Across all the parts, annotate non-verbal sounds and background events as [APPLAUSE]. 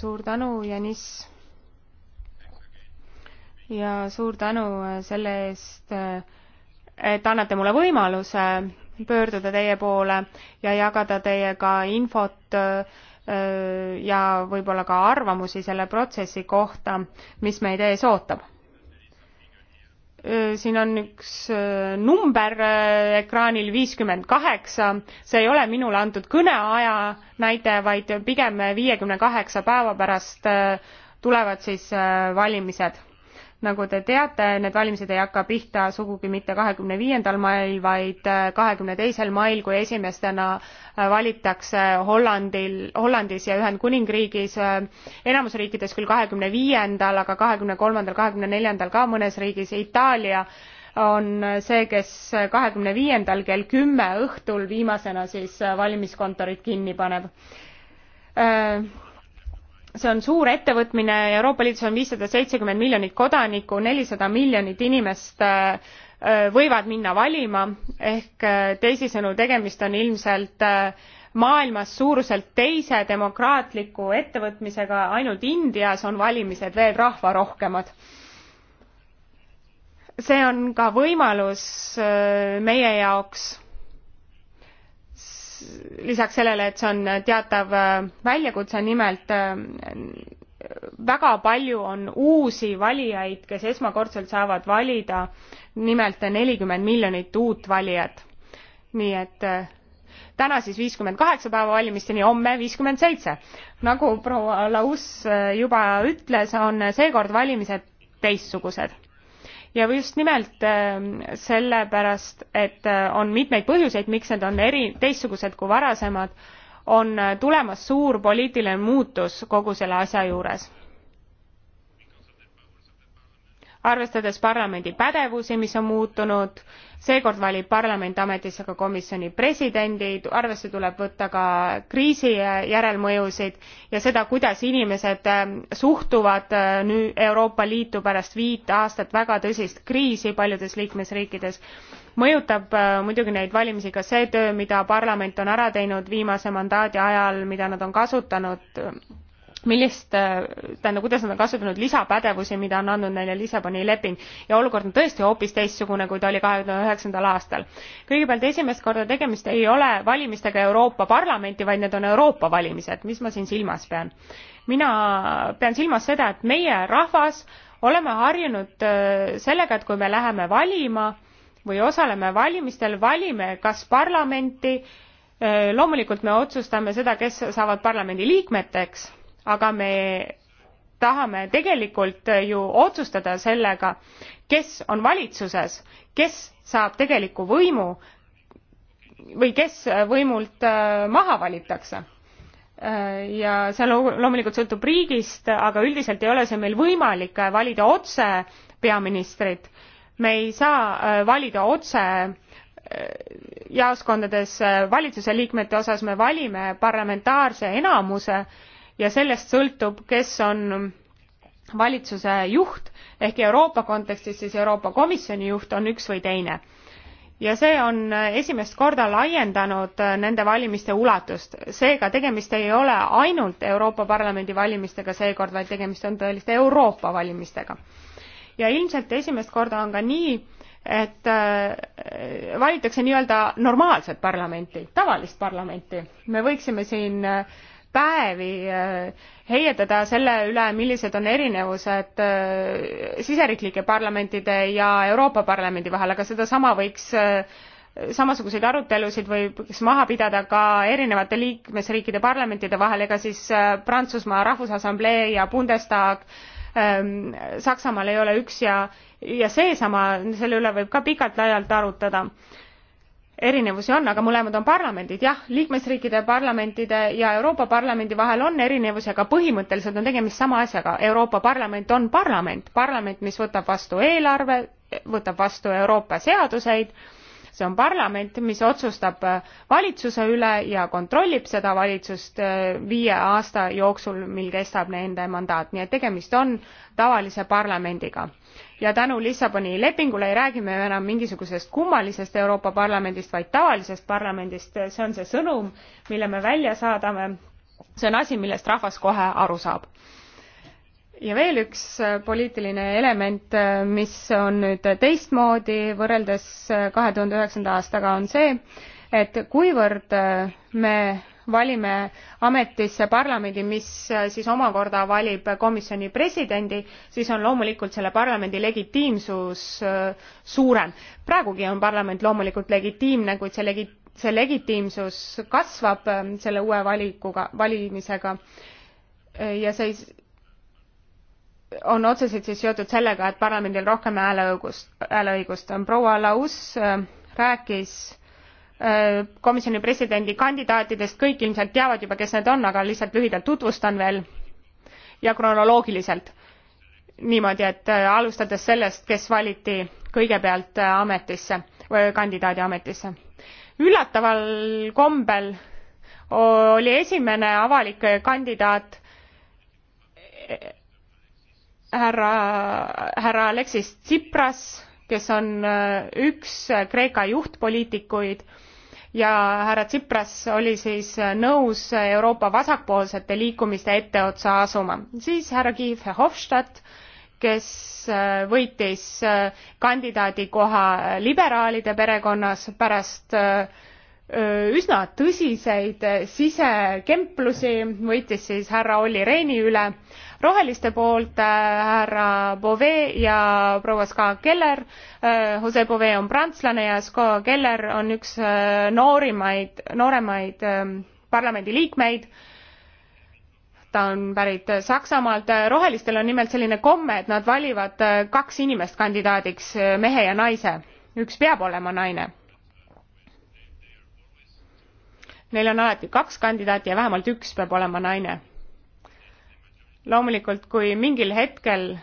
suur tänu, Janis. ja suur tänu äh, selle eest, äh, et annate mulle võimaluse pöörduda teie poole ja jagada teiega infot äh, ja võib-olla ka arvamusi selle protsessi kohta, mis meid ees ootab Äh, siin on üks äh, number äh, ekraanil viiskümmend kaheksa, see ei ole minule antud kõneaja näide, vaid pigem viiekümne kaheksa päeva pärast tulevad siis valimised nagu te teate, need valimised ei hakka pihta sugugi mitte kahekümne viiendal mail, vaid äh, kahekümne teisel mail, kui esimestena äh, valitakse Hollandil, Hollandis ja Ühendkuningriigis, äh, enamus riikides küll kahekümne viiendal, aga kahekümne kolmandal, kahekümne neljandal ka mõnes riigis, Itaalia on see, kes kahekümne viiendal kell kümme õhtul viimasena siis valimiskontorid kinni paneb see on suur ettevõtmine, Euroopa Liidus on viissada seitsekümmend miljonit kodanikku, nelisada miljonit inimest äh, äh, võivad minna valima, ehk äh, teisisõnu, tegemist on ilmselt maailmas suuruselt teise demokraatliku ettevõtmisega, ainult Indias on valimised veel rahvarohkemad see on ka võimalus meie jaoks lisaks sellele, et see on teatav äh, väljakutse, nimelt äh, väga palju on uusi valijaid, kes esmakordselt saavad valida, nimelt nelikümmend miljonit uut valijat. nii et äh, täna siis viiskümmend kaheksa päeva valimisteni, homme viiskümmend seitse. nagu proua Laus juba ütles, on seekord valimised teistsugused ja just nimelt ähm, sellepärast, et äh, on mitmeid põhjuseid, miks need on eri, teistsugused kui varasemad, on äh, tulemas suur poliitiline muutus kogu selle asja juures. arvestades parlamendi pädevusi, mis on muutunud seekord valib parlament ametisse ka komisjoni presidendi, arvesse tuleb võtta ka kriisi järelmõjusid ja seda, kuidas inimesed ähm, suhtuvad äh, nüüd Euroopa Liitu pärast viit aastat väga tõsist kriisi paljudes liikmesriikides. mõjutab äh, muidugi neid valimisi ka see töö, mida parlament on ära teinud viimase mandaadi ajal, mida nad on kasutanud millist, äh, tähendab, kuidas nad on kasutanud lisapädevusi, mida on andnud neile Lissaboni leping ja olukord on tõesti hoopis teistsugune, kui ta oli kahe tuhande üheksandal aastal. kõigepealt esimest korda tegemist ei ole valimistega Euroopa Parlamenti, vaid need on Euroopa valimised, mis ma siin silmas pean? mina pean silmas seda, et meie rahvas oleme harjunud äh, sellega, et kui me läheme valima või osaleme valimistel, valime kas parlamenti, äh, loomulikult me otsustame seda, kes saavad parlamendi liikmeteks aga me tahame tegelikult ju otsustada sellega kes on valitsuses kes saab tegeliku võimu või kes võimult äh, maha valitakse äh, ja see loomulikult sõltub riigist aga üldiselt ei ole see meil võimalik äh, valida otse peaministrit me ei saa valida otse jaoskondades valitsuse liikmete osas me valime parlamentaarse enamuse ja sellest sõltub, kes on valitsuse juht ehk Euroopa kontekstis siis Euroopa Komisjoni juht on üks või teine. ja see on esimest korda laiendanud nende valimiste ulatust, seega tegemist ei ole ainult Euroopa Parlamendi valimistega seekord, vaid tegemist on tõeliste Euroopa valimistega. ja ilmselt esimest korda on ka nii, et äh, valitakse nii-öelda normaalset parlamenti, tavalist parlamenti. me võiksime siin äh, päevi äh, heietada selle üle, millised on erinevused äh, siseriiklike parlamentide ja Euroopa Parlamendi vahel, aga sedasama võiks äh, samasuguseid arutelusid võiks maha pidada ka erinevate liikmesriikide parlamentide vahel, ega siis Prantsusmaa Rahvusassamblee ja Bundestag ähm, Saksamaal ei ole üks ja, ja seesama, selle üle võib ka pikalt-laialt arutada erinevusi on, aga mõlemad on parlamendid, jah, liikmesriikide parlamentide ja Euroopa Parlamendi vahel on erinevusi, aga põhimõtteliselt on tegemist sama asjaga, Euroopa Parlament on parlament, parlament, mis võtab vastu eelarve, võtab vastu Euroopa seaduseid, see on parlament, mis otsustab äh, valitsuse üle ja kontrollib seda valitsust äh, viie aasta jooksul, mil kestab nende mandaat, nii et tegemist on tavalise parlamendiga ja tänu Lissaboni lepingule ei räägi me enam mingisugusest kummalisest Euroopa Parlamendist, vaid tavalisest parlamendist, see on see sõnum, mille me välja saadame, see on asi, millest rahvas kohe aru saab ja veel üks äh, poliitiline element, äh, mis on nüüd teistmoodi võrreldes äh, kahe tuhande üheksanda aastaga, on see, et kuivõrd me valime ametisse parlamendi, mis äh, siis omakorda valib komisjoni presidendi, siis on loomulikult selle parlamendi legitiimsus äh, suurem. praegugi on parlament loomulikult legitiimne, kuid see legi-, see legitiimsus kasvab ähm, selle uue valikuga, valimisega äh, ja see on otseselt siis seotud sellega, et parlamendil rohkem hääleõigust, hääleõigust on. proua Laus rääkis Äh, komisjoni presidendi kandidaatidest kõik ilmselt teavad juba kes need on aga lihtsalt lühidalt tutvustan veel ja kronoloogiliselt niimoodi et äh, alustades sellest kes valiti kõigepealt äh, ametisse või kandidaadi ametisse üllataval kombel oli esimene avalik kandidaat härra härra Alexis Tsipras kes on üks Kreeka juhtpoliitikuid ja härra Tsipras oli siis nõus Euroopa vasakpoolsete liikumiste etteotsa asuma. siis härra Guy Verhofstadt, kes äh, võitis äh, kandidaadikoha liberaalide perekonnas pärast äh, üsna tõsiseid äh, sisekemplusi, võitis siis härra Olli Rehni üle, roheliste poolt äh, härra Bove ja proua Ska Keller, äh, Jose Bove on prantslane ja Ska Keller on üks noorimaid, nooremaid ähm, parlamendiliikmeid, ta on pärit Saksamaalt, rohelistel on nimelt selline komme, et nad valivad kaks inimest kandidaadiks, mehe ja naise, üks peab olema naine neil on alati kaks kandidaati ja vähemalt üks peab olema naine. loomulikult, kui mingil hetkel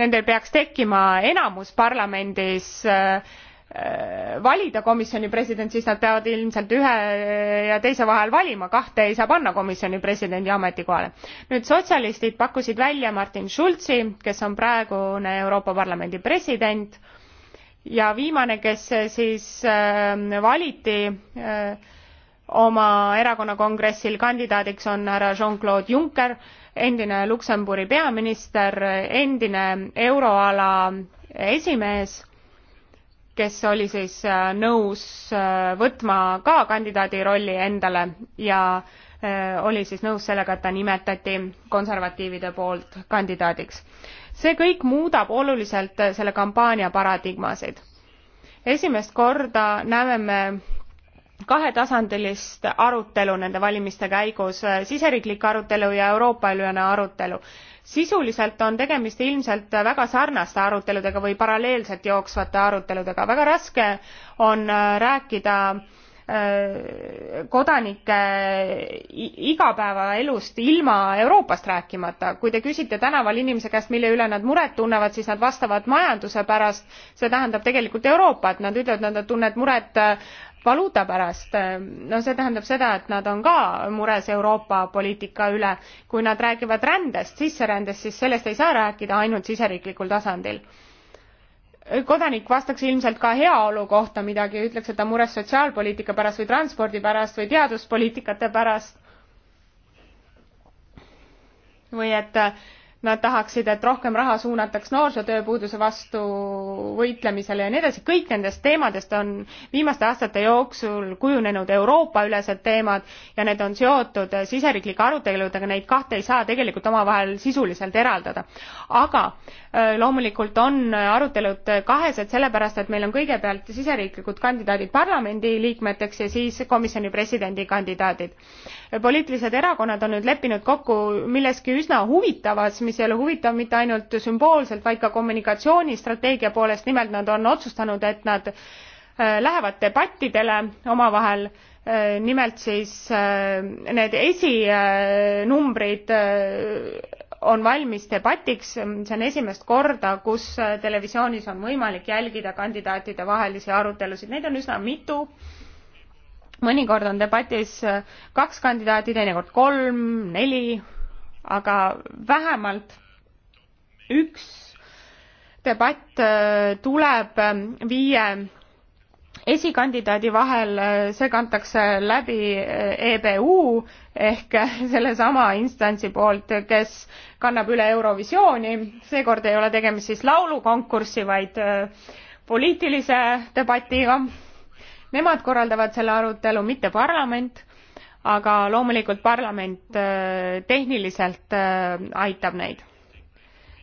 nendel peaks tekkima enamus parlamendis äh, äh, valida komisjoni president, siis nad peavad ilmselt ühe ja teise vahel valima, kahte ei saa panna komisjoni presidendi ametikohale. nüüd sotsialistid pakkusid välja Martin Schulzi, kes on praegune Euroopa Parlamendi president ja viimane, kes siis äh, valiti äh, oma erakonna kongressil kandidaadiks on härra Jean-Claude Juncker, endine Luksemburi peaminister, endine euroala esimees, kes oli siis äh, nõus äh, võtma ka kandidaadi rolli endale ja äh, oli siis nõus sellega, et ta nimetati konservatiivide poolt kandidaadiks. see kõik muudab oluliselt selle kampaania paradigmasid. esimest korda näeme me kahetasandilist arutelu nende valimiste käigus siseriiklik arutelu ja euroopa ülene arutelu sisuliselt on tegemist ilmselt väga sarnaste aruteludega või paralleelselt jooksvate aruteludega väga raske on äh, rääkida äh, kodanike igapäevaelust ilma euroopast rääkimata kui te küsite tänaval inimese käest mille üle nad muret tunnevad siis nad vastavad majanduse pärast see tähendab tegelikult euroopat nad ütlevad et nad tunnevad muret äh, valuuta pärast, no see tähendab seda, et nad on ka mures Euroopa poliitika üle. kui nad räägivad rändest, sisserändest, siis sellest ei saa rääkida ainult siseriiklikul tasandil. kodanik vastaks ilmselt ka heaolu kohta midagi, ütleks, et ta mures sotsiaalpoliitika pärast või transpordi pärast või teaduspoliitikate pärast. või et äh, nad tahaksid, et rohkem raha suunataks noorsootööpuuduse vastu võitlemisele ja nii edasi, kõik nendest teemadest on viimaste aastate jooksul kujunenud Euroopa-ülesed teemad ja need on seotud siseriiklike aruteludega, neid kahte ei saa tegelikult omavahel sisuliselt eraldada. aga Äh, loomulikult on äh, arutelud äh, kahesed sellepärast et meil on kõigepealt siseriiklikud kandidaadid parlamendi liikmeteks ja siis komisjoni presidendi kandidaadid poliitilised erakonnad on nüüd leppinud kokku milleski üsna huvitavas mis ei ole huvitav mitte ainult sümboolselt vaid ka kommunikatsioonistrateegia poolest nimelt nad on otsustanud et nad lähevad debattidele omavahel nimelt siis need esinumbrid on valmis debatiks, see on esimest korda, kus äh, televisioonis on võimalik jälgida kandidaatide vahelisi arutelusid, neid on üsna mitu. mõnikord on debatis äh, kaks kandidaati, teinekord kolm, neli, aga vähemalt üks debatt äh, tuleb viie esikandidaadi vahel, eh, see kantakse läbi EBU eh, e ehk [LAUGHS] sellesama instantsi poolt, kes kannab üle Eurovisiooni. seekord ei ole tegemist siis laulukonkurssi, vaid eh, poliitilise debatiga. Nemad korraldavad selle arutelu, mitte parlament, aga loomulikult parlament tehniliselt aitab neid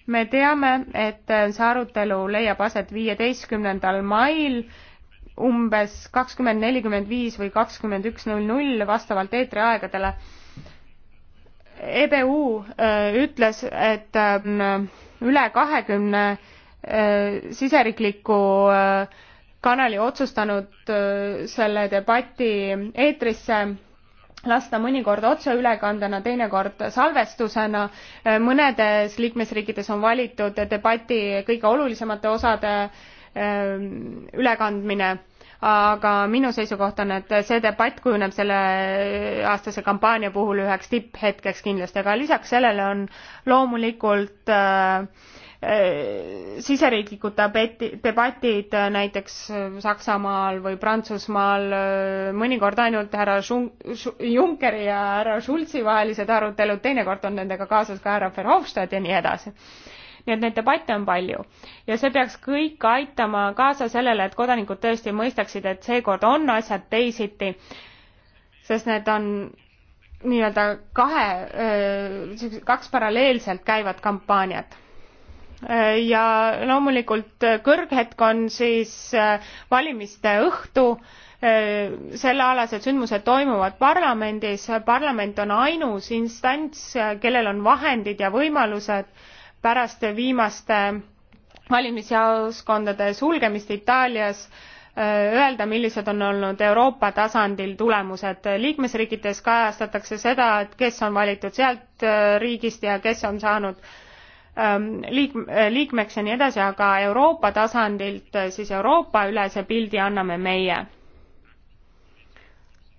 me teame, et see arutelu leiab aset viieteistkümnendal mail umbes kakskümmend nelikümmend viis või kakskümmend üks null null vastavalt eetriaegadele. EBU äh, ütles, et äh, üle kahekümne äh, siseriikliku kanali otsustanud selle debati eetrisse lasta mõnikord otseülekandena, teinekord salvestusena. mõnedes liikmesriikides on valitud debati kõige olulisemate osade Ähm, ülekandmine aga minu seisukoht on, et see debatt kujuneb selle aastase kampaania puhul üheks tipphetkeks kindlasti, aga lisaks sellele on loomulikult äh, äh, siseriiklikud debati, debatid äh, näiteks äh, Saksamaal või Prantsusmaal, äh, mõnikord ainult härra Junckeri ja härra Schulzi vahelised arutelud, teinekord on nendega kaasas ka härra Verhofstadt ja nii edasi nii et neid debatte on palju ja see peaks kõik aitama kaasa sellele, et kodanikud tõesti mõistaksid, et seekord on asjad teisiti, sest need on nii-öelda kahe, kaks paralleelselt käivat kampaaniat ja loomulikult kõrghetk on siis äh, valimiste õhtu äh, sellealased sündmused toimuvad parlamendis parlament on ainus instants äh, kellel on vahendid ja võimalused pärast viimaste valimisjaoskondade sulgemist Itaalias äh, öelda, millised on olnud Euroopa tasandil tulemused. liikmesriikides kajastatakse seda, et kes on valitud sealt äh, riigist ja kes on saanud ähm, liik-, äh, liikmeks ja nii edasi, aga Euroopa tasandilt siis Euroopa-ülese pildi anname meie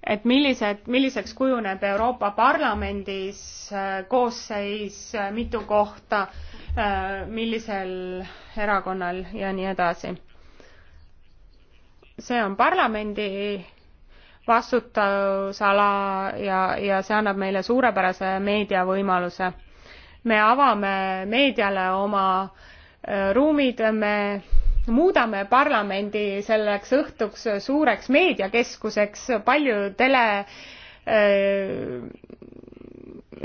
et millised, milliseks kujuneb Euroopa Parlamendis äh, koosseis, äh, mitu kohta, äh, millisel erakonnal ja nii edasi. see on parlamendi vastutusala ja, ja see annab meile suurepärase meediavõimaluse. me avame meediale oma ruumid, me muudame parlamendi selleks õhtuks suureks meediakeskuseks, palju tele äh,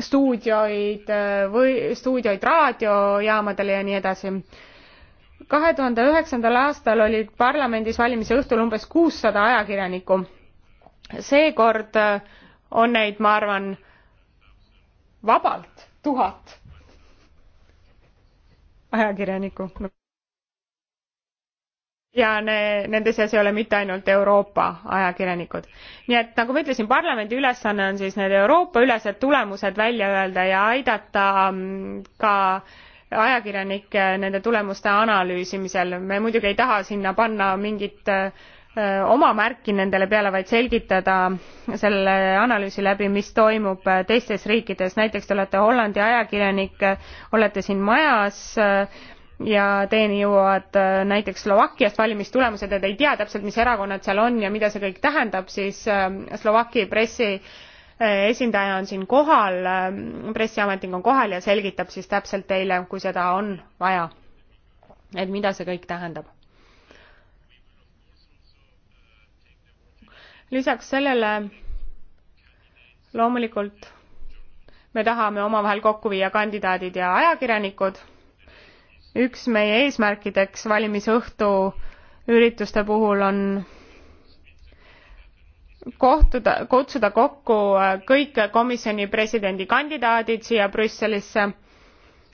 stuudioid äh, või stuudioid raadiojaamadele ja nii edasi. kahe tuhande üheksandal aastal oli parlamendis valimise õhtul umbes kuussada ajakirjanikku. seekord äh, on neid, ma arvan, vabalt tuhat ajakirjanikku ja ne, nende seas ei ole mitte ainult Euroopa ajakirjanikud. nii et nagu ma ütlesin, parlamendi ülesanne on siis need Euroopa-ülesed tulemused välja öelda ja aidata mm, ka ajakirjanikke nende tulemuste analüüsimisel. me muidugi ei taha sinna panna mingit oma märki nendele peale, vaid selgitada selle analüüsi läbi, mis toimub teistes riikides. näiteks te olete Hollandi ajakirjanik, olete siin majas ja teieni jõuavad äh, näiteks Slovakkiast valimistulemused ja te ei tea täpselt, mis erakonnad seal on ja mida see kõik tähendab, siis ähm, Slovakki pressi äh, esindaja on siin kohal, ähm, pressiametnik on kohal ja selgitab siis täpselt teile, kui seda on vaja. et mida see kõik tähendab. lisaks sellele loomulikult me tahame omavahel kokku viia kandidaadid ja ajakirjanikud üks meie eesmärkideks valimisõhtu ürituste puhul on kohtuda, kutsuda kokku äh, kõik komisjoni presidendikandidaadid siia Brüsselisse,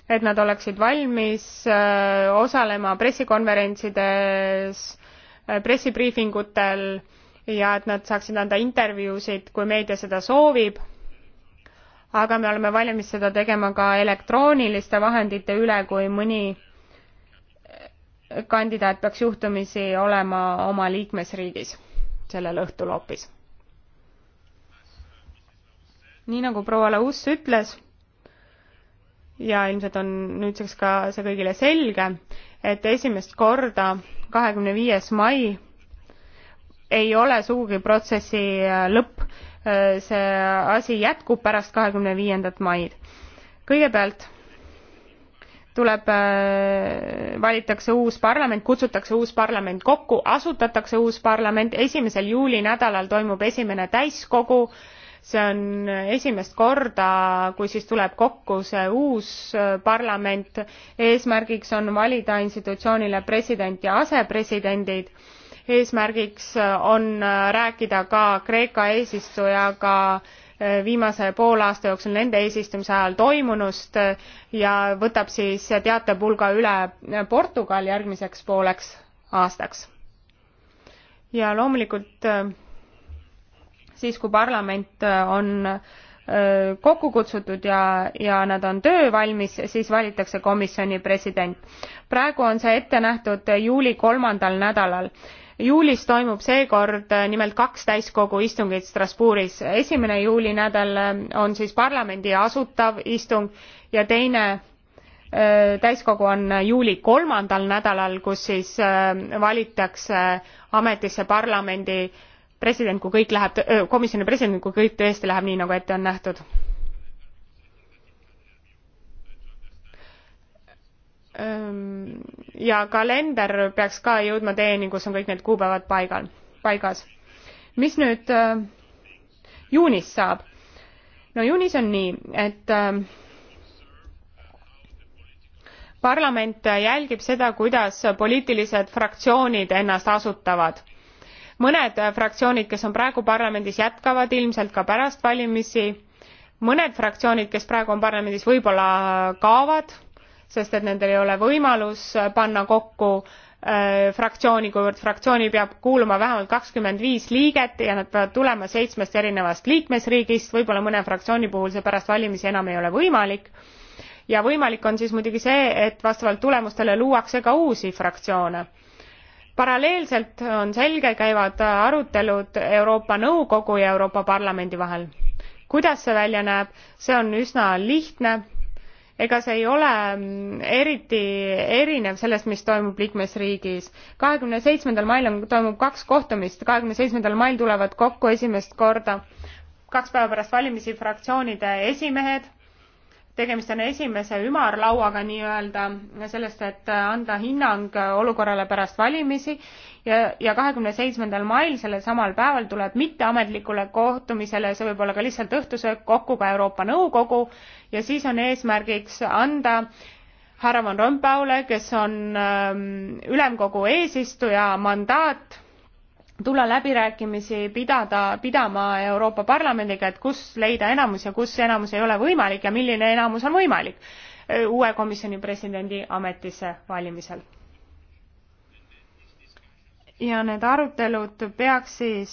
et nad oleksid valmis äh, osalema pressikonverentsides, äh, pressibriifingutel ja et nad saaksid anda intervjuusid, kui meedia seda soovib. aga me oleme valmis seda tegema ka elektrooniliste vahendite üle, kui mõni kandidaat peaks juhtumisi olema oma liikmesriigis sellel õhtul hoopis. nii nagu proua Laus ütles ja ilmselt on nüüdseks ka see kõigile selge, et esimest korda kahekümne viies mai ei ole sugugi protsessi äh, lõpp, äh, see asi jätkub pärast kahekümne viiendat maid. kõigepealt tuleb, äh, valitakse uus parlament, kutsutakse uus parlament kokku, asutatakse uus parlament, esimesel juuli nädalal toimub esimene täiskogu, see on esimest korda, kui siis tuleb kokku see uus äh, parlament, eesmärgiks on valida institutsioonile president ja asepresidendid, eesmärgiks äh, on rääkida ka Kreeka eesistujaga äh, viimase poole aasta jooksul nende eesistumise ajal toimunust ja võtab siis teatepulga üle Portugal järgmiseks pooleks aastaks. ja loomulikult äh, siis, kui parlament äh, on äh, kokku kutsutud ja, ja nad on töövalmis, siis valitakse komisjoni president. praegu on see ette nähtud juuli kolmandal nädalal juulis toimub seekord äh, nimelt kaks täiskogu istungit strasbourgis esimene juuli nädal äh, on siis parlamendi asutav istung ja teine äh, täiskogu on juuli kolmandal nädalal kus siis valitakse ametisse parlamendi president kui kõik läheb komisjoni president kui kõik tõesti läheb nii nagu ette on nähtud. ja kalender peaks ka jõudma teieni, kus on kõik need kuupäevad paigal, paigas. mis nüüd äh, juunis saab? no juunis on nii, et äh, parlament jälgib seda, kuidas poliitilised fraktsioonid ennast asutavad. mõned äh, fraktsioonid, kes on praegu parlamendis, jätkavad ilmselt ka pärast valimisi, mõned fraktsioonid, kes praegu on parlamendis, võib-olla kaovad sest et nendel ei ole võimalus panna kokku äh, fraktsiooni, kuivõrd fraktsiooni peab kuuluma vähemalt kakskümmend viis liiget ja nad peavad tulema seitsmest erinevast liikmesriigist, võib-olla mõne fraktsiooni puhul see pärast valimisi enam ei ole võimalik. ja võimalik on siis muidugi see, et vastavalt tulemustele luuakse ka uusi fraktsioone paralleelselt on selge, käivad arutelud Euroopa Nõukogu ja Euroopa Parlamendi vahel. kuidas see välja näeb, see on üsna lihtne ega see ei ole eriti erinev sellest, mis toimub liikmesriigis. kahekümne seitsmendal mail on, toimub kaks kohtumist, kahekümne seitsmendal mail tulevad kokku esimest korda kaks päeva pärast valimisi fraktsioonide esimehed. tegemist on esimese ümarlauaga nii-öelda sellest, et anda hinnang olukorrale pärast valimisi ja, ja kahekümne seitsmendal mail, sellel samal päeval tuleb mitteametlikule kohtumisele, see võib olla ka lihtsalt õhtusöök, kokku ka Euroopa Nõukogu ja siis on eesmärgiks anda härra Van Rompuyle, kes on ähm, ülemkogu eesistuja, mandaat tulla läbirääkimisi pidada, pidama Euroopa Parlamendiga, et kus leida enamus ja kus enamus ei ole võimalik ja milline enamus on võimalik äh, uue komisjoni presidendi ametisse valimisel ja need arutelud peaks siis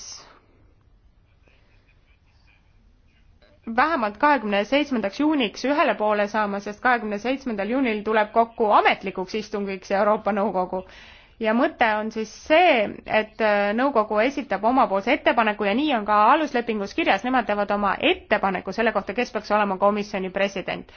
vähemalt kahekümne seitsmendaks juuniks ühele poole saama, sest kahekümne seitsmendal juunil tuleb kokku ametlikuks istungiks Euroopa Nõukogu. ja mõte on siis see, et äh, nõukogu esitab omapoolse ettepaneku ja nii on ka aluslepingus kirjas, nemad teevad oma ettepaneku selle kohta, kes peaks olema komisjoni president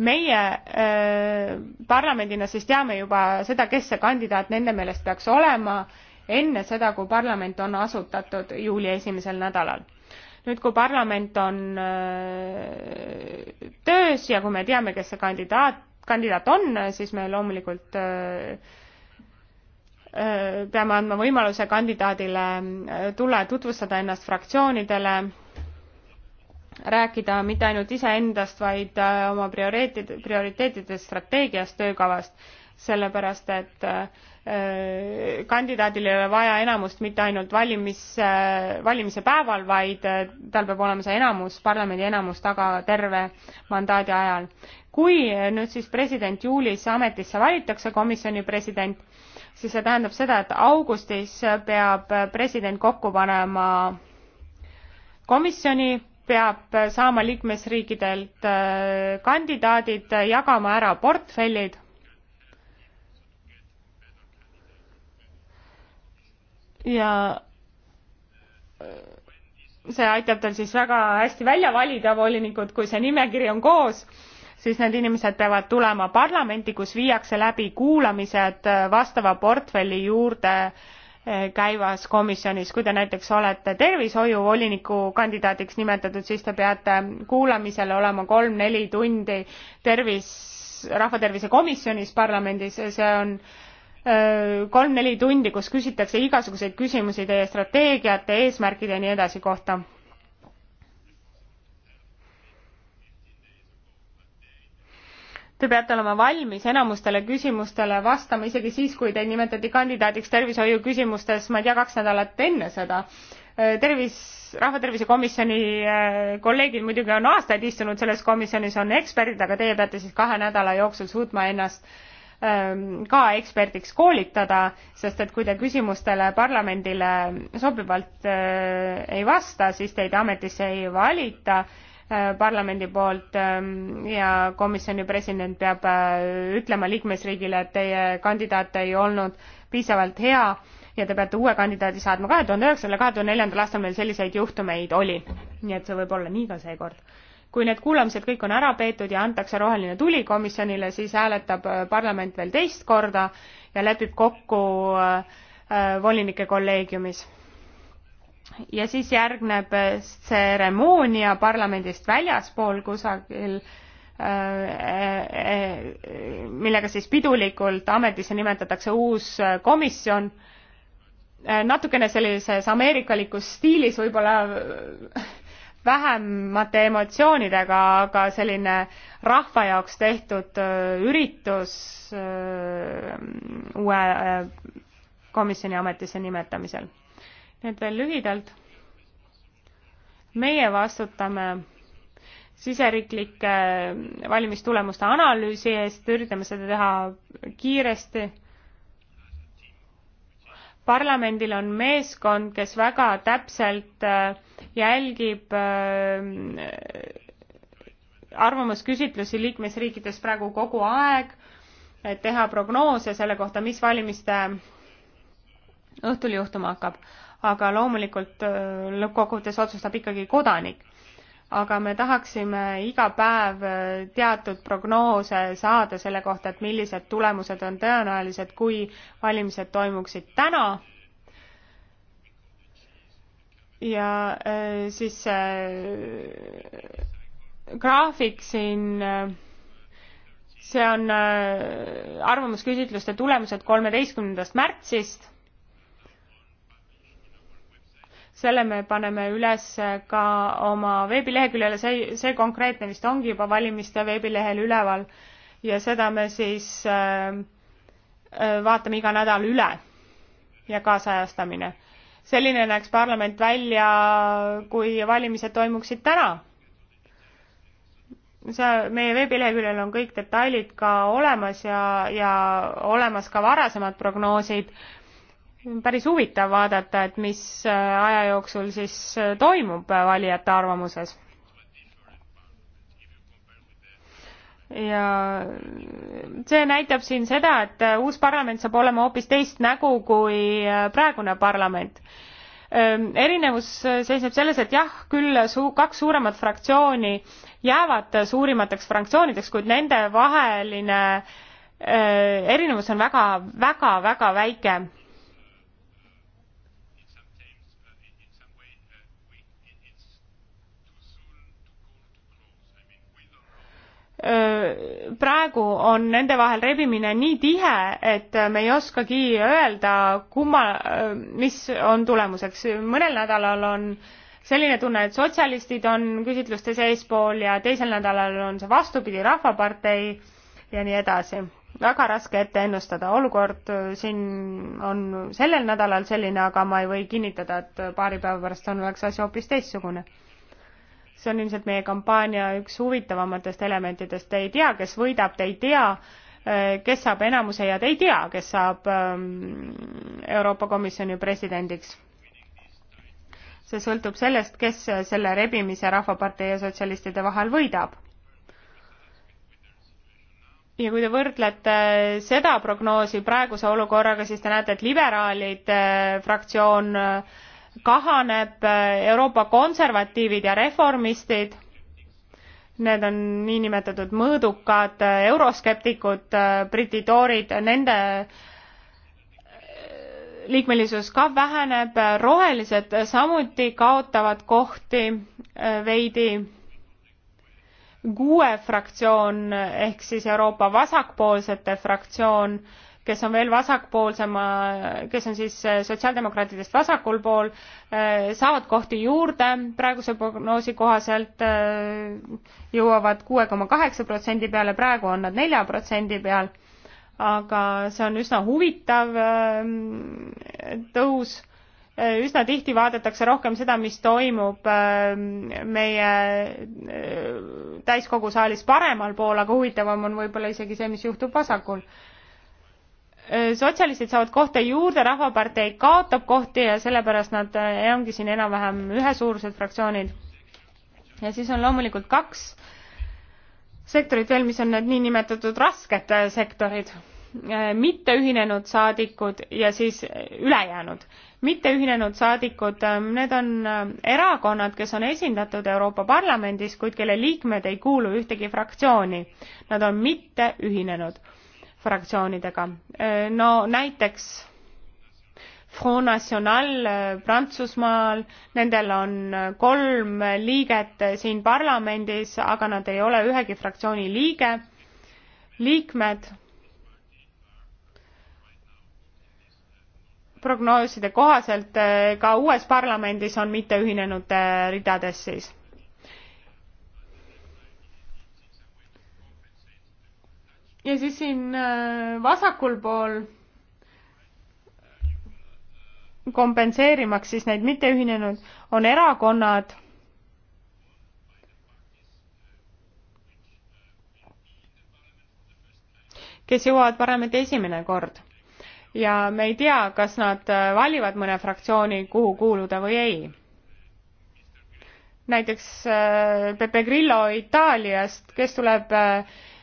meie äh, parlamendina siis teame juba seda, kes see kandidaat nende meelest peaks olema enne seda, kui parlament on asutatud juuli esimesel nädalal. nüüd, kui parlament on äh, töös ja kui me teame, kes see kandidaat, kandidaat on, siis me loomulikult äh, äh peame andma võimaluse kandidaadile äh, tulla ja tutvustada ennast fraktsioonidele rääkida mitte ainult iseendast, vaid äh, oma prioriteetide, prioriteetidest, strateegiast, töökavast, sellepärast et äh, kandidaadil ei ole vaja enamust mitte ainult valimis, valimise päeval, vaid äh, tal peab olema see enamus, parlamendi enamus taga terve mandaadi ajal. kui nüüd siis president juulis ametisse valitakse, komisjoni president, siis see tähendab seda, et augustis peab president kokku panema komisjoni peab saama liikmesriikidelt äh, kandidaadid, jagama ära portfellid. ja äh, see aitab tal siis väga hästi välja valida volinikud, kui see nimekiri on koos, siis need inimesed peavad tulema parlamenti, kus viiakse läbi kuulamised äh, vastava portfelli juurde äh, Eh, käivas komisjonis, kui te näiteks olete tervishoiuvoliniku kandidaadiks nimetatud, siis te peate kuulamisel olema kolm-neli tundi tervis, rahvatervise komisjonis parlamendis, see on eh, kolm-neli tundi, kus küsitakse igasuguseid küsimusi teie strateegiate, eesmärkide ja nii edasi kohta Te peate olema valmis enamustele küsimustele vastama isegi siis, kui teid nimetati kandidaadiks tervishoiu küsimustes, ma ei tea, kaks nädalat enne seda. Äh, tervis, Rahvatervise Komisjoni äh, kolleegid muidugi on aastaid istunud selles komisjonis, on eksperdid, aga teie peate siis kahe nädala jooksul suutma ennast ähm, ka eksperdiks koolitada, sest et kui te küsimustele parlamendile sobivalt äh, ei vasta, siis teid ametisse ei valita Äh, parlamendi poolt ähm, ja komisjoni president peab äh, ütlema liikmesriigile, et teie kandidaat ei olnud piisavalt hea ja te peate uue kandidaadi saatma. kahe tuhande üheksandal ja kahe tuhande neljandal aastal meil selliseid juhtumeid oli, nii et see võib olla nii ka seekord. kui need kuulamised kõik on ära peetud ja antakse roheline tuli komisjonile, siis hääletab äh, parlament veel teist korda ja lepib kokku volinike kolleegiumis ja siis järgneb äh, tseremoonia parlamendist väljaspool kusagil äh, äh, millega siis pidulikult ametisse nimetatakse uus komisjon natukene sellises ameerikalikus stiilis võib-olla vähemate emotsioonidega aga selline rahva jaoks tehtud üritus uue komisjoni ametisse nimetamisel nüüd veel lühidalt. meie vastutame siseriiklike valimistulemuste analüüsi eest, üritame seda teha kiiresti. parlamendil on meeskond, kes väga täpselt äh, jälgib äh, arvamusküsitlusi liikmesriikides praegu kogu aeg, et teha prognoose selle kohta, mis valimiste õhtul juhtuma hakkab aga loomulikult äh, lõppkokkuvõttes otsustab ikkagi kodanik. aga me tahaksime iga päev äh, teatud prognoose saada selle kohta, et millised tulemused on tõenäolised, kui valimised toimuksid täna ja äh, siis see äh, graafik siin äh, see on äh, arvamusküsitluste tulemused kolmeteistkümnendast märtsist selle me paneme üles ka oma veebileheküljele, see, see konkreetne vist ongi juba valimiste veebilehel üleval ja seda me siis äh, äh, vaatame iga nädal üle ja kaasajastamine. selline näeks parlament välja, kui valimised toimuksid täna. see, meie veebileheküljel on kõik detailid ka olemas ja, ja olemas ka varasemad prognoosid päris huvitav vaadata, et mis äh, aja jooksul siis äh, toimub äh, valijate arvamuses. ja see näitab siin seda, et uus parlament saab olema hoopis teist nägu kui praegune parlament ähm, erinevus seisneb selles, et jah, küll su-, kaks suuremat fraktsiooni jäävad suurimateks fraktsioonideks, kuid nende vaheline erinevus on väga, väga, väga väike. praegu on nende vahel rebimine nii tihe, et me ei oskagi öelda, kumma, mis on tulemuseks. mõnel nädalal on selline tunne, et sotsialistid on küsitlustes eespool ja teisel nädalal on see vastupidi, Rahvapartei ja nii edasi. väga raske ette ennustada, olukord siin on sellel nädalal selline, aga ma ei või kinnitada, et paari päeva pärast on, oleks asi hoopis teistsugune see on ilmselt meie kampaania üks huvitavamatest elementidest, te ei tea, kes võidab, te ei tea, eh, kes saab enamuse ja te ei tea, kes saab ehm, Euroopa Komisjoni presidendiks. see sõltub sellest, kes selle rebimise Rahvapartei ja sotsialistide vahel võidab ja kui te võrdlete seda prognoosi praeguse olukorraga, siis te näete, et liberaalide eh, fraktsioon äh, kahaneb, äh, Euroopa konservatiivid ja reformistid, need on niinimetatud mõõdukad äh, euroskeptikud, äh, Briti toorid, nende liikmelisus ka väheneb, rohelised samuti kaotavad kohti veidi. GUE fraktsioon ehk siis Euroopa vasakpoolsete fraktsioon kes on veel vasakpoolsema, kes on siis eh, sotsiaaldemokraatidest vasakul pool, eh, saavad kohti juurde, praeguse prognoosi kohaselt eh, jõuavad kuue koma kaheksa protsendi peale, praegu on nad nelja protsendi peal, aga see on üsna huvitav tõus, üsna tihti vaadatakse rohkem seda, mis toimub meie täiskogu saalis paremal pool, aga huvitavam on võib-olla isegi see, mis juhtub vasakul Äh, sotsialistid saavad kohta juurde, Rahvapartei kaotab kohti ja sellepärast nad äh, ongi siin enam-vähem ühesuurused fraktsioonid. ja siis on loomulikult kaks sektorit veel, mis on need niinimetatud rasked äh, sektorid, mitteühinenud saadikud ja siis ülejäänud. mitteühinenud saadikud, need on erakonnad, kes on esindatud Euroopa Parlamendis, kuid kelle liikmed ei kuulu ühtegi fraktsiooni. Nad on mitteühinenud fraktsioonidega. Äh, no näiteks Front National äh, Prantsusmaal, nendel on äh, kolm liiget siin parlamendis, aga nad ei ole ühegi fraktsiooni liige, liikmed. prognooside kohaselt ka uues parlamendis on mitteühinenute ridades siis ja siis siin äh, vasakul pool kompenseerimaks siis neid mitteühinenud on erakonnad, kes jõuavad parlamenti esimene kord ja me ei tea, kas nad äh, valivad mõne fraktsiooni, kuhu kuuluda või ei. näiteks äh, Pepe Grillo Itaaliast, kes tuleb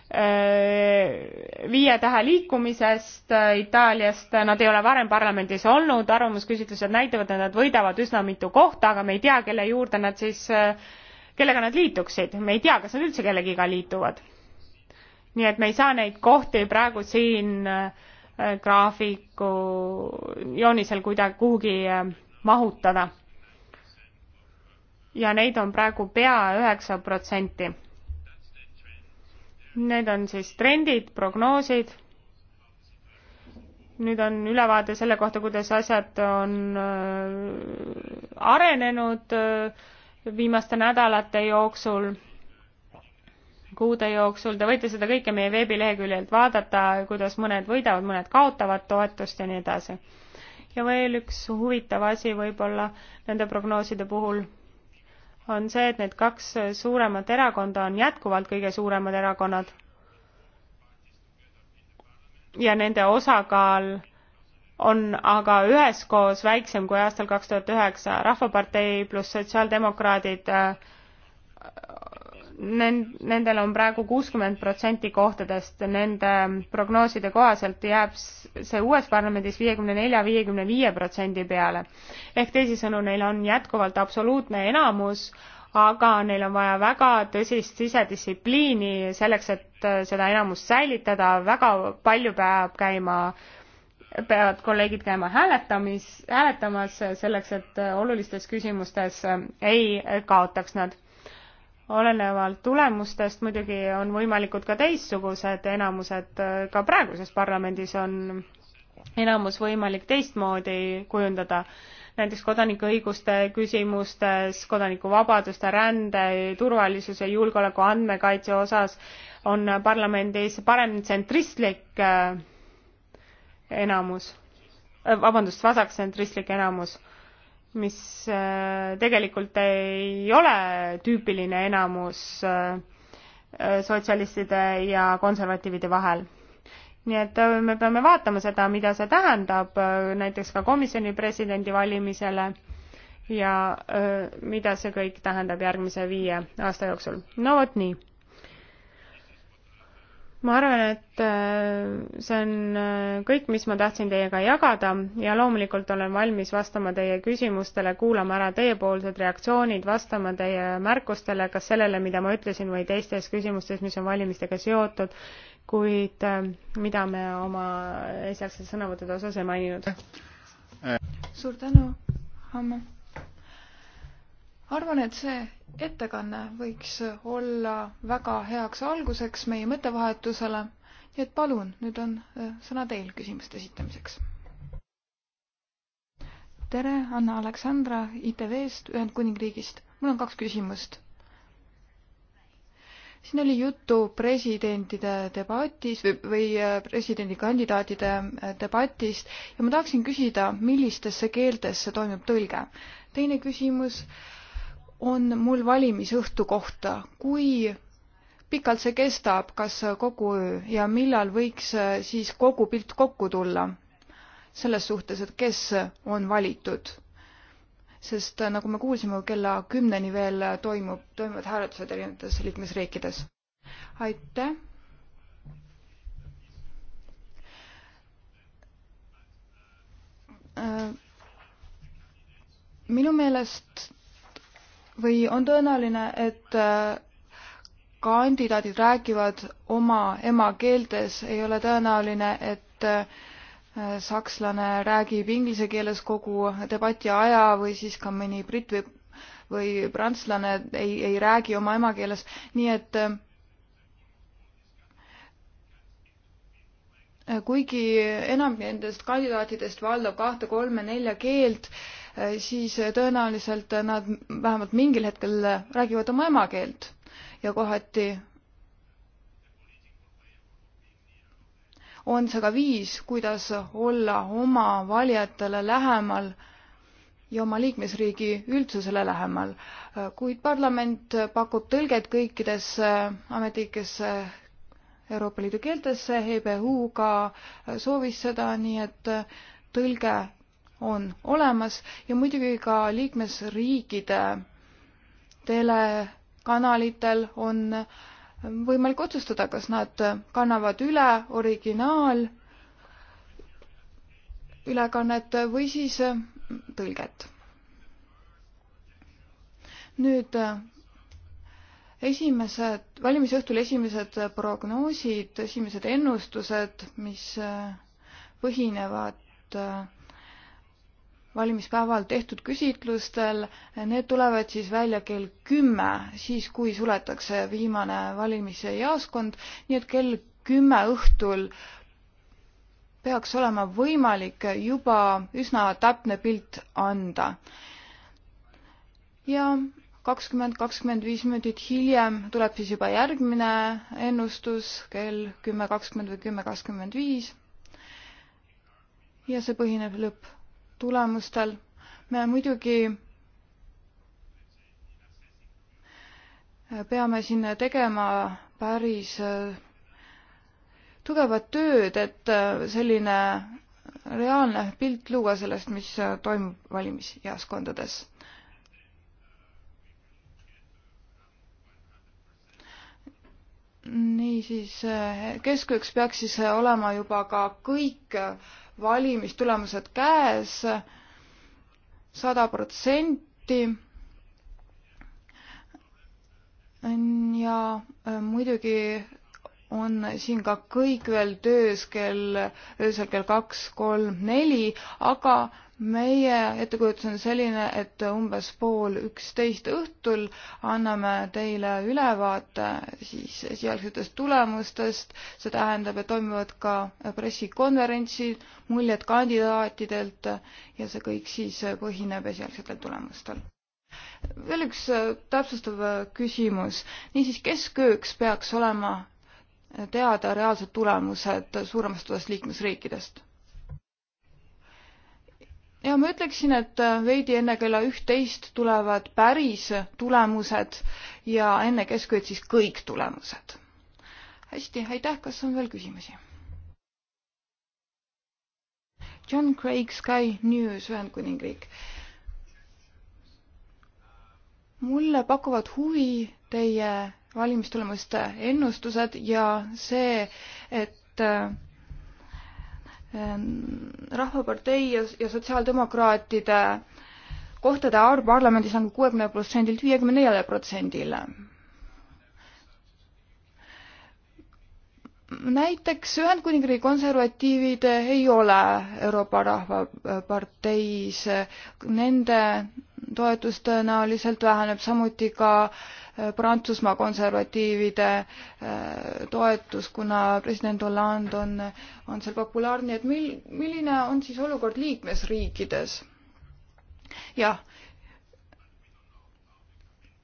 Äh, viie tähe liikumisest äh, Itaaliast, äh, nad ei ole varem parlamendis olnud, arvamusküsitlused näitavad, et nad võidavad üsna mitu kohta, aga me ei tea, kelle juurde nad siis, kellega nad liituksid, me ei tea, kas nad üldse kellegiga liituvad. nii et me ei saa neid kohti praegu siin graafiku joonisel kuidagi kuhugi mahutada. ja neid on praegu pea üheksa protsenti Need on siis trendid, prognoosid. nüüd on ülevaade selle kohta, kuidas asjad on äh, arenenud äh, viimaste nädalate jooksul, kuude jooksul. Te võite seda kõike meie veebileheküljelt vaadata, kuidas mõned võidavad, mõned kaotavad toetust ja nii edasi. ja veel üks huvitav asi võib-olla nende prognooside puhul on see, et need kaks suuremat erakonda on jätkuvalt kõige suuremad erakonnad ja nende osakaal on aga üheskoos väiksem kui aastal kaks tuhat üheksa. rahvapartei pluss sotsiaaldemokraadid nendel on praegu kuuskümmend protsenti kohtadest, nende prognooside kohaselt jääb see uues parlamendis viiekümne nelja, viiekümne viie protsendi peale. ehk teisisõnu, neil on jätkuvalt absoluutne enamus, aga neil on vaja väga tõsist sisedistsipliini selleks, et äh, seda enamust säilitada, väga palju peab käima peavad kolleegid käima hääletamis, hääletamas selleks, et äh, olulistes küsimustes äh, ei kaotaks nad olenevalt tulemustest muidugi on võimalikud ka teistsugused enamused, ka praeguses parlamendis on enamus võimalik teistmoodi kujundada, näiteks kodanikuõiguste küsimustes, kodanikuvabaduste, rände, turvalisuse, julgeoleku, andmekaitse osas on parlamendis parem tsentristlik äh, enamus, äh, vabandust, vasaktsentristlik enamus mis äh, tegelikult ei ole tüüpiline enamus äh, sotsialistide ja konservatiivide vahel. nii et äh, me peame vaatama seda, mida see tähendab näiteks ka komisjoni presidendi valimisele ja mida see kõik tähendab järgmise viie aasta jooksul. no vot nii ma arvan, et äh, see on äh, kõik, mis ma tahtsin teiega jagada ja loomulikult olen valmis vastama teie küsimustele, kuulama ära teiepoolsed reaktsioonid, vastama teie märkustele, kas sellele, mida ma ütlesin või teistes küsimustes, mis on valimistega seotud, kuid äh, mida me oma esialgsete sõnavõttude osas ei maininud. suur tänu, Amme arvan, et see ettekanne võiks olla väga heaks alguseks meie mõttevahetusele. nii et palun, nüüd on äh, sõna teil küsimuste esitamiseks. tere, Anna Aleksandra ITV-st Ühendkuningriigist. mul on kaks küsimust. siin oli juttu presidentide debatis või, või äh, presidendikandidaatide äh, debatist ja ma tahaksin küsida, millistesse keeltesse toimub tõlge. teine küsimus äh, on mul valimisõhtu kohta, kui pikalt see kestab, kas kogu öö ja millal võiks äh, siis kogu pilt kokku tulla selles suhtes, et kes on valitud? sest äh, nagu me kuulsime, kella kümneni veel toimub, toimuvad hääletused erinevates liikmesriikides. aitäh. Äh, minu meelest või on tõenäoline, et äh, kandidaadid räägivad oma emakeeltes, ei ole tõenäoline, et äh, sakslane räägib inglise keeles kogu debati aja või siis ka mõni britt või, või prantslane ei, ei räägi oma emakeeles, nii et äh, kuigi enam nendest kandidaatidest valdab kahte, kolme, nelja keelt, Äh, siis äh, tõenäoliselt äh, nad vähemalt mingil hetkel räägivad oma emakeelt ja kohati on see ka viis, kuidas olla oma valijatele lähemal ja oma liikmesriigi üldsusele lähemal. kuid parlament pakub tõlget kõikidesse ametlikesse Euroopa Liidu keeltesse, EBU ka soovis seda, nii et tõlge on olemas ja muidugi ka liikmesriikide telekanalitel on võimalik otsustada, kas nad kannavad üle originaal ülekannet või siis tõlget. nüüd esimesed, valimisõhtul esimesed prognoosid, esimesed ennustused, mis põhinevad valimispäeval tehtud küsitlustel, need tulevad siis välja kell kümme, siis kui suletakse viimane valimisjaoskond, nii et kell kümme õhtul peaks olema võimalik juba üsna täpne pilt anda. ja kakskümmend, kakskümmend viis minutit hiljem tuleb siis juba järgmine ennustus kell kümme kakskümmend või kümme kakskümmend viis. ja see põhineb lõpp tulemustel. me muidugi peame siin tegema päris äh, tugevat tööd, et äh, selline reaalne pilt luua sellest, mis äh, toimub valimisjaoskondades. niisiis, keskuseks peaks siis olema juba ka kõik valimistulemused käes, sada protsenti. ja äh, muidugi on siin ka kõik veel töös kell, öösel kell kaks, kolm, neli, aga meie ettekujutus on selline, et umbes pool üksteist õhtul anname teile ülevaate siis esialgsetest tulemustest, see tähendab, et toimuvad ka pressikonverentsid, muljed kandidaatidelt ja see kõik siis põhineb esialgsetel tulemustel. veel üks täpsustav küsimus, niisiis keskööks peaks olema teada reaalsed tulemused suuremast osast liikmesriikidest ja ma ütleksin, et äh, veidi enne kella üht-teist tulevad päris tulemused ja enne keskööd siis kõik tulemused. hästi, aitäh, kas on veel küsimusi? John Craig, Sky News, Ühendkuningriik. mulle pakuvad huvi teie valimistulemuste ennustused ja see, et äh, Ähm, Rahvapartei ja, ja sotsiaaldemokraatide kohtade arv parlamendis on kuuekümne protsendilt viiekümne neljale protsendile. näiteks Ühendkuningriigi konservatiivid ei ole Euroopa Rahvaparteis, nende toetus tõenäoliselt väheneb, samuti ka äh, Prantsusmaa konservatiivide äh, toetus, kuna president Hollande on, on seal populaarne, et mil-, milline on siis olukord liikmesriikides? jah,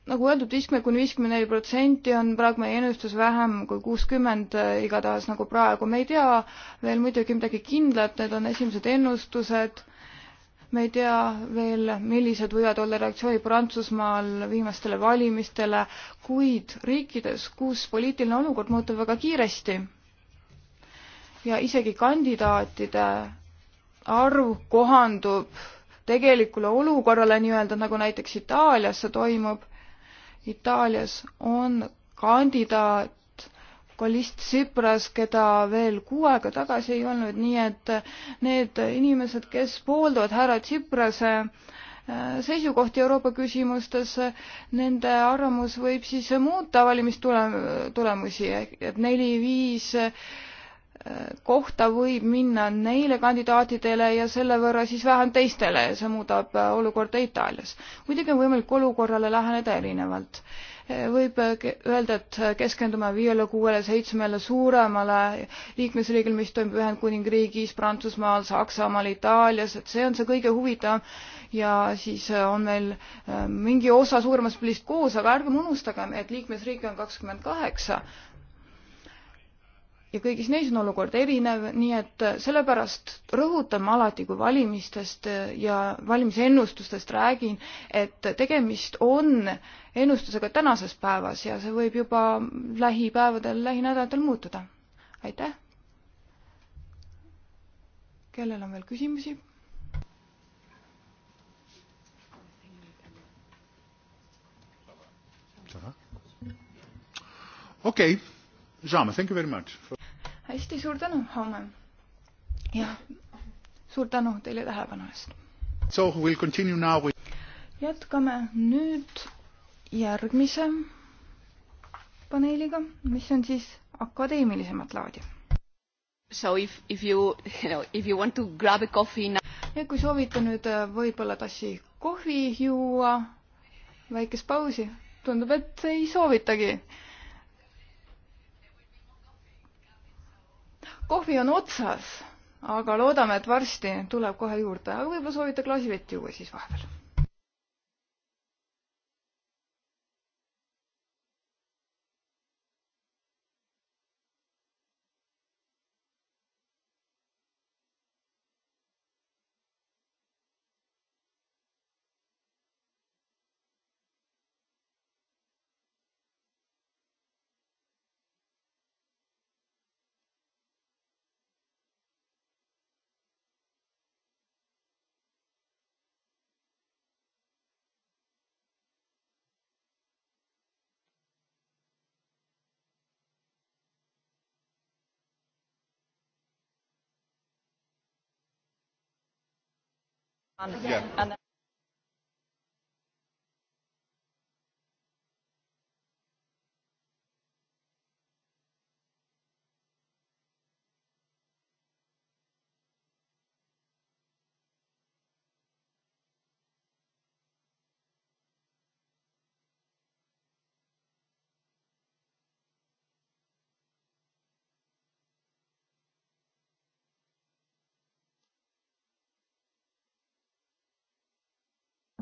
nagu öeldud, viiskümmend kuni viiskümmend neli protsenti on praegu meie ennustus vähem kui kuuskümmend äh, igatahes nagu praegu, me ei tea veel muidugi midagi kindlat, need on esimesed ennustused me ei tea veel, millised võivad olla reaktsioonid Prantsusmaal viimastele valimistele, kuid riikides, kus poliitiline olukord muutub väga kiiresti ja isegi kandidaatide arv kohandub tegelikule olukorrale nii-öelda, nagu näiteks Itaalias see toimub, Itaalias on kandidaat Kalist Tsipras, keda veel kuu aega tagasi ei olnud, nii et need inimesed, kes pooldavad härra Tsiprase äh, seisukohti Euroopa küsimustes, nende arvamus võib siis muuta valimistulemusi, et neli-viis äh, kohta võib minna neile kandidaatidele ja selle võrra siis vähem teistele ja see muudab äh, olukorda Itaalias. muidugi on võimalik olukorrale läheneda erinevalt võib äh, öelda, et äh, keskendume viiele, kuuele, seitsmele suuremale liikmesriigile, mis toimub Ühendkuningriigis, Prantsusmaal, Saksamaal, Itaalias, et see on see kõige huvitavam ja siis äh, on meil mingi osa suuremast pildist koos, aga ärgem unustagem, et liikmesriike on kakskümmend kaheksa ja kõigis neis on olukord erinev, nii et sellepärast rõhutame alati, kui valimistest äh, ja valimisennustustest räägin, et tegemist on ennustusega tänases päevas ja see võib juba lähipäevadel, lähinädalatel muutuda. aitäh! kellel on veel küsimusi? okei okay Jean, thank you very much for.... hästi, suur tänu, homme. jah, suur tänu teile tähelepanu eest. So we will continue now with. jätkame nüüd järgmise paneeliga, mis on siis akadeemilisemat laadi. So if, if you, you know, if you want to grab a coffee now. ja kui soovite nüüd äh, võib-olla tassi kohvi juua, väikest pausi, tundub, et ei soovitagi kohvi on otsas, aga loodame, et varsti tuleb kohe juurde, aga võib-olla soovite klaasi vett juua siis vahepeal Yeah.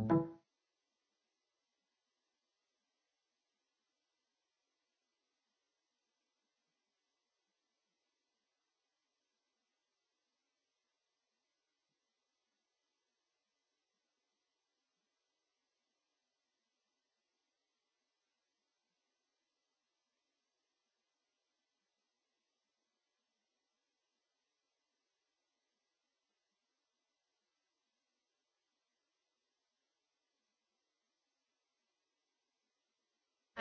thank you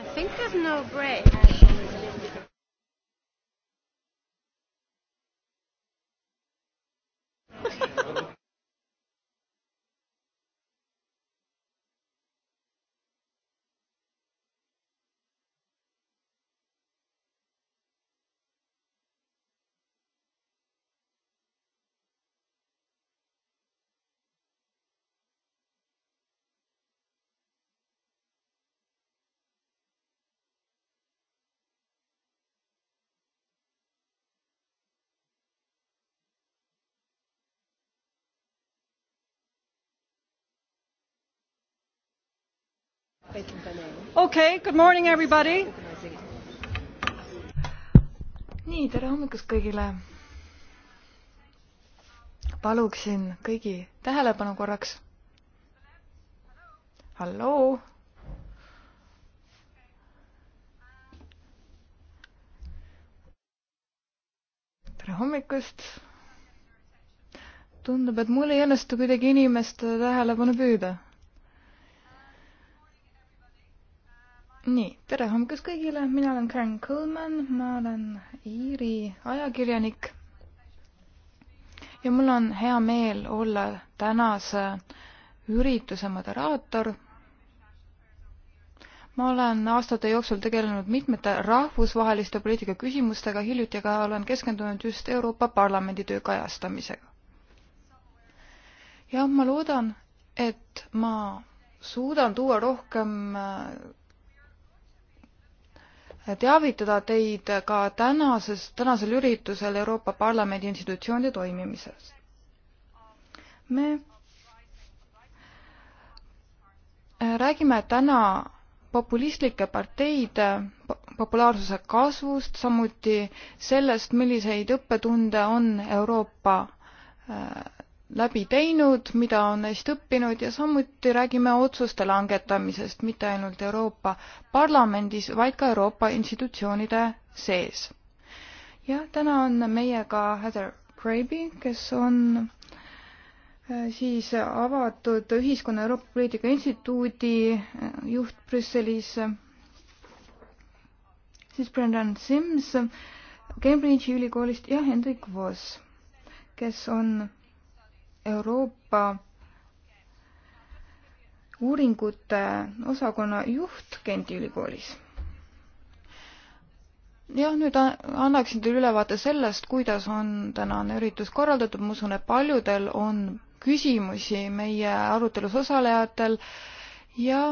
I think there's no break. okei okay,, good morning everybody. nii, tere hommikust kõigile. paluksin kõigi tähelepanu korraks. halloo. tere hommikust. tundub, et mul ei õnnestu kuidagi inimeste tähelepanu püüda nii, tere hommikust kõigile, mina olen Karen Coleman, ma olen Iiri ajakirjanik. ja mul on hea meel olla tänase ürituse moderaator. ma olen aastate jooksul tegelenud mitmete rahvusvaheliste poliitika küsimustega, hiljuti aga olen keskendunud just Euroopa Parlamendi töö kajastamisega. ja ma loodan, et ma suudan tuua rohkem äh, teavitada teid ka tänases, tänasel üritusel Euroopa Parlamendi institutsioonide toimimisest. me räägime täna populistlike parteide populaarsuse kasvust, samuti sellest, milliseid õppetunde on Euroopa äh, läbi teinud, mida on neist õppinud ja samuti räägime otsuste langetamisest mitte ainult Euroopa Parlamendis, vaid ka Euroopa institutsioonide sees. ja täna on meiega Heather Graby, kes on äh, siis avatud Ühiskonna Euroopa Poliitika Instituudi äh, juht Brüsselis, siis Brendan Sims Cambridge'i ülikoolist ja Hendrik Voss, kes on Euroopa uuringute osakonna juht Genti ülikoolis. jah, nüüd annaksin teile ülevaate sellest, kuidas on tänane üritus korraldatud, ma usun, et paljudel on küsimusi meie arutelus osalejatel ja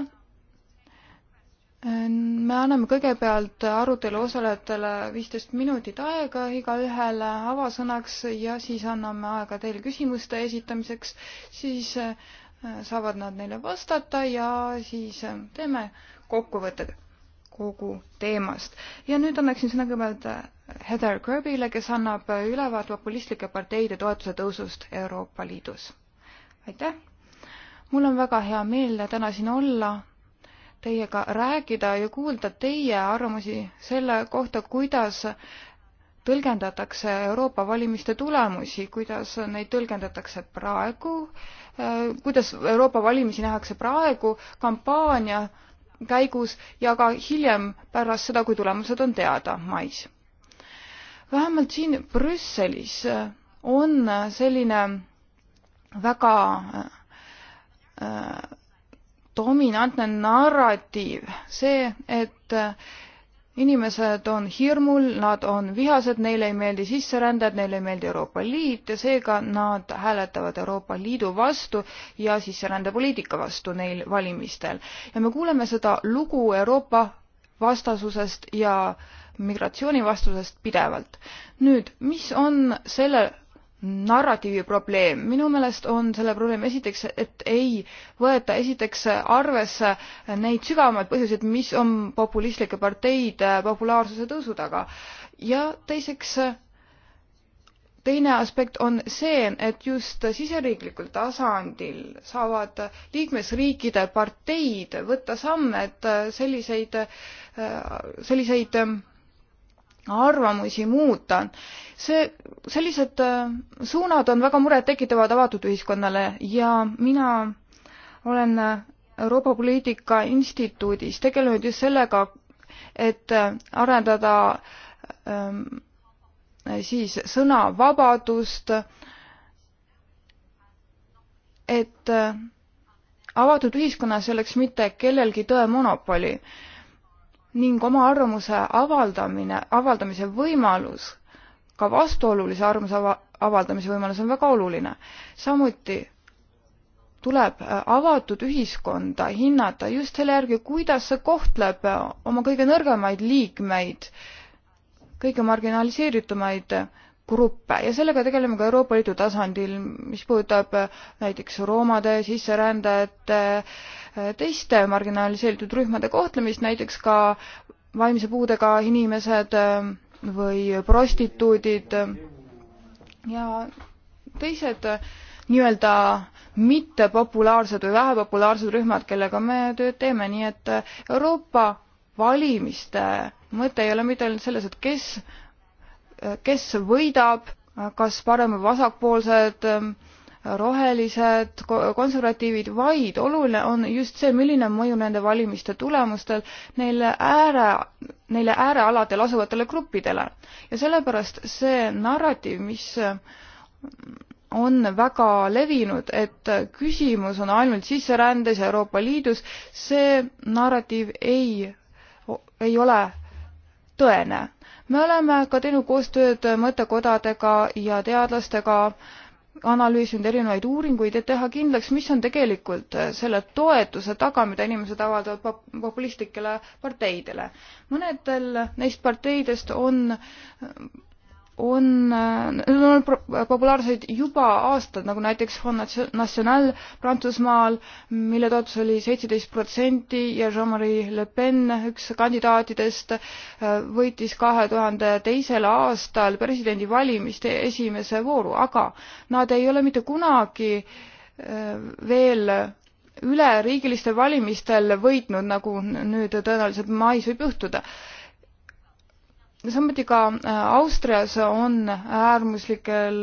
me anname kõigepealt arutelu osalejatele viisteist minutit aega igaühele avasõnaks ja siis anname aega teile küsimuste esitamiseks, siis äh, saavad nad neile vastata ja siis äh, teeme kokkuvõtted kogu teemast. ja nüüd annaksin sõna kõigepealt äh, Heather Kirbyle, kes annab ülevaate populistlike parteide toetuse tõusust Euroopa Liidus. aitäh! mul on väga hea meel täna siin olla teiega rääkida ja kuulda teie arvamusi selle kohta, kuidas tõlgendatakse Euroopa valimiste tulemusi, kuidas neid tõlgendatakse praegu, äh, kuidas Euroopa valimisi nähakse praegu kampaania käigus ja ka hiljem pärast seda, kui tulemused on teada mais. vähemalt siin Brüsselis on selline väga dominantne narratiiv, see, et inimesed on hirmul, nad on vihased, neile ei meeldi sisserändajad, neile ei meeldi Euroopa Liit ja seega nad hääletavad Euroopa Liidu vastu ja sisserändepoliitika vastu neil valimistel. ja me kuuleme seda lugu Euroopa vastasusest ja migratsiooni vastusest pidevalt. nüüd, mis on selle narratiivi probleem. minu meelest on selle probleem esiteks, et ei võeta esiteks arvesse neid sügavamaid põhjuseid, mis on populistlike parteide populaarsuse tõusu taga. ja teiseks, teine aspekt on see, et just siseriiklikul tasandil saavad liikmesriikide parteid võtta samme, et selliseid, selliseid arvamusi muuta. see, sellised äh, suunad on väga murettekitavad avatud ühiskonnale ja mina olen äh, Euroopa Poliitika Instituudis tegelenud just sellega, et äh, arendada ähm, siis sõnavabadust, et avatud ühiskonnas ei oleks mitte kellelgi tõe monopoli ning oma arvamuse avaldamine, avaldamise võimalus, ka vastuolulise arvamuse ava-, avaldamise võimalus on väga oluline. samuti tuleb äh, avatud ühiskonda hinnata just selle järgi, kuidas see kohtleb äh, oma kõige nõrgemaid liikmeid, kõige marginaliseeritumaid gruppe ja sellega tegeleme ka Euroopa Liidu tasandil, mis puudutab äh, näiteks roomade, sisserändajate, äh, teiste marginaliseeritud rühmade kohtlemist, näiteks ka vaimse puudega inimesed äh, või prostituudid ja teised nii-öelda mittepopulaarsed või vähepopulaarsed rühmad, kellega me tööd teeme, nii et Euroopa valimiste mõte ei ole mitte ainult selles, et kes kes võidab, kas parem- või vasakpoolsed, ähm, rohelised, konservatiivid, vaid oluline on just see, milline mõju nende valimiste tulemustel neile ääre, neile äärealadel asuvatele gruppidele. ja sellepärast see narratiiv, mis äh, on väga levinud, et küsimus on ainult sisserändes ja Euroopa Liidus, see narratiiv ei, ei ole tõene me oleme ka teinud koostööd mõttekodadega ja teadlastega, analüüsinud erinevaid uuringuid, et teha kindlaks, mis on tegelikult selle toetuse taga, mida inimesed avaldavad populistlikele parteidele. mõnedel neist parteidest on on, need on olnud populaarsed juba aastad, nagu näiteks Fond National Prantsusmaal, mille toetus oli seitseteist protsenti ja Jean-Marie Le Pen, üks kandidaatidest, võitis kahe tuhande teisel aastal presidendivalimiste esimese vooru, aga nad ei ole mitte kunagi veel üleriigilistel valimistel võitnud, nagu nüüd tõenäoliselt mais võib juhtuda samuti ka äh, Austrias on äärmuslikel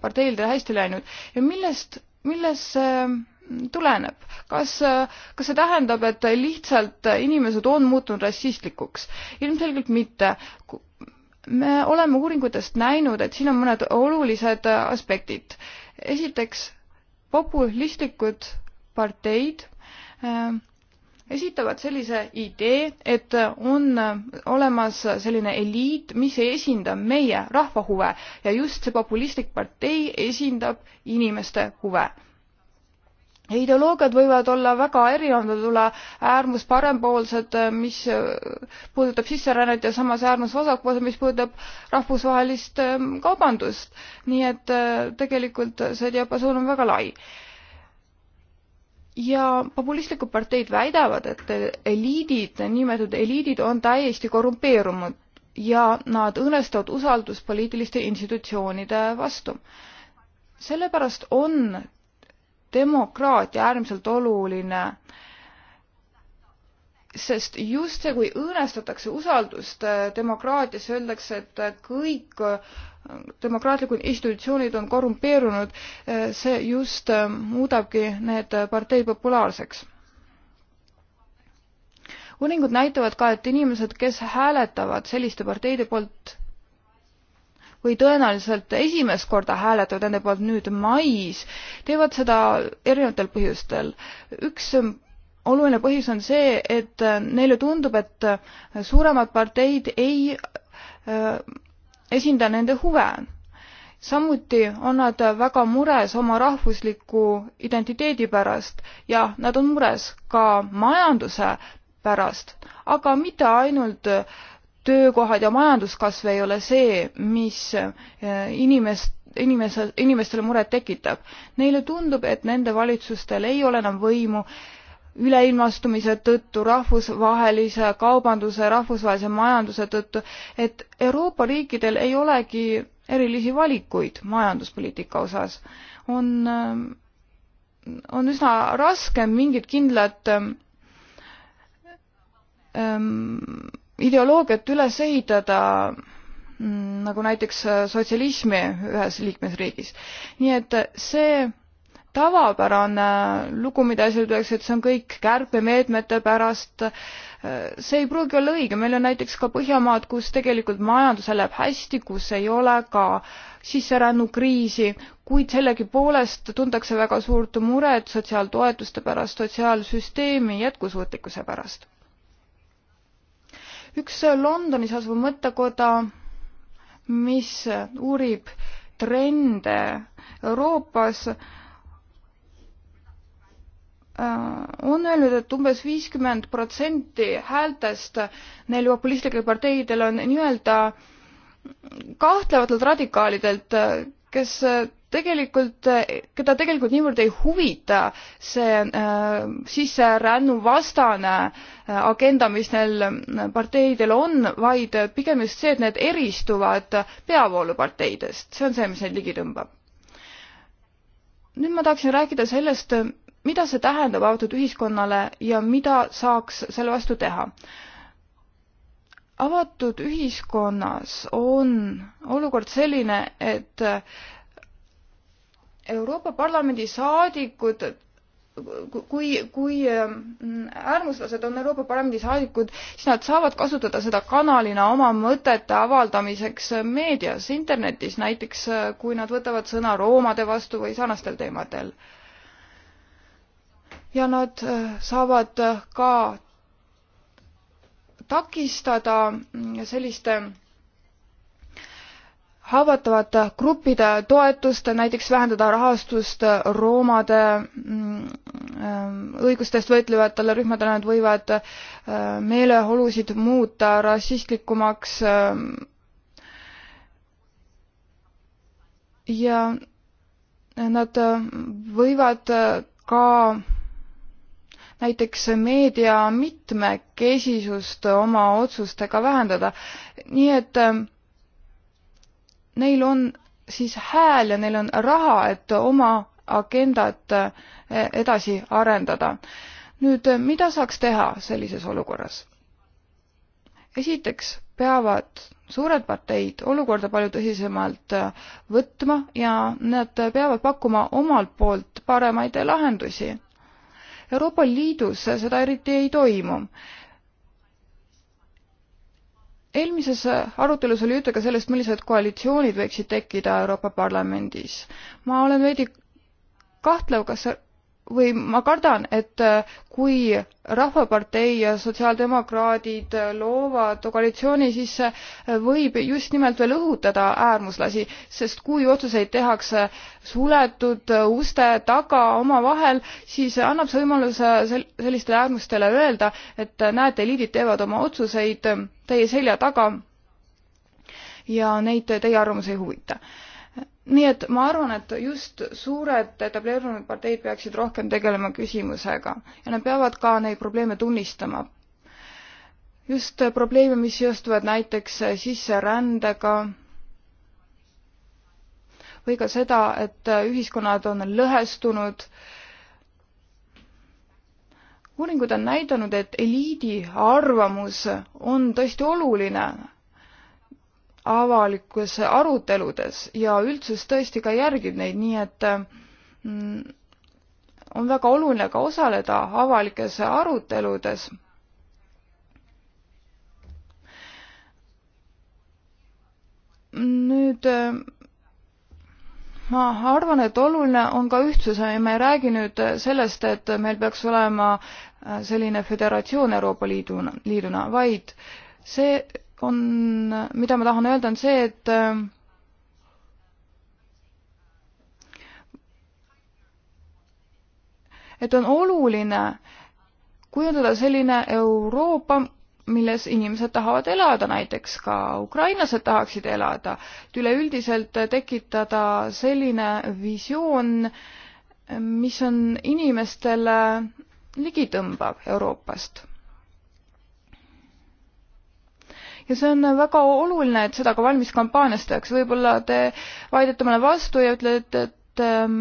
parteidel hästi läinud ja millest, millest see mm, tuleneb? kas, äh, kas see tähendab, et lihtsalt inimesed on muutunud rassistlikuks? ilmselgelt mitte. me oleme uuringutest näinud, et siin on mõned olulised aspektid. esiteks, populistlikud parteid äh, esitavad sellise idee, et on olemas selline eliit, mis ei esinda meie rahva huve ja just see populistlik partei esindab inimeste huve. ideoloogiad võivad olla väga erinevad, võib olla äärmus parempoolsed, mis puudutab sisserännet ja samas äärmus vasakpoolsed, mis puudutab rahvusvahelist ähm, kaubandust. nii et äh, tegelikult see diapasoon on väga lai ja populistlikud parteid väidavad, et eliidid, niinimetatud eliidid on täiesti korrumpeerunud ja nad õõnestavad usaldust poliitiliste institutsioonide vastu. sellepärast on demokraatia äärmiselt oluline äh, sest just see, kui õõnestatakse usaldust äh, demokraatias, öeldakse, et äh, kõik äh, demokraatlikud institutsioonid on korrumpeerunud, see just muudabki need parteid populaarseks. uuringud näitavad ka, et inimesed, kes hääletavad selliste parteide poolt või tõenäoliselt esimest korda hääletavad nende poolt nüüd mais, teevad seda erinevatel põhjustel. üks oluline põhjus on see, et neile tundub, et suuremad parteid ei äh, esinda nende huve. samuti on nad väga mures oma rahvusliku identiteedi pärast ja nad on mures ka majanduse pärast, aga mitte ainult töökohad ja majanduskasv ei ole see, mis äh, inimest inimese, inimestele muret tekitab. Neile tundub, et nende valitsustel ei ole enam võimu üleilmastumise tõttu, rahvusvahelise kaubanduse, rahvusvahelise majanduse tõttu, et Euroopa riikidel ei olegi erilisi valikuid majanduspoliitika osas. on, äh, on üsna raske mingit kindlat ähm, ähm ideoloogiat üles ehitada mm, nagu näiteks äh, sotsialismi ühes liikmesriigis. nii et see tavapärane lugu, mida siin öeldakse, et see on kõik kärpemeetmete pärast, see ei pruugi olla õige, meil on näiteks ka Põhjamaad, kus tegelikult majandusel läheb hästi, kus ei ole ka sisserännukriisi, kuid sellegipoolest tuntakse väga suurt muret sotsiaaltoetuste pärast, sotsiaalsüsteemi jätkusuutlikkuse pärast. üks Londonis asuv mõttekoda, mis uurib trende Euroopas, Äh, on öelnud, et umbes viiskümmend protsenti häältest neil populistlikel parteidel on nii-öelda kahtlevatelt radikaalidelt, kes tegelikult, keda tegelikult niivõrd ei huvita see äh, sisserännuvastane äh, agenda, mis neil parteidel on, vaid pigem just see, et need eristuvad peavooluparteidest, see on see, mis neid ligi tõmbab. nüüd ma tahaksin rääkida sellest, mida see tähendab avatud ühiskonnale ja mida saaks selle vastu teha? avatud ühiskonnas on olukord selline, et Euroopa Parlamendi saadikud kui, kui mm, äärmuslased on Euroopa Parlamendi saadikud, siis nad saavad kasutada seda kanalina oma mõtete avaldamiseks meedias, internetis näiteks, kui nad võtavad sõna roomade vastu või sarnastel teemadel ja nad äh, saavad äh, ka takistada mm, selliste haavatavate gruppide toetust, näiteks vähendada rahastust äh, roomade mm, õigustest võitlevatele rühmadele, nad võivad meeleolusid muuta rassistlikumaks. ja nad võivad ka näiteks meedia mitmekesisust oma otsustega vähendada. nii et ähm, neil on siis hääl ja neil on raha, et oma agendat äh, edasi arendada. nüüd, äh, mida saaks teha sellises olukorras? esiteks peavad suured parteid olukorda palju tõsisemalt äh, võtma ja nad peavad pakkuma omalt poolt paremaid lahendusi. Euroopa Liidus seda eriti ei toimu. eelmises arutelus oli juttu ka sellest, millised koalitsioonid võiksid tekkida Euroopa Parlamendis. ma olen veidi kahtlev, kas või ma kardan, et äh, kui Rahvapartei ja sotsiaaldemokraadid äh, loovad koalitsiooni, siis see äh, võib just nimelt veel õhutada äärmuslasi, sest kui otsuseid tehakse suletud uste taga omavahel, siis annab see võimaluse sel-, sellistele äärmustele öelda, et näete, eliidid teevad oma otsuseid teie selja taga ja neid teie arvamus ei huvita nii et ma arvan, et just suured etableerunud parteid peaksid rohkem tegelema küsimusega ja nad peavad ka neid probleeme tunnistama. just probleeme, mis seostuvad näiteks sisserändega või ka seda, et ühiskonnad on lõhestunud. uuringud on näidanud, et eliidi arvamus on tõesti oluline avalikes aruteludes ja üldsus tõesti ka järgib neid, nii et mm, on väga oluline ka osaleda avalikes aruteludes. nüüd ma arvan, et oluline on ka ühtsus ja me ei räägi nüüd sellest, et meil peaks olema selline föderatsioon Euroopa Liiduna, liiduna, vaid see on, mida ma tahan öelda, on see, et et on oluline kujundada selline Euroopa, milles inimesed tahavad elada, näiteks ka ukrainlased tahaksid elada, et üleüldiselt tekitada selline visioon, mis on inimestele ligitõmbav Euroopast ja see on väga oluline, et seda ka valmis kampaanias tehakse, võib-olla te vaidlete mulle vastu ja ütlete, et ähm,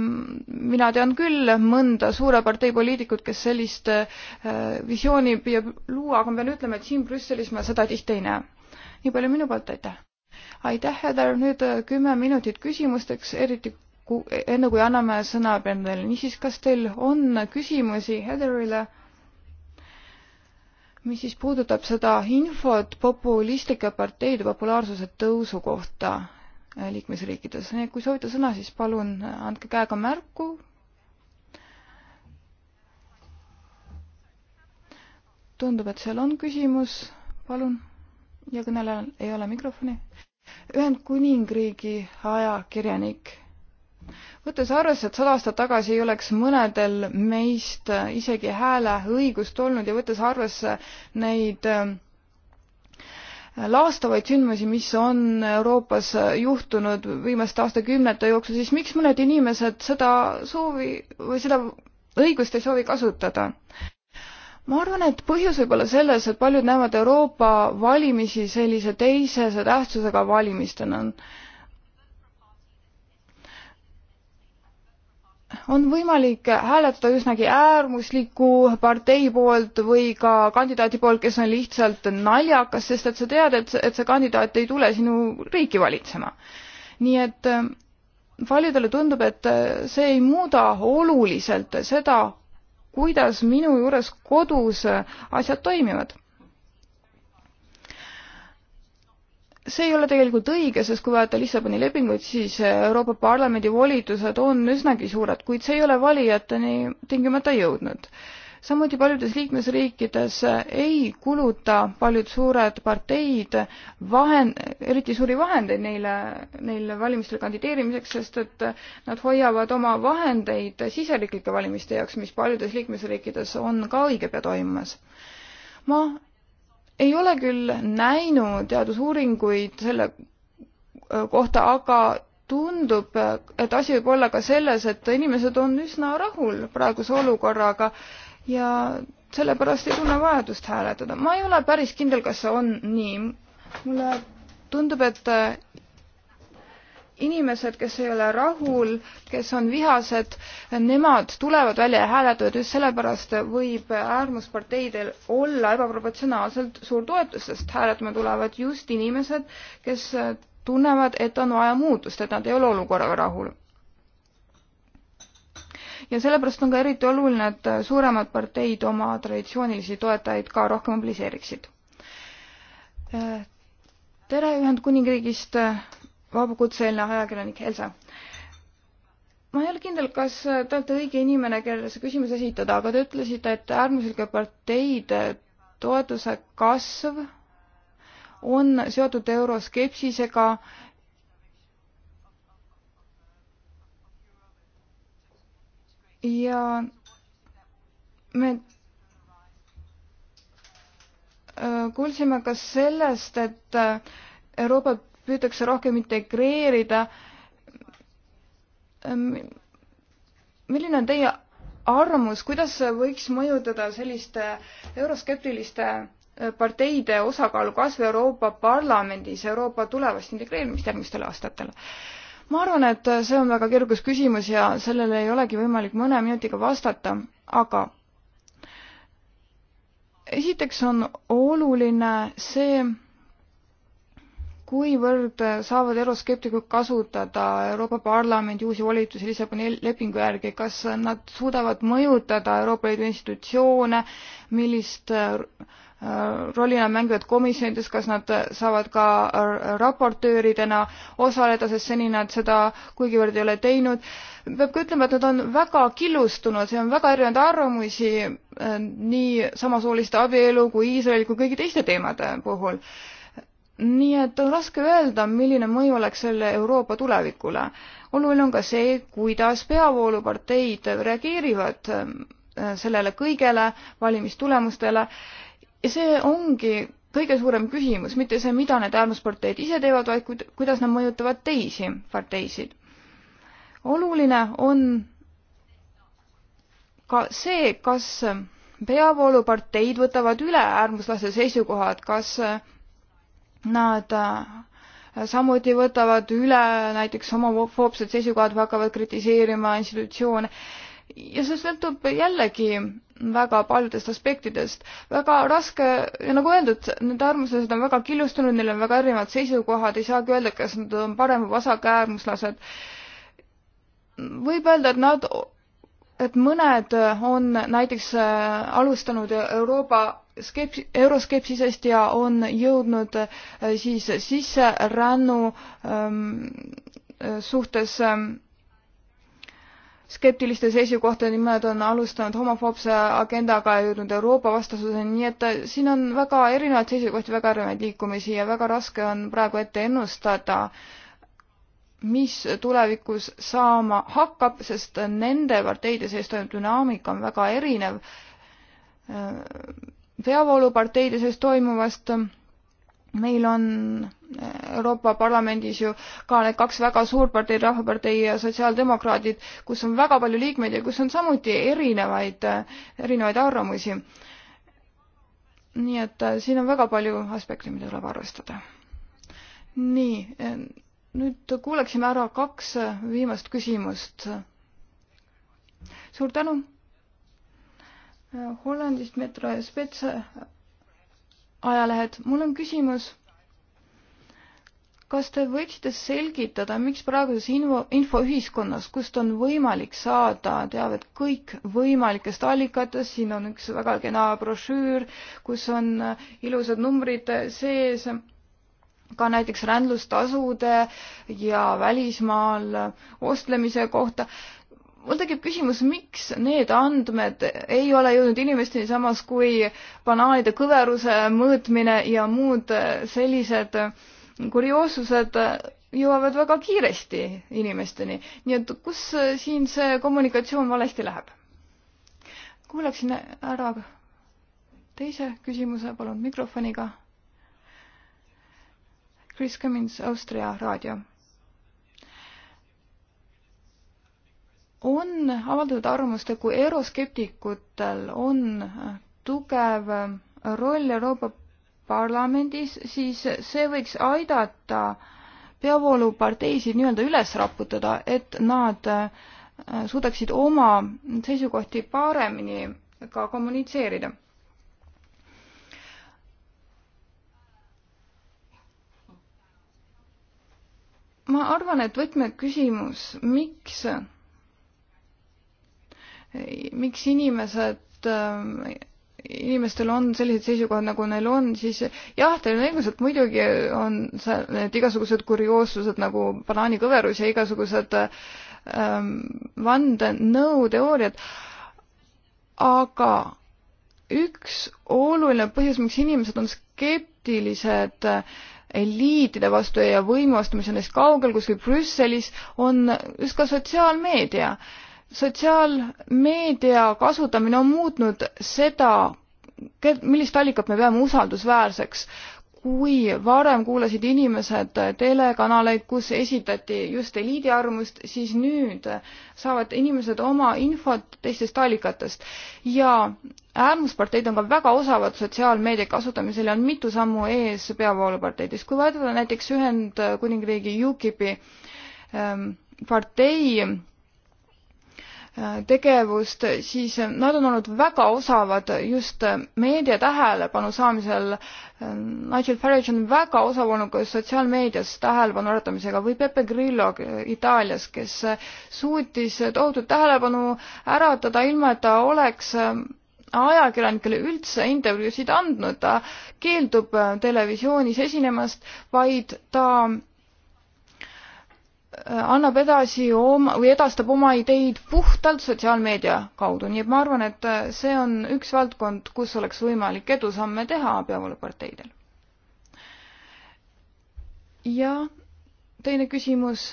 mina tean küll mõnda suure partei poliitikut, kes sellist äh, visiooni püüab luua, aga ma pean ütlema, et siin Brüsselis ma seda tihti ei näe. nii palju minu poolt, aitäh! aitäh, Heder, nüüd äh, kümme minutit küsimusteks, eriti ku, enne kui anname sõna Brendel, niisiis, kas teil on küsimusi Hederile? mis siis puudutab seda infot populistlike parteide populaarsuse tõusu kohta äh, liikmesriikides. nii et kui soovite sõna, siis palun äh, andke käega märku. tundub, et seal on küsimus, palun. ja kõnelejal ei ole mikrofoni. Ühendkuningriigi ajakirjanik võttes arvesse, et sada aastat tagasi ei oleks mõnedel meist isegi hääleõigust olnud ja võttes arvesse neid äh, laastavaid sündmusi, mis on Euroopas juhtunud viimaste aastakümnete jooksul, siis miks mõned inimesed seda soovi või seda õigust ei soovi kasutada? ma arvan, et põhjus võib olla selles, et paljud näevad Euroopa valimisi sellise teisese tähtsusega valimistena no on võimalik hääletada üsnagi äärmusliku partei poolt või ka kandidaadi poolt, kes on lihtsalt naljakas, sest et sa tead, et, et see kandidaat ei tule sinu riiki valitsema. nii et eh, paljudele tundub, et eh, see ei muuda oluliselt seda, kuidas minu juures kodus eh, asjad toimivad see ei ole tegelikult õige, sest kui vaadata Lissaboni lepingut, siis äh, Euroopa Parlamendi volitused on üsnagi suured, kuid see ei ole valijateni tingimata jõudnud. samuti paljudes liikmesriikides äh, ei kuluta paljud suured parteid vahend, eriti suuri vahendeid neile, neile valimistele kandideerimiseks, sest et äh, nad hoiavad oma vahendeid siseriiklike valimiste jaoks, mis paljudes liikmesriikides on ka õige pea toimumas. ma ei ole küll näinud teadusuuringuid selle kohta, aga tundub, et asi võib olla ka selles, et inimesed on üsna rahul praeguse olukorraga ja sellepärast ei tunne vajadust hääletada. ma ei ole päris kindel, kas see on nii. mulle tundub, et inimesed, kes ei ole rahul, kes on vihased, nemad tulevad välja ja hääletavad, just sellepärast võib äärmusparteidel olla ebaproportsionaalselt suur toetus, sest hääletama tulevad just inimesed, kes tunnevad, et on vaja muutust, et nad ei ole olukorraga rahul. ja sellepärast on ka eriti oluline, et suuremad parteid oma traditsioonilisi toetajaid ka rohkem mobiliseeriksid. tere Ühendkuningriigist vabakutseline ajakirjanik Elsa. ma ei ole kindel, kas te olete õige inimene, kellele see küsimus esitada, aga te ütlesite, et äärmuslike parteide toetuse kasv on seotud euroskepsisega. ja me äh, kuulsime ka sellest, et Euroopa püütakse rohkem integreerida. milline on teie arvamus, kuidas võiks mõjutada selliste euroskeptiliste eh, parteide osakaalu kasv Euroopa Parlamendis, Euroopa tulevast integreerimist järgmistel aastatel? ma arvan, et see on väga keerukas küsimus ja sellele ei olegi võimalik mõne minutiga vastata, aga esiteks on oluline see, kuivõrd saavad euroskeptikud kasutada Euroopa Parlamendi uusi volitusi Lissaboni lepingu järgi, kas nad suudavad mõjutada Euroopa Liidu institutsioone, millist äh, rolli nad mängivad komisjonides, kas nad saavad ka äh, raportööridena osaleda, sest seni nad seda kuigivõrd ei ole teinud. peab ka ütlema, et nad on väga killustunud, siin on väga erinevaid arvamusi äh, nii samasooliste abielu kui Iisraeli kui kõigi teiste teemade puhul nii et on raske öelda, milline mõju oleks selle Euroopa tulevikule. oluline on ka see, kuidas peavooluparteid reageerivad äh, sellele kõigele, valimistulemustele ja see ongi kõige suurem küsimus, mitte see, mida need äärmusparteid ise teevad, vaid kuidas nad mõjutavad teisi parteisid. oluline on ka see, kas peavooluparteid võtavad üle äärmuslaste seisukohad, kas äh, nad äh, samuti võtavad üle näiteks homofoobsed seisukohad või hakkavad kritiseerima institutsioone. ja see sõltub jällegi väga paljudest aspektidest. väga raske ja nagu öeldud, need arvamuslased on väga killustunud, neil on väga erinevad seisukohad, ei saagi öelda, kas nad on parem- või vasakäärmuslased. võib öelda, et nad, et mõned on näiteks äh, alustanud Euroopa skeps-, euroskepsisest ja on jõudnud äh, siis sisserännu ähm, äh, suhtes ähm, skeptiliste seisukohtade nimed on alustanud homofoobse agendaga ja jõudnud Euroopa vastasuseni, nii et äh, siin on väga erinevaid seisukohti, väga erinevaid liikumisi ja väga raske on praegu ette ennustada, mis tulevikus saama hakkab, sest nende parteide sees toimuv dünaamika on väga erinev peavooluparteides toimuvast. meil on eh, Euroopa Parlamendis ju ka need kaks väga suurt parteid, Rahvapartei ja Sotsiaaldemokraadid, kus on väga palju liikmeid ja kus on samuti erinevaid, erinevaid arvamusi. nii et eh, siin on väga palju aspekte, mida tuleb arvestada. nii, eh, nüüd kuulaksime ära kaks viimast küsimust. suur tänu Hollandist Metro ja Spetsa ajalehed. mul on küsimus, kas te võiksite selgitada, miks praeguses info, infoühiskonnas, kust on võimalik saada teavet kõikvõimalikest allikatest, siin on üks väga kena brošüür, kus on ilusad numbrid sees, ka näiteks rändlustasude ja välismaal ostlemise kohta mul tekib küsimus, miks need andmed ei ole jõudnud inimesteni, samas kui banaanide kõveruse mõõtmine ja muud sellised kurioossused jõuavad väga kiiresti inimesteni. nii et kus siin see kommunikatsioon valesti läheb? kuulaksin ära teise küsimuse, palun mikrofoniga. Chris Cummins, Austria raadio on avaldatud arvamust, et kui euroskeptikutel on tugev roll Euroopa Parlamendis, siis see võiks aidata peavooluparteisid nii-öelda üles raputada, et nad äh, suudaksid oma seisukohti paremini ka kommunitseerida. ma arvan, et võtmeküsimus, miks miks inimesed, inimestel on sellised seisukohad, nagu neil on, siis jah, teil on õigus, et muidugi on seal need igasugused kurioossused nagu banaanikõverus ja igasugused ähm, vandenõuteooriad, aga üks oluline põhjus, miks inimesed on skeptilised äh, eliitide vastu ja võimu vastu, mis on neist kaugel kuskil Brüsselis, on just ka sotsiaalmeedia äh, sotsiaalmeedia kasutamine on muutnud seda, millist allikat me peame usaldusväärseks. kui varem kuulasid inimesed telekanaleid, kus esitati just eliidi arvamust, siis nüüd saavad inimesed oma infot teistest allikatest ja äärmusparteid on ka väga osavad sotsiaalmeedia kasutamisel ja on mitu sammu ees peavooluparteides. kui vaadata näiteks Ühendkuningriigi UKIP-i ähm, partei tegevust, siis nad on olnud väga osavad just meedia tähelepanu saamisel. Nigel Farage on väga osav olnud ka sotsiaalmeedias tähelepanu äratamisega või Pepe Grillo Itaalias, kes suutis tohutut tähelepanu äratada, ilma et ta oleks ajakirjanikele üldse intervjuusid andnud, ta keeldub televisioonis esinemast, vaid ta Äh, annab edasi oma või edastab oma ideid puhtalt sotsiaalmeedia kaudu, nii et ma arvan, et äh, see on üks valdkond, kus oleks võimalik edusamme teha peavooluparteidel. ja teine küsimus.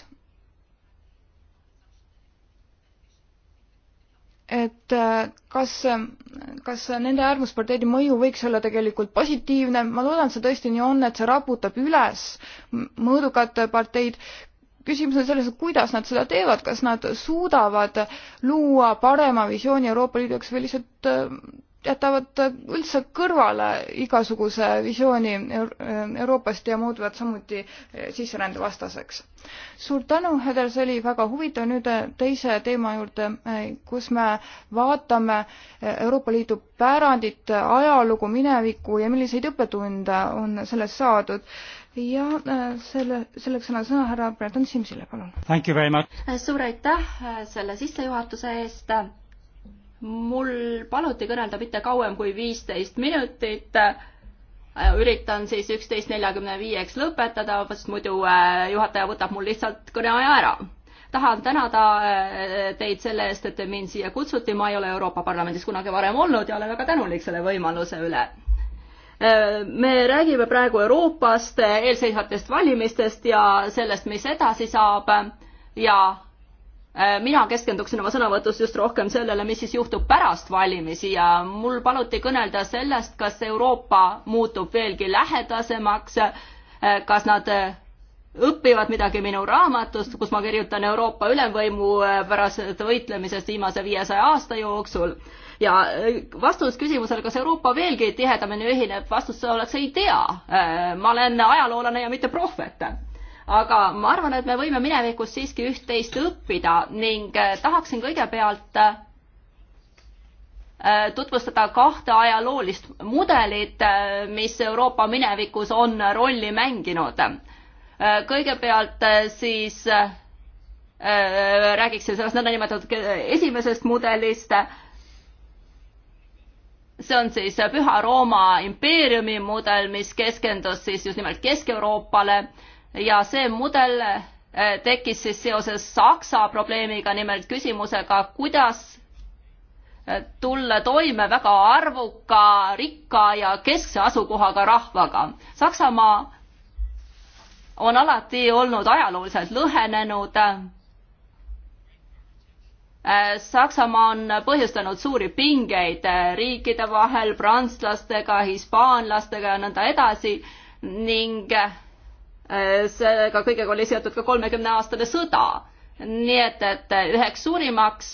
et äh, kas, kas nende äärmusparteide mõju võiks olla tegelikult positiivne, ma loodan, et see tõesti nii on, et see raputab üles mõõdukad parteid, küsimus on selles, et kuidas nad seda teevad, kas nad suudavad luua parema visiooni Euroopa Liidu jaoks või lihtsalt äh, jätavad üldse kõrvale igasuguse visiooni äh, Euroopast ja muutuvad samuti äh, sisserändevastaseks. suur tänu, Heder, see oli väga huvitav. nüüd teise teema juurde, kus me vaatame Euroopa Liidu pärandit, ajalugu, minevikku ja milliseid õppetunde on sellest saadud ja äh, selle, selleks annan sõna härra Brendan Simsile, palun. Äh, suur aitäh äh, selle sissejuhatuse eest. mul paluti kõnelda mitte kauem kui viisteist minutit üritan siis üksteist neljakümne viieks lõpetada, sest muidu juhataja võtab mul lihtsalt kõneaja ära. tahan tänada teid selle eest, et te mind siia kutsuti, ma ei ole Euroopa Parlamendis kunagi varem olnud ja olen väga tänulik selle võimaluse üle me räägime praegu Euroopast, eelseisvatest valimistest ja sellest, mis edasi saab ja äh, mina keskenduksin oma sõnavõtus just rohkem sellele, mis siis juhtub pärast valimisi ja mul paluti kõnelda sellest, kas Euroopa muutub veelgi lähedasemaks, äh, kas nad äh, õpivad midagi minu raamatust, kus ma kirjutan Euroopa ülemvõimu pärast võitlemisest viimase viiesaja aasta jooksul ja äh, vastus küsimusele, kas Euroopa veelgi tihedamini ühineb, vastus oleks ei tea. Äh, ma olen ajaloolane ja mitte prohvet aga ma arvan, et me võime minevikus siiski üht-teist õppida ning äh, tahaksin kõigepealt tutvustada kahte ajaloolist mudelit, mis Euroopa minevikus on rolli mänginud. kõigepealt siis räägiksin sellest nõndanimetatud esimesest mudelist see on siis Püha Rooma impeeriumi mudel, mis keskendus siis just nimelt Kesk-Euroopale ja see mudel eh, tekkis siis seoses Saksa probleemiga, nimelt küsimusega, kuidas eh, tulla toime väga arvuka, rikka ja keskse asukohaga rahvaga. Saksamaa on alati olnud ajalooliselt lõhenenud Äh, Saksamaa on põhjustanud suuri pingeid äh, riikide vahel, prantslastega, hispaanlastega ja nõnda edasi ning äh, sellega kõigega oli seotud ka kolmekümne aastane sõda. nii et, et üheks suurimaks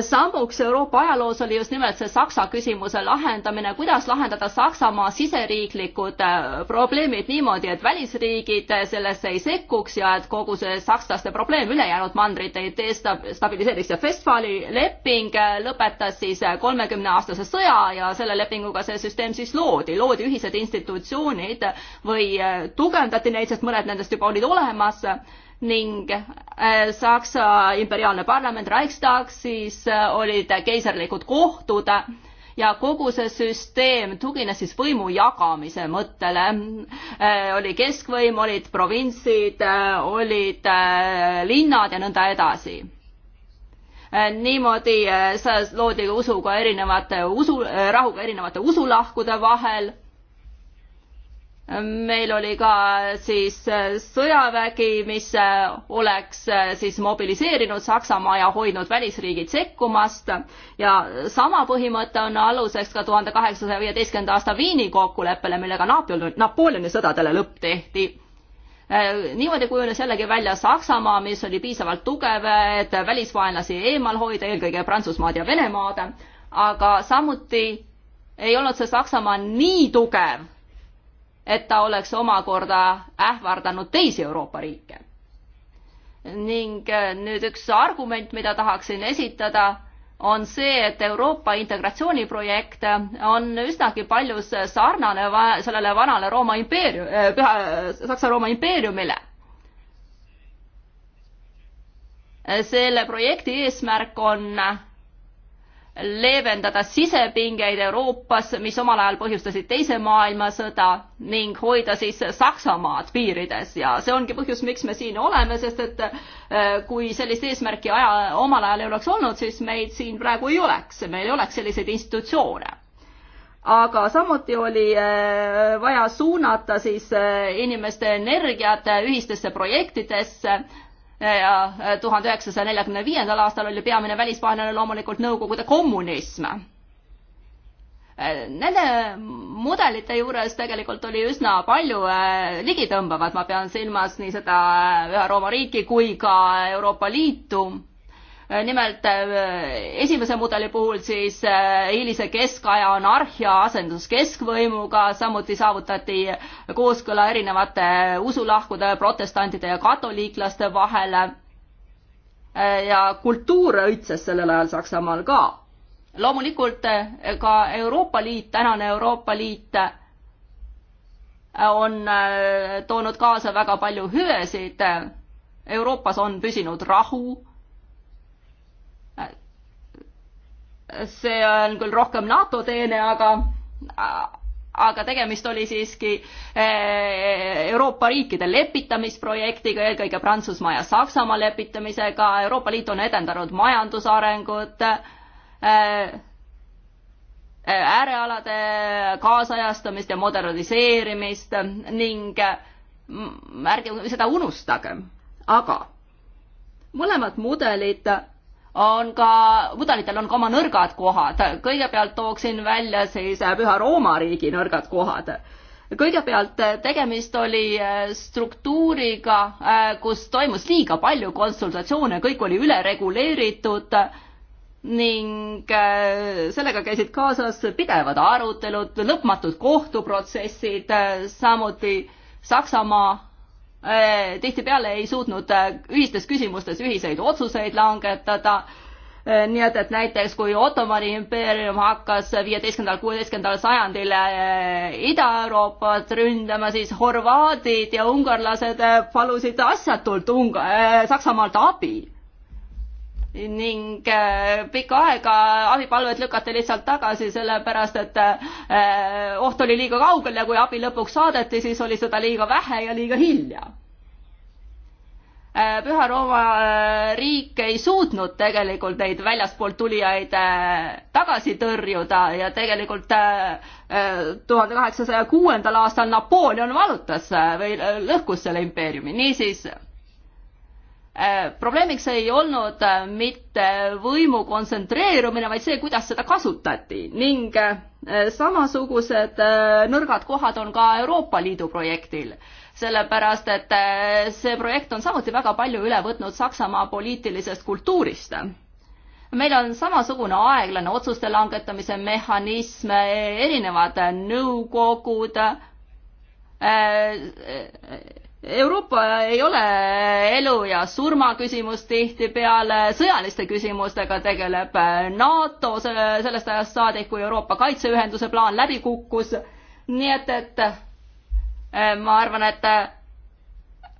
sammuks Euroopa ajaloos oli just nimelt see Saksa küsimuse lahendamine, kuidas lahendada Saksamaa siseriiklikud äh, probleemid niimoodi, et välisriigid sellesse ei sekkuks ja et kogu see sakslaste probleem ülejäänud mandrit ei destabiliseeriks ja Westfali leping äh, lõpetas siis äh, kolmekümne aastase sõja ja selle lepinguga see süsteem siis loodi, loodi ühised institutsioonid või tugevdati neid, sest mõned nendest juba olid olemas ning äh, Saksa imperiaalne parlament Reichstag, siis äh, olid keiserlikud kohtud ja kogu see süsteem tugines siis võimu jagamise mõttele. Äh, oli keskvõim, olid provintsid, olid linnad ja nõnda edasi niimoodi loodi usuga erinevate usu, rahuga erinevate usulahkude vahel meil oli ka siis sõjavägi, mis oleks siis mobiliseerinud Saksamaa ja hoidnud välisriigid sekkumast ja sama põhimõte on aluseks ka tuhande kaheksasaja viieteistkümnenda aasta Viini kokkuleppele, millega Napoleon, Napoleoni sõdadele lõpp tehti. Äh, niimoodi kujunes jällegi välja Saksamaa, mis oli piisavalt tugev, et välisvaenlasi eemal hoida, eelkõige Prantsusmaad ja Venemaad, aga samuti ei olnud see Saksamaa nii tugev et ta oleks omakorda ähvardanud teisi Euroopa riike. ning äh, nüüd üks argument, mida tahaksin esitada, on see, et Euroopa integratsiooniprojekt on üsnagi paljus sarnane sellele vanale Rooma impeerium, äh, püha, Saksa-Rooma impeeriumile. selle projekti eesmärk on leevendada sisepingeid Euroopas, mis omal ajal põhjustasid Teise maailmasõda ning hoida siis Saksamaad piirides ja see ongi põhjus, miks me siin oleme, sest et äh, kui sellist eesmärki aja, omal ajal ei oleks olnud, siis meid siin praegu ei oleks, meil ei oleks selliseid institutsioone aga samuti oli äh, vaja suunata siis äh, inimeste energiat ühistesse projektidesse ja äh, tuhande üheksasaja neljakümne viiendal aastal oli peamine välisvaenlane loomulikult Nõukogude kommunism. Äh, nende mudelite juures tegelikult oli üsna palju äh, ligitõmbavat, ma pean silmas nii seda Ühe Rooma riiki kui ka Euroopa Liitu Äh, nimelt äh, esimese mudeli puhul siis äh, hiilise keskaja anarhia asendus keskvõimuga, samuti saavutati kooskõla erinevate usulahkude, protestantide ja katoliiklaste vahele. ja kultuur õitses sellel ajal Saksamaal ka. loomulikult ka Euroopa Liit, tänane Euroopa Liit on toonud kaasa väga palju hüvesid. Euroopas on püsinud rahu see on küll rohkem NATO teene, aga, aga tegemist oli siiski eh, Euroopa riikide lepitamisprojektiga, eelkõige Prantsusmaa ja Saksamaa lepitamisega, Euroopa Liit on edendanud majandusarengut, eh, eh, äärealade kaasajastamist ja moderniseerimist ning mm, ärge seda unustage, aga mõlemad mudelid on ka, mudelitel on ka oma nõrgad kohad. kõigepealt tooksin välja siis äh, Püha Rooma riigi nõrgad kohad kõigepealt äh, tegemist oli äh, struktuuriga, kus toimus liiga palju konsultatsioone, kõik oli ülereguleeritud ning sellega käisid kaasas pidevad arutelud, lõpmatud kohtuprotsessid, samuti Saksamaa Äh, tihtipeale ei suutnud äh, ühistes küsimustes ühiseid otsuseid langetada äh, nii et, et näiteks kui Ottomani impeerium hakkas viieteistkümnendal, kuueteistkümnendal sajandil Ida-Euroopat ründama, siis horvaadid ja ungarlased palusid asjatult Unga-, Saksamaalt abi ning äh, pikka aega abipalved lükati lihtsalt tagasi, sellepärast et äh, oht oli liiga kaugel ja kui abi lõpuks saadeti, siis oli seda liiga vähe ja liiga hilja. Äh, Püha Rooma riik ei suutnud tegelikult neid väljaspoolt tulijaid tagasi tõrjuda ja tegelikult tuhande kaheksasaja kuuendal aastal Napoleon vallutas või lõhkus selle impeeriumi, niisiis Äh, probleemiks ei olnud äh, mitte võimu kontsentreerumine, vaid see, kuidas seda kasutati ning äh, samasugused nõrgad kohad on ka Euroopa Liidu projektil, sellepärast et see projekt on samuti väga palju üle võtnud Saksamaa poliitilisest kultuurist meil on samasugune aeglane otsuste langetamise mehhanism, erinevad nõukogud, Euroopa ei ole elu ja surma küsimus tihtipeale, sõjaliste küsimustega tegeleb NATO sellest ajast saadik, kui Euroopa Kaitseühenduse plaan läbi kukkus. nii et, et eh, ma arvan, et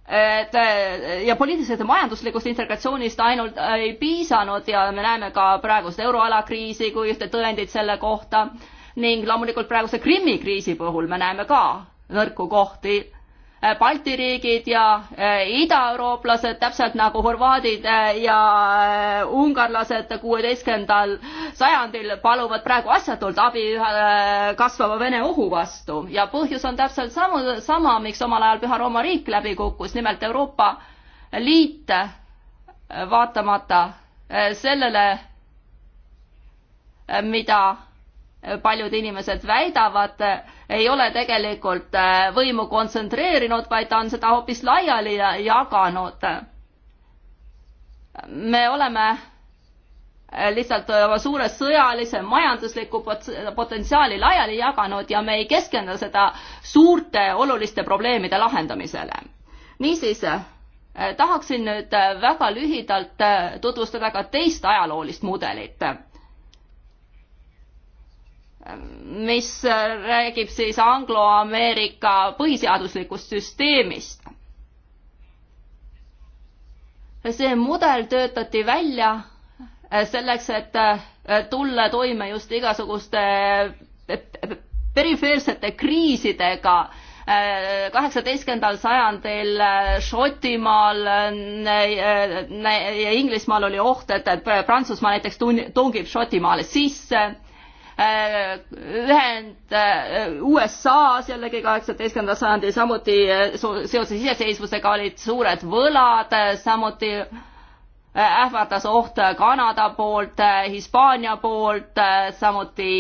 et ja poliitilisest ja majanduslikust integratsioonist ainult ei piisanud ja me näeme ka praegust euroala kriisi kui ühte tõendit selle kohta ning loomulikult praeguse Krimmi kriisi puhul me näeme ka nõrku kohti Äh, Balti riigid ja äh, idaeurooplased, täpselt nagu horvaadid äh, ja ungarlased kuueteistkümnendal sajandil paluvad praegu asjatult abi ühe kasvava Vene ohu vastu ja põhjus on täpselt samu, sama, miks omal ajal Püha Rooma riik läbi kukkus, nimelt Euroopa Liit vaatamata sellele, mida paljud inimesed väidavad, ei ole tegelikult äh, võimu kontsentreerinud, vaid ta on seda hoopis laiali jaganud. me oleme äh, lihtsalt äh, oma suure sõjalise majandusliku potentsiaali laiali jaganud ja me ei keskenda seda suurte oluliste probleemide lahendamisele. niisiis tahaksin nüüd väga lühidalt tutvustada ka teist ajaloolist mudelit mis räägib siis Anglo-Ameerika põhiseaduslikust süsteemist. see mudel töötati välja äh, selleks, et äh, tulla toime just igasuguste äh, perifeersete kriisidega kaheksateistkümnendal sajandil Šotimaal ja Inglismaal oli oht, et, et Prantsusmaa näiteks tungib Šotimaale sisse Äh, ühend äh, USA-s jällegi kaheksateistkümnendal sajandil, samuti äh, seoses iseseisvusega olid suured võlad, samuti ähvardas oht Kanada poolt, Hispaania poolt, samuti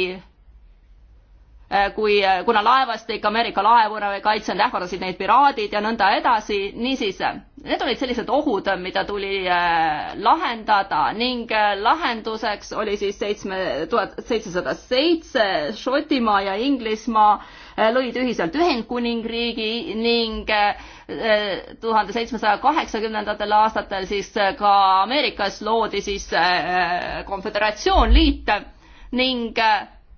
Äh, kui, äh, kuna laevastik, Ameerika laevurave kaitsjad ähvardasid neid piraadid ja nõnda edasi, niisiis äh, need olid sellised ohud, mida tuli lahendada ning lahenduseks oli siis seitsme, tuhat seitsesada seitse Šotimaa ja Inglismaa lõid ühiselt Ühendkuningriigi ning tuhande seitsmesaja kaheksakümnendatel aastatel siis ka Ameerikas loodi siis konföderatsioonliit ning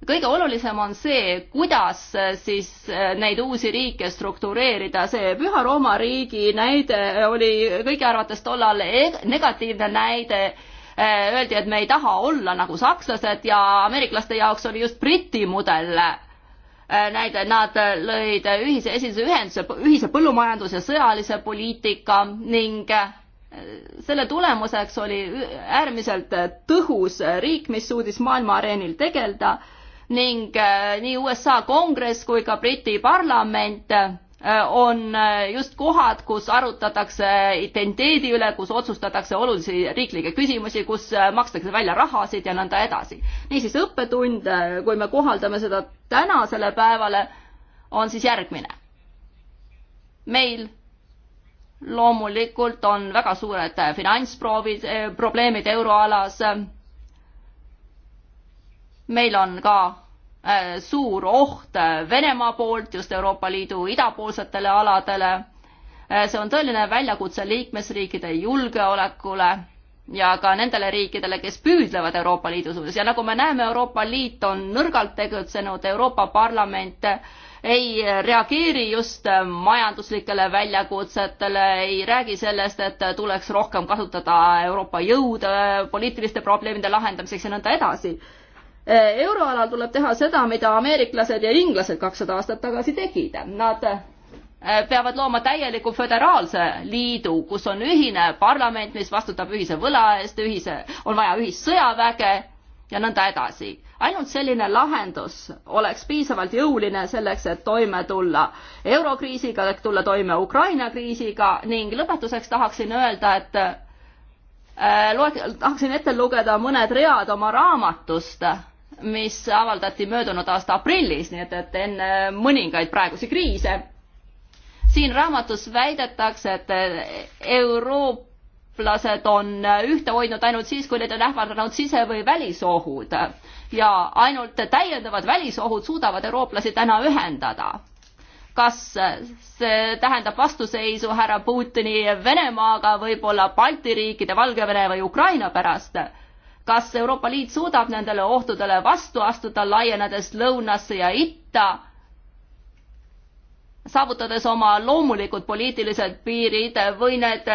kõige olulisem on see, kuidas äh, siis äh, neid uusi riike struktureerida, see Püha Rooma riigi näide oli kõigi arvates tollal e-, negatiivne näide, äh, öeldi, et me ei taha olla nagu sakslased ja ameeriklaste jaoks oli just Briti mudel näide, nad lõid ühise esinduse ühenduse, ühise põllumajandus- ja sõjalise poliitika ning selle tulemuseks oli äärmiselt tõhus riik, mis suudis maailma areenil tegeleda ning äh, nii USA kongress kui ka Briti parlament äh, on äh, just kohad, kus arutatakse identiidi üle, kus otsustatakse olulisi riiklikke küsimusi, kus makstakse välja rahasid ja nõnda edasi. niisiis õppetund, kui me kohaldame seda tänasele päevale, on siis järgmine. meil loomulikult on väga suured finantsproovid, probleemid euroalas meil on ka äh, suur oht äh, Venemaa poolt just Euroopa Liidu idapoolsetele aladele. Äh, see on tõeline väljakutse liikmesriikide julgeolekule ja ka nendele riikidele, kes püüdlevad Euroopa Liidu suunas ja nagu me näeme, Euroopa Liit on nõrgalt tegutsenud, Euroopa Parlament ei reageeri just majanduslikele väljakutsetele, ei räägi sellest, et tuleks rohkem kasutada Euroopa jõude poliitiliste probleemide lahendamiseks ja nõnda edasi Äh, euroalal tuleb teha seda, mida ameeriklased ja inglased kakssada aastat tagasi tegid. Nad äh, peavad looma täieliku föderaalse liidu, kus on ühine parlament, mis vastutab ühise võla eest, ühise, on vaja ühist sõjaväge ja nõnda edasi. ainult selline lahendus oleks piisavalt jõuline selleks, et toime tulla eurokriisiga, et tulla toime Ukraina kriisiga ning lõpetuseks tahaksin öelda, et äh, loet-, tahaksin ette lugeda mõned read oma raamatust äh,, mis avaldati möödunud aasta aprillis, nii et, et enne mõningaid praegusi kriise. siin raamatus väidetakse, et eurooplased on ühte hoidnud ainult siis, kui neid on ähvardanud sise- või välisohud ja ainult täiendavad välisohud suudavad eurooplasi täna ühendada kas see tähendab vastuseisu härra Putini Venemaaga, võib-olla Balti riikide, Valgevene või Ukraina pärast kas Euroopa Liit suudab nendele ohtudele vastu astuda, laienedes lõunasse ja itta, saavutades oma loomulikud poliitilised piirid või need,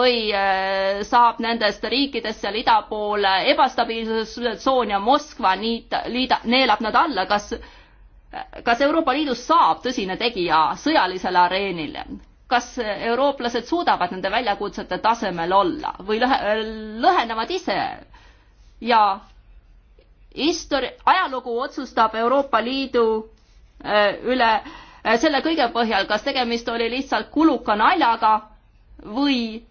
või äh, saab nendest riikidest seal ida pool ebastabiilsustsoon ja Moskva niit-, liida-, neelab nad alla, kas kas Euroopa Liidust saab tõsine tegija sõjalisel areenil? kas eurooplased suudavad nende väljakutsete tasemel olla või lõhe, lõhenevad ise ja istori-, ajalugu otsustab Euroopa Liidu äh, üle äh, selle kõige põhjal, kas tegemist oli lihtsalt kuluka naljaga või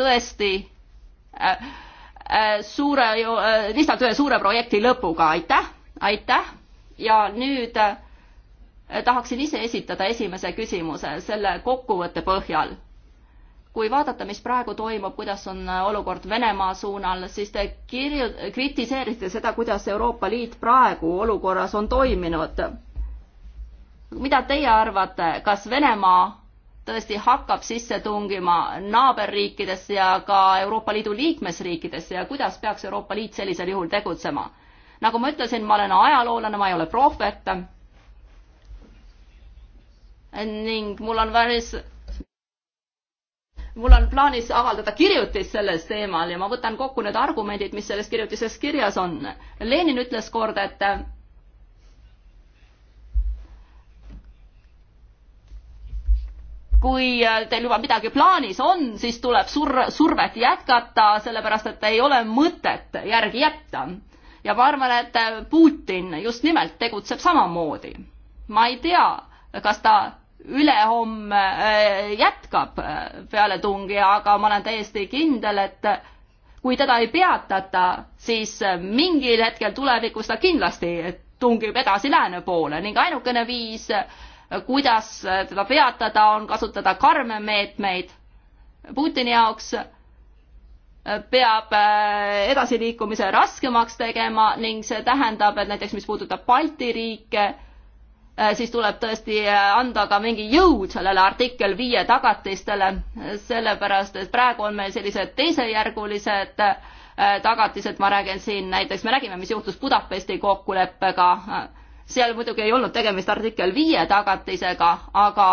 tõesti äh, suure, lihtsalt ühe suure projekti lõpuga, aitäh, aitäh ja nüüd äh, tahaksin ise esitada esimese küsimuse selle kokkuvõtte põhjal. kui vaadata, mis praegu toimub, kuidas on olukord Venemaa suunal, siis te kirju-, kritiseerite seda, kuidas Euroopa Liit praegu olukorras on toiminud. mida teie arvate, kas Venemaa tõesti hakkab sisse tungima naaberriikidesse ja ka Euroopa Liidu liikmesriikidesse ja kuidas peaks Euroopa Liit sellisel juhul tegutsema? nagu ma ütlesin, ma olen ajaloolane, ma ei ole prohvet ning mul on päris mul on plaanis avaldada kirjutis selles teemal ja ma võtan kokku need argumendid, mis selles kirjutises kirjas on. Lenin ütles kord, et kui teil juba midagi plaanis on, siis tuleb sur-, survet jätkata, sellepärast et ei ole mõtet järgi jätta. ja ma arvan, et Putin just nimelt tegutseb samamoodi. ma ei tea, kas ta ülehomme äh, jätkab äh, pealetungi, aga ma olen täiesti kindel, et kui teda ei peatata, siis äh, mingil hetkel tulevikus ta kindlasti tungib edasi lääne poole ning ainukene viis, kuidas teda peatada, on kasutada karme meetmeid. Putini jaoks peab edasiliikumise raskemaks tegema ning see tähendab, et näiteks mis puudutab Balti riike, Äh, siis tuleb tõesti äh, anda ka mingi jõud sellele artikkel viie tagatistele, sellepärast et praegu on meil sellised teisejärgulised äh, tagatised, ma räägin siin näiteks, me nägime, mis juhtus Budapesti kokkuleppega, seal muidugi ei olnud tegemist artikkel viie tagatisega, aga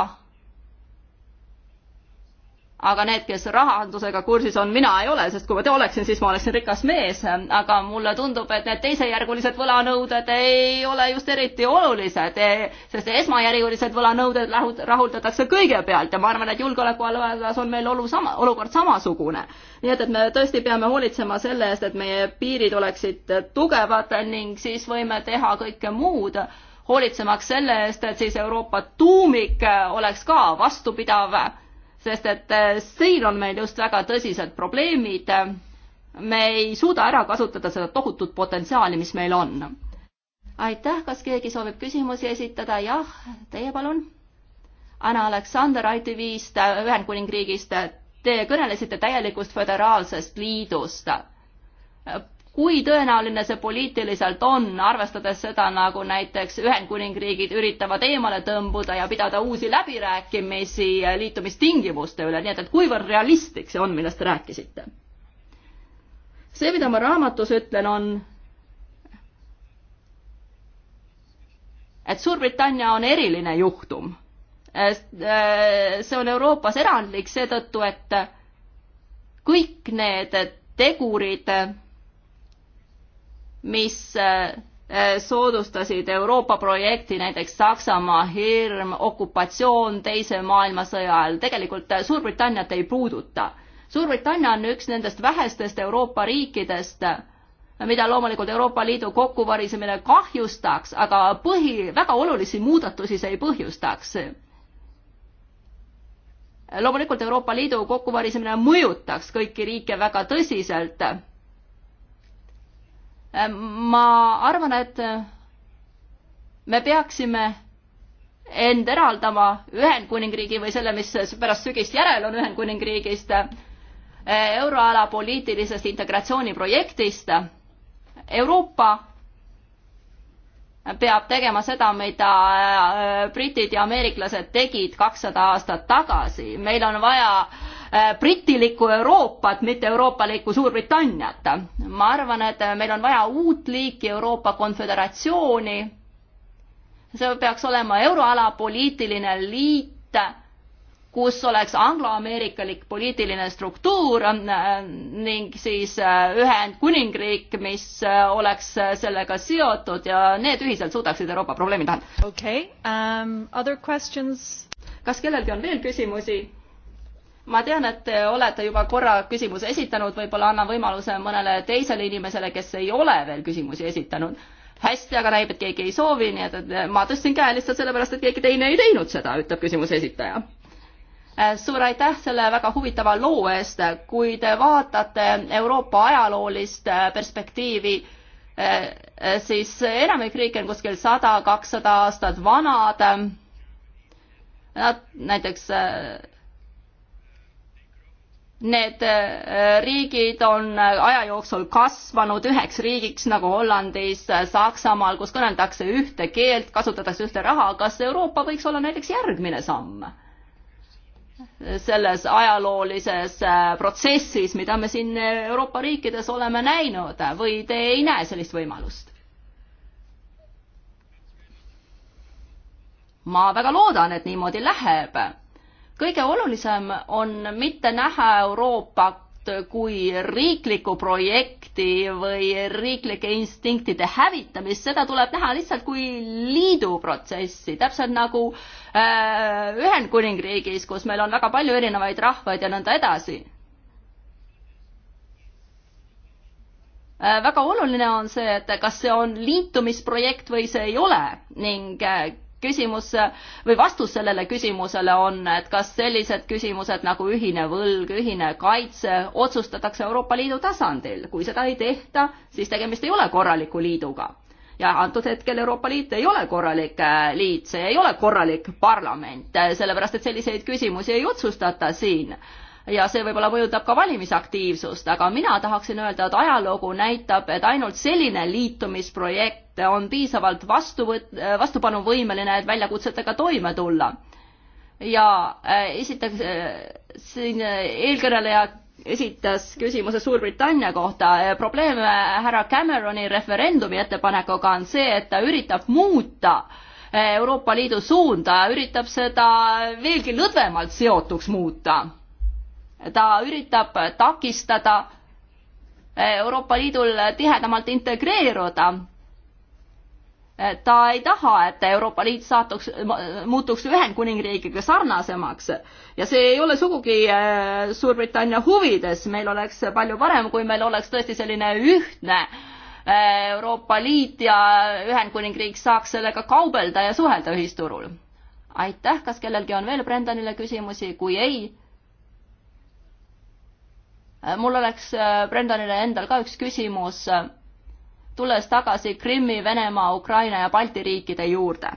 aga need, kes rahandusega kursis on, mina ei ole, sest kui ma te oleksin, siis ma oleksin rikas mees, aga mulle tundub, et need teisejärgulised võlanõuded ei ole just eriti olulised, eh, sest esmajärgulised võlanõuded rahuldatakse kõigepealt ja ma arvan, et julgeoleku alas on meil olu sama, olukord samasugune. nii et, et me tõesti peame hoolitsema selle eest, et meie piirid oleksid tugevad ning siis võime teha kõike muud hoolitsemaks selle eest, et siis Euroopa tuumik oleks ka vastupidav sest et äh, siin on meil just väga tõsised probleemid. me ei suuda ära kasutada seda tohutut potentsiaali, mis meil on. aitäh, kas keegi soovib küsimusi esitada? jah, teie palun. Anna Aleksander ITV-st, äh, Ühendkuningriigist. Te kõnelesite täielikust föderaalsest liidust kui tõenäoline see poliitiliselt on, arvestades seda, nagu näiteks Ühendkuningriigid üritavad eemale tõmbuda ja pidada uusi läbirääkimisi liitumistingimuste üle, nii et, et kuivõrd realistlik see on, millest te rääkisite? see, mida ma raamatus ütlen, on et Suurbritannia on eriline juhtum. see on Euroopas erandlik seetõttu, et kõik need tegurid, mis äh, äh, soodustasid Euroopa projekti, näiteks Saksamaa hirm, okupatsioon Teise maailmasõja ajal, tegelikult äh, Suurbritanniat ei puuduta. Suurbritannia on üks nendest vähestest Euroopa riikidest, mida loomulikult Euroopa Liidu kokkuvarisemine kahjustaks, aga põhi, väga olulisi muudatusi see ei põhjustaks. loomulikult Euroopa Liidu kokkuvarisemine mõjutaks kõiki riike väga tõsiselt Äh, ma arvan, et me peaksime end eraldama Ühendkuningriigi või selle, mis pärast sügist järel on Ühendkuningriigist, äh, euroala poliitilisest integratsiooniprojektist. Euroopa peab tegema seda, mida äh, britid ja ameeriklased tegid kakssada aastat tagasi. meil on vaja Äh, britilikku Euroopat, mitte euroopalikku Suurbritanniat. ma arvan, et äh, meil on vaja uut liiki Euroopa Konföderatsiooni. see peaks olema euroala poliitiline liit, kus oleks angloameerikalik poliitiline struktuur äh, ning siis Ühendkuningriik, mis oleks sellega seotud ja need ühiselt suudaksid Euroopa probleemid lahendada. okei okay, um,, other questions? kas kellelgi on veel küsimusi? ma tean, et te olete juba korra küsimuse esitanud, võib-olla annan võimaluse mõnele teisele inimesele, kes ei ole veel küsimusi esitanud. hästi, aga näib, et keegi ei soovi, nii et, et ma tõstsin käe lihtsalt sellepärast, et keegi teine ei teinud seda, ütleb küsimuse esitaja. Äh, suur aitäh selle väga huvitava loo eest, kui te vaatate Euroopa ajaloolist äh, perspektiivi, äh, siis enamik riike on kuskil sada, kakssada aastat vanad. Nad näiteks Need äh, riigid on äh, aja jooksul kasvanud üheks riigiks nagu Hollandis, äh, Saksamaal, kus kõneldakse ühte keelt, kasutatakse ühte raha. kas Euroopa võiks olla näiteks järgmine samm selles ajaloolises protsessis, mida me siin Euroopa riikides oleme näinud või te ei näe sellist võimalust? ma väga loodan, et niimoodi läheb kõige olulisem on mitte näha Euroopat kui riiklikku projekti või riiklike instinktide hävitamist, seda tuleb näha lihtsalt kui liidu protsessi, täpselt nagu äh, Ühendkuningriigis, kus meil on väga palju erinevaid rahvaid ja nõnda edasi äh, väga oluline on see, et kas see on liitumisprojekt või see ei ole ning äh, küsimus või vastus sellele küsimusele on, et kas sellised küsimused nagu ühine võlg, ühine kaitse otsustatakse Euroopa Liidu tasandil. kui seda ei tehta, siis tegemist ei ole korraliku liiduga. ja antud hetkel Euroopa Liit ei ole korralik äh, liit, see ei ole korralik parlament, äh, sellepärast et selliseid küsimusi ei otsustata siin ja see võib-olla mõjutab ka valimisaktiivsust, aga mina tahaksin öelda, et ajalugu näitab, et ainult selline liitumisprojekt on piisavalt vastuvõt-, vastupanuvõimeline, et väljakutsetega toime tulla. ja äh, esiteks äh, siin äh, eelkõneleja esitas küsimuse Suurbritannia kohta. probleem härra Cameroni referendumi ettepanekuga on see, et ta üritab muuta Euroopa Liidu suunda, üritab seda veelgi lõdvemalt seotuks muuta ta üritab takistada eh, Euroopa Liidul tihedamalt integreeruda. Eh, ta ei taha, et Euroopa Liit saatuks, muutuks Ühendkuningriigiga sarnasemaks ja see ei ole sugugi eh, Suurbritannia huvides, meil oleks palju parem, kui meil oleks tõesti selline ühtne Euroopa Liit ja Ühendkuningriik saaks sellega kaubelda ja suhelda ühisturul. aitäh, kas kellelgi on veel Brendanile küsimusi, kui ei, Äh, mul oleks äh, Brendanile endal ka üks küsimus, äh, tulles tagasi Krimmi, Venemaa, Ukraina ja Balti riikide juurde.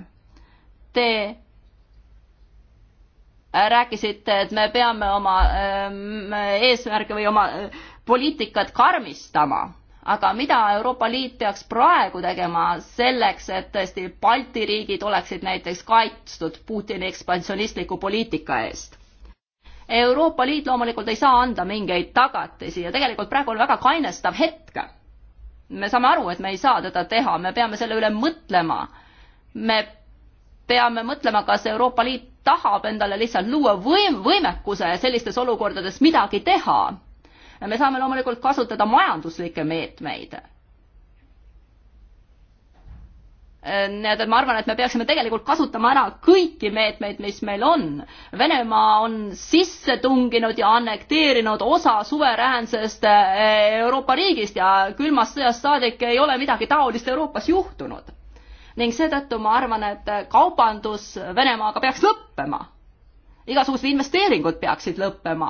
Te rääkisite, et me peame oma ähm, eesmärke või oma poliitikat karmistama, aga mida Euroopa Liit peaks praegu tegema selleks, et tõesti Balti riigid oleksid näiteks kaitstud Putini ekspansionistliku poliitika eest? Euroopa Liit loomulikult ei saa anda mingeid tagatisi ja tegelikult praegu on väga kainestav hetk. me saame aru, et me ei saa teda teha, me peame selle üle mõtlema. me peame mõtlema, kas Euroopa Liit tahab endale lihtsalt luua võim-, võimekuse sellistes olukordades midagi teha. me saame loomulikult kasutada majanduslikke meetmeid nii et ma arvan, et me peaksime tegelikult kasutama ära kõiki meetmeid, mis meil on. Venemaa on sisse tunginud ja annekteerinud osa suveräänsest eh, Euroopa riigist ja külmast sõjast saadik ei ole midagi taolist Euroopas juhtunud. ning seetõttu ma arvan, et kaubandus Venemaaga peaks lõppema. igasugused investeeringud peaksid lõppema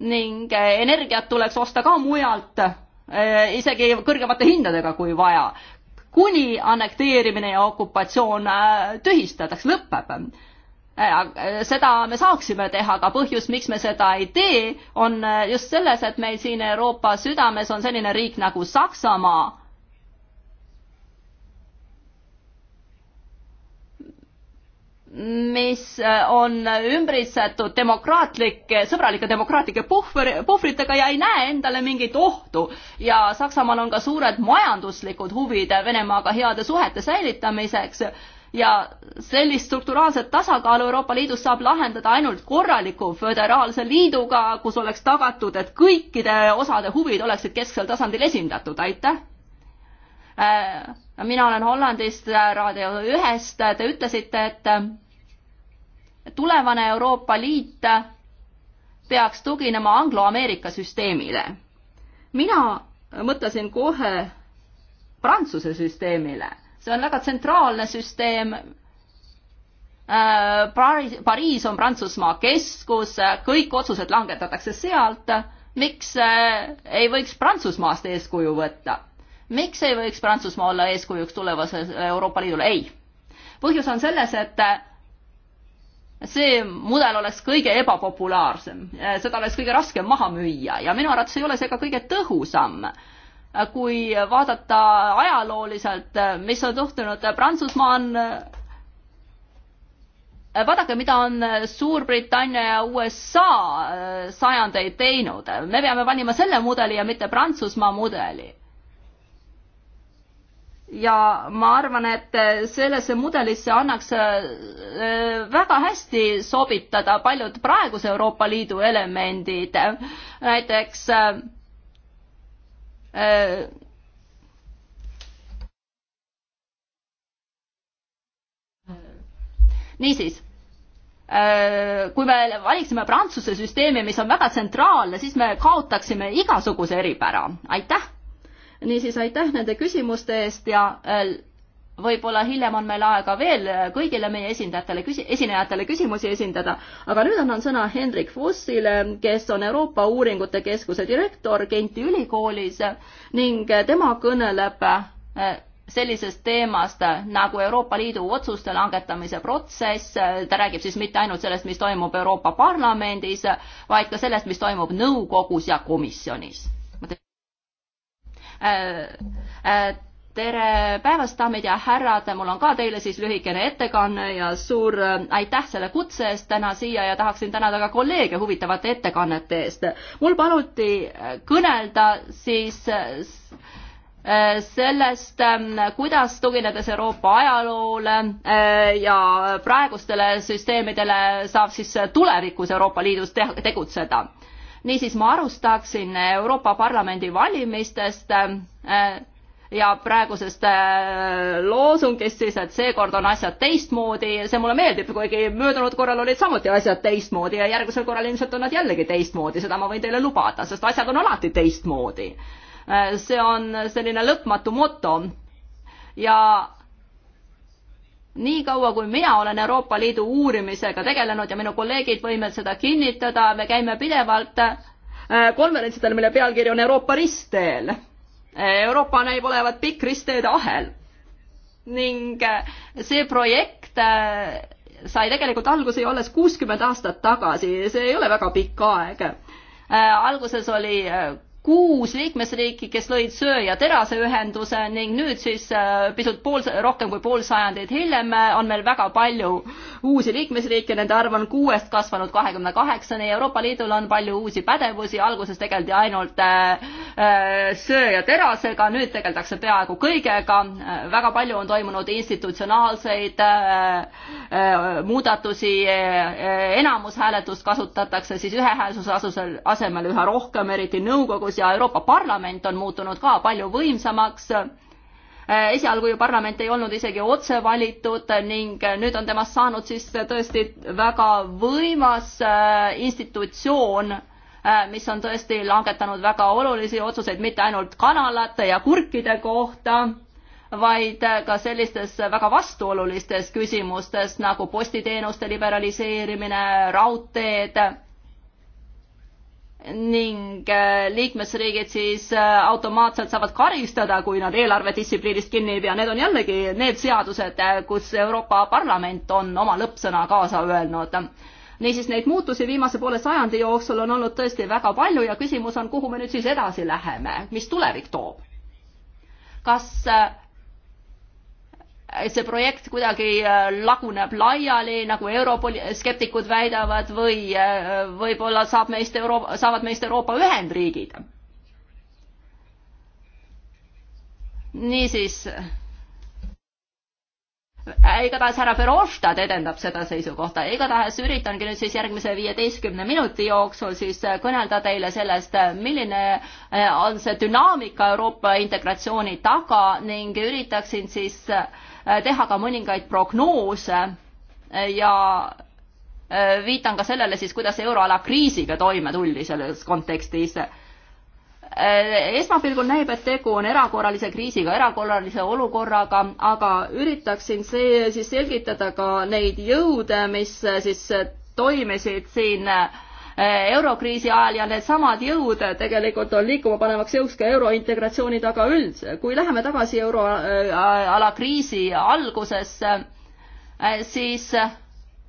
ning eh, energiat tuleks osta ka mujalt eh, isegi kõrgemate hindadega, kui vaja kuni annekteerimine ja okupatsioon äh, tühistatakse, lõpeb äh, äh, seda me saaksime teha, aga põhjus, miks me seda ei tee, on just selles, et meil siin Euroopa südames on selline riik nagu Saksamaa, mis äh, on ümbritsetud demokraatlike, sõbralike demokraatlike puhver, puhvritega ja ei näe endale mingit ohtu. ja Saksamaal on ka suured majanduslikud huvid Venemaaga heade suhete säilitamiseks ja sellist strukturaalset tasakaalu Euroopa Liidus saab lahendada ainult korraliku föderaalse liiduga, kus oleks tagatud, et kõikide osade huvid oleksid kesksel tasandil esindatud, aitäh! Äh, mina olen Hollandist, äh, Raadio ühest, te ütlesite, et äh, tulevane Euroopa Liit peaks tuginema angloameerika süsteemile. mina mõtlesin kohe Prantsuse süsteemile, see on väga tsentraalne süsteem. Pariis, Pariis on Prantsusmaa keskus, kõik otsused langetatakse sealt. miks ei võiks Prantsusmaast eeskuju võtta? miks ei võiks Prantsusmaa olla eeskujuks tulevasele Euroopa Liidule? ei. põhjus on selles, et see mudel oleks kõige ebapopulaarsem, seda oleks kõige raskem maha müüa ja minu arvates ei ole see ka kõige tõhusam kui vaadata ajalooliselt, mis on juhtunud, Prantsusmaa on vaadake, mida on Suurbritannia ja USA sajandeid teinud. me peame valima selle mudeli ja mitte Prantsusmaa mudeli ja ma arvan, et äh, sellesse mudelisse annaks äh, äh, väga hästi sobitada paljud praeguse Euroopa Liidu elemendid, näiteks niisiis, kui me valiksime Prantsuse süsteemi, mis on väga tsentraalne, siis me kaotaksime igasuguse eripära, aitäh niisiis aitäh nende küsimuste eest ja äh, võib-olla hiljem on meil aega veel äh, kõigile meie esindajatele, esinejatele küsimusi esindada, aga nüüd annan sõna Hendrik Fossile, kes on Euroopa Uuringute Keskuse direktor Genti ülikoolis ning äh, tema kõneleb sellisest teemast nagu Euroopa Liidu otsuste langetamise protsess, ta räägib siis mitte ainult sellest, mis toimub Euroopa Parlamendis, vaid ka sellest, mis toimub nõukogus ja komisjonis Äh, äh, tere päevast, daamid ja härrad, mul on ka teile siis lühikene ettekanne ja suur äh, aitäh selle kutse eest täna siia ja tahaksin tänada ka kolleege huvitavate ettekannete eest. mul paluti kõnelda siis sellest, ähm, kuidas tuginedes Euroopa ajaloole ja praegustele süsteemidele saab siis tulevikus Euroopa Liidus tegutseda niisiis ma alustaksin Euroopa Parlamendi valimistest äh, ja praegusest äh, loosungist siis, et seekord on asjad teistmoodi, see mulle meeldib, kuigi möödunud korral olid samuti asjad teistmoodi ja järgmisel korral ilmselt on nad jällegi teistmoodi, seda ma võin teile lubada, sest asjad on alati teistmoodi. Äh, see on selline lõpmatu moto ja niikaua kui mina olen Euroopa Liidu uurimisega tegelenud ja minu kolleegid võivad seda kinnitada, me käime pidevalt äh, konverentsidel, mille pealkiri on Euroopa ristteel. Euroopa näib olevat pikk ristteede ahel ning äh, see projekt äh, sai tegelikult alguse ju alles kuuskümmend aastat tagasi, see ei ole väga pikk aeg. alguses oli kuus liikmesriiki, kes lõid söe- ja teraseühenduse ning nüüd siis äh, pisut pool, rohkem kui pool sajandit hiljem äh, on meil väga palju uusi liikmesriike, nende arv on kuuest kasvanud kahekümne kaheksani, Euroopa Liidul on palju uusi pädevusi, alguses tegeldi ainult äh, söe- ja terasega, nüüd tegeldakse peaaegu kõigega, väga palju on toimunud institutsionaalseid muudatusi, enamushääletust kasutatakse siis ühehäälsuse asusel, asemel üha rohkem, eriti nõukogus, muutus ja Euroopa Parlament on muutunud ka palju võimsamaks. Äh, esialgu ju parlament ei olnud isegi otse valitud ning nüüd on temast saanud siis tõesti väga võimas äh, institutsioon, äh, mis on tõesti langetanud väga olulisi otsuseid mitte ainult kanalate ja kurkide kohta vaid ka sellistes väga vastuolulistes küsimustes nagu postiteenuste liberaliseerimine, raudteed ning äh, liikmesriigid siis äh, automaatselt saavad karistada, kui nad eelarvedistsipliinist kinni ei pea. Need on jällegi need seadused, äh, kus Euroopa Parlament on oma lõppsõna kaasa öelnud. niisiis, neid muutusi viimase poole sajandi jooksul on olnud tõesti väga palju ja küsimus on, kuhu me nüüd siis edasi läheme, mis tulevik toob? kas et see projekt kuidagi äh, laguneb laiali, nagu euroskeptikud väidavad või äh, võib-olla saab meist Euroopa, saavad meist Euroopa Ühendriigid. niisiis äh, igatahes härra Verhofstadt edendab seda seisukohta, igatahes üritangi nüüd siis järgmise viieteistkümne minuti jooksul siis kõnelda teile sellest, milline on see dünaamika Euroopa integratsiooni taga ning üritaksin siis äh, Äh, teha ka mõningaid prognoose äh, ja äh, viitan ka sellele siis, kuidas euroala kriisiga toime tuldi selles kontekstis. esmapilgul näib, et tegu on erakorralise kriisiga, erakorralise olukorraga, aga üritaksin see siis selgitada ka neid jõude, mis siis toimisid siin äh, Eh, eurokriisi ajal ja needsamad jõud eh, tegelikult on liikuma panemaks jõuks ka eurointegratsiooni taga üldse. kui läheme tagasi euroala eh, kriisi algusesse, siis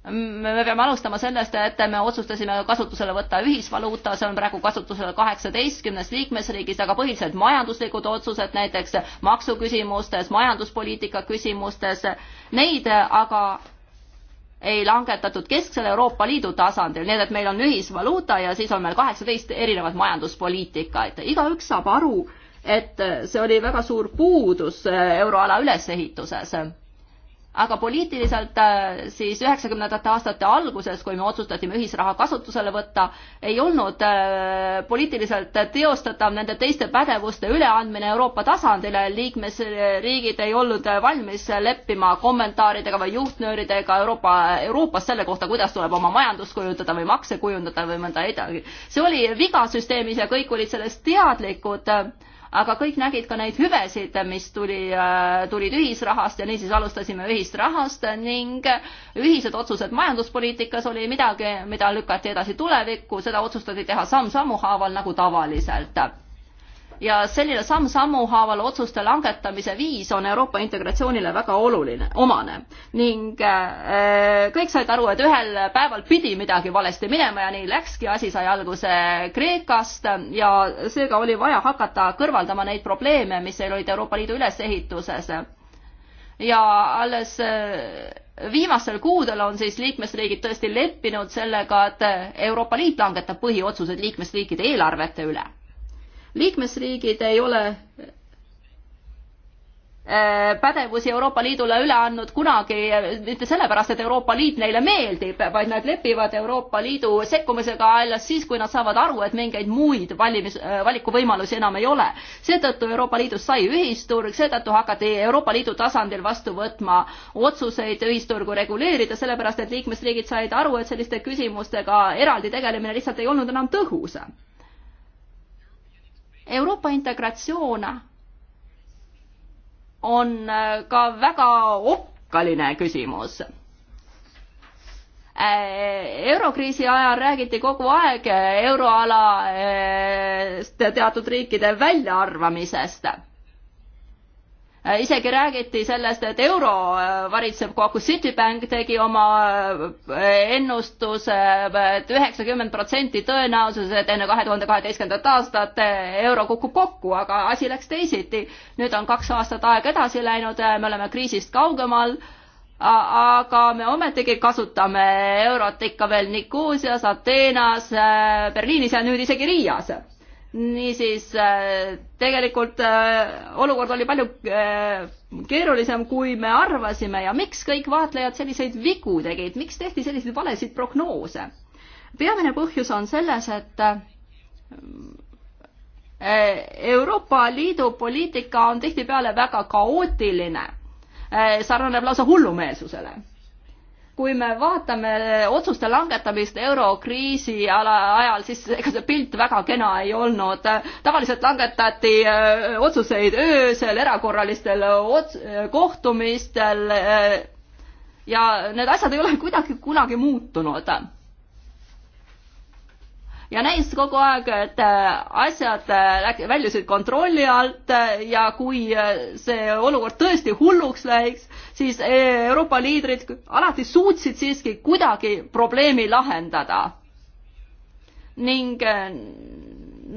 me peame alustama sellest, et me otsustasime kasutusele võtta ühisvaluuta, see on praegu kasutusel kaheksateistkümnes liikmesriigis, aga põhiliselt majanduslikud otsused, näiteks maksuküsimustes, majanduspoliitika küsimustes, neid aga ei langetatud kesksel Euroopa Liidu tasandil, nii et meil on ühisvaluuta ja siis on meil kaheksateist erinevat majanduspoliitikat. igaüks saab aru, et see oli väga suur puudus euroala ülesehituses aga poliitiliselt äh, siis üheksakümnendate aastate alguses, kui me otsustasime ühisraha kasutusele võtta, ei olnud äh, poliitiliselt teostatav nende teiste pädevuste üleandmine Euroopa tasandile, liikmesriigid ei olnud valmis leppima kommentaaridega või juhtnööridega Euroopa, Euroopas selle kohta, kuidas tuleb oma majandust kujundada või makse kujundada või mõnda edasi. see oli viga süsteemis ja kõik olid sellest teadlikud aga kõik nägid ka neid hüvesid, mis tuli, äh, tulid ühisrahast ja niisiis alustasime ühist rahast ning ühised otsused majanduspoliitikas oli midagi, mida lükati edasi tulevikku, seda otsustati teha samm-sammu haaval nagu tavaliselt ja selline samm-sammu haaval otsuste langetamise viis on Euroopa integratsioonile väga oluline, omane. ning äh, kõik said aru, et ühel päeval pidi midagi valesti minema ja nii läkski, asi sai alguse Kreekast ja seega oli vaja hakata kõrvaldama neid probleeme, mis meil olid Euroopa Liidu ülesehituses. ja alles äh, viimastel kuudel on siis liikmesriigid tõesti leppinud sellega, et Euroopa Liit langetab põhiotsused liikmesriikide eelarvete üle liikmesriigid ei ole äh, pädevusi Euroopa Liidule üle andnud kunagi mitte sellepärast, et Euroopa Liit neile meeldib, vaid nad lepivad Euroopa Liidu sekkumisega alles siis, kui nad saavad aru, et mingeid muid valimis, äh, valikuvõimalusi enam ei ole. seetõttu Euroopa Liidust sai ühisturg, seetõttu hakati Euroopa Liidu tasandil vastu võtma otsuseid ühisturgu reguleerida, sellepärast et liikmesriigid said aru, et selliste küsimustega eraldi tegelemine lihtsalt ei olnud enam tõhus Euroopa integratsioon on äh, ka väga okkaline küsimus äh, eurokriisi ajal räägiti kogu aeg euroalast äh, teatud riikide väljaarvamisest. Äh, isegi räägiti sellest, et euro äh, varitsev kokku, Citibank tegi oma äh, ennustuse et, et üheksakümmend protsenti tõenäosus, et enne kahe tuhande kaheteistkümnendat aastat euro kukub kokku, aga asi läks teisiti. nüüd on kaks aastat aega edasi läinud, me oleme kriisist kaugemal, aga me ometigi kasutame eurot ikka veel Nikoosias, Ateenas, Berliinis ja nüüd isegi Riias niisiis äh, tegelikult äh, olukord oli palju äh, keerulisem, kui me arvasime ja miks kõik vaatlejad selliseid vigu tegid, miks tehti selliseid valesid prognoose? peamine põhjus on selles, et Euroopa Liidu poliitika on tihtipeale väga kaootiline, sarnaneb lausa hullumeelsusele kui me vaatame otsuste langetamist eurokriisi ala, ajal, siis ega see pilt väga kena ei olnud. tavaliselt langetati äh, otsuseid öösel, erakorralistel ots-, äh, kohtumistel äh, ja need asjad ei ole kuidagi kunagi muutunud ja näis kogu aeg, et äh, asjad äh, väljusid kontrolli alt äh, ja kui see olukord tõesti hulluks läks, siis Euroopa liidrid alati suutsid siiski kuidagi probleemi lahendada. ning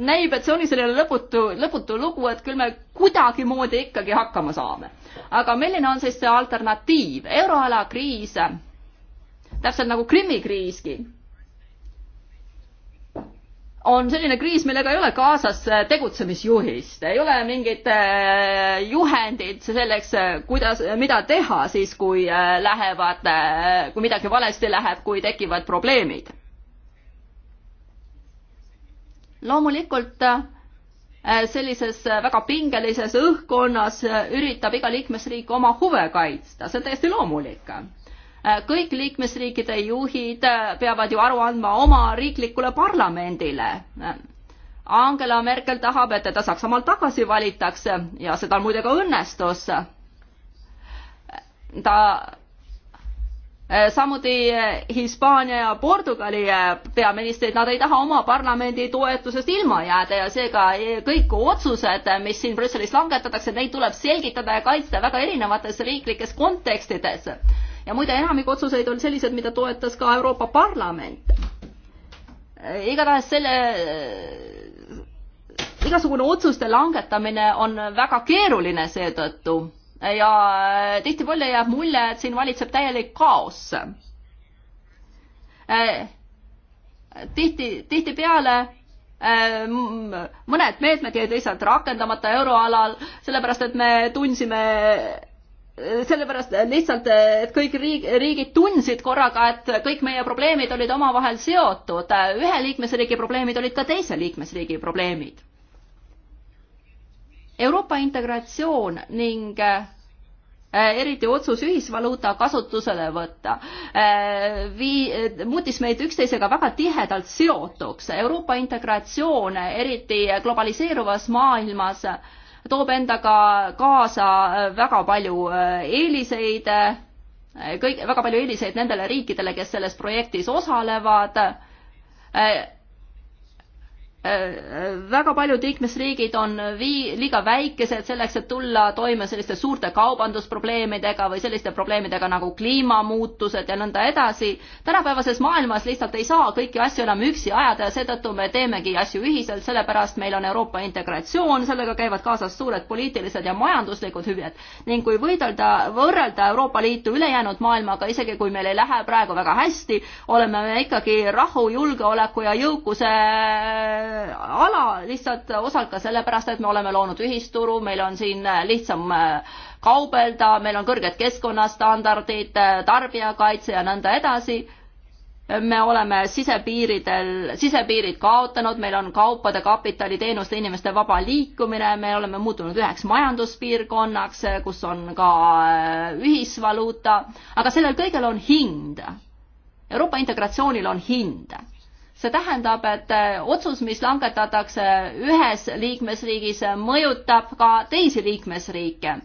näib, et see ongi selline lõputu, lõputu lugu, et küll me kuidagimoodi ikkagi hakkama saame. aga milline on siis see alternatiiv? euroala kriis, täpselt nagu Krimmi kriiski on selline kriis, millega ei ole kaasas äh, tegutsemisjuhist, ei ole mingit äh, juhendit selleks, äh, kuidas, mida teha siis, kui lähevad, kui midagi valesti läheb, kui tekivad probleemid. loomulikult sellises väga pingelises õhkkonnas üritab iga liikmesriik oma huve kaitsta, see on täiesti loomulik Äh, kõik liikmesriikide juhid äh, peavad ju aru andma oma riiklikule parlamendile. Äh, Angela Merkel tahab, et teda Saksamaal tagasi valitakse ja seda muide ka õnnestus. ta samuti Hispaania ja Portugali peaministrid, nad ei taha oma parlamendi toetusest ilma jääda ja seega kõik otsused, mis siin Brüsselis langetatakse, neid tuleb selgitada ja kaitsta väga erinevates riiklikes kontekstides ja muide, enamik otsuseid on sellised, mida toetas ka Euroopa Parlament. igatahes selle, igasugune otsuste langetamine on väga keeruline seetõttu ja tihtipeale jääb mulje, et siin valitseb täielik kaos. tihti, tihtipeale mõned meetmed jäid lihtsalt rakendamata euroalal, sellepärast et me tundsime sellepärast lihtsalt, et kõik riig-, riigid tundsid korraga, et kõik meie probleemid olid omavahel seotud. ühe liikmesriigi probleemid olid ka teise liikmesriigi probleemid. Euroopa integratsioon ning äh, eriti otsus ühisvaluuta kasutusele võtta äh, vii-, muutis meid üksteisega väga tihedalt seotuks. Euroopa integratsioon, eriti globaliseeruvas maailmas, toob endaga kaasa äh, väga palju äh, eeliseid, äh, kõik, väga palju eeliseid nendele riikidele, kes selles projektis osalevad väga paljud liikmesriigid on vii-, liiga väikesed selleks, et tulla toime selliste suurte kaubandusprobleemidega või selliste probleemidega nagu kliimamuutused ja nõnda edasi. tänapäevases maailmas lihtsalt ei saa kõiki asju enam üksi ajada ja seetõttu me teemegi asju ühiselt, sellepärast meil on Euroopa integratsioon, sellega käivad kaasas suured poliitilised ja majanduslikud hüved. ning kui võidelda, võrrelda Euroopa Liitu ülejäänud maailmaga, isegi kui meil ei lähe praegu väga hästi, oleme me ikkagi rahu, julgeoleku ja jõukuse ala lihtsalt osalt ka sellepärast, et me oleme loonud ühisturu, meil on siin lihtsam äh, kaubelda, meil on kõrged keskkonnastandardid, äh, tarbijakaitse ja nõnda edasi. me oleme sisepiiridel, sisepiirid kaotanud, meil on kaupade, kapitali, teenuste, inimeste vaba liikumine, me oleme muutunud üheks majanduspiirkonnaks, äh, kus on ka ühisvaluuta, aga sellel kõigel on hind. Euroopa integratsioonil on hind see tähendab, et äh, otsus, mis langetatakse ühes liikmesriigis, mõjutab ka teisi liikmesriike.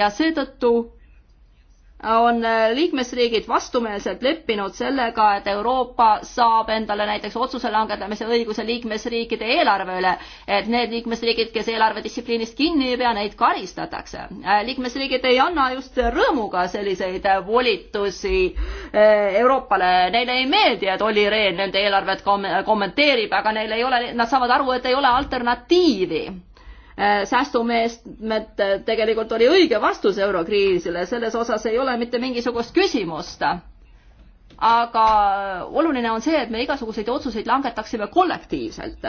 ja seetõttu on äh, liikmesriigid vastumeelselt leppinud sellega, et Euroopa saab endale näiteks otsuse langetamise õiguse liikmesriikide eelarve üle, et need liikmesriigid, kes eelarvedistsipliinist kinni ei pea, neid karistatakse. Äh, liikmesriigid ei anna just rõõmuga selliseid volitusi äh, Euroopale, neile ei meeldi, et Olli Rehn nende eelarvet kom-, kommenteerib, aga neil ei ole, nad saavad aru, et ei ole alternatiivi Äh, säästumeetmed äh, tegelikult oli õige vastus eurokriisile, selles osas ei ole mitte mingisugust küsimust. aga äh, oluline on see, et me igasuguseid otsuseid langetaksime kollektiivselt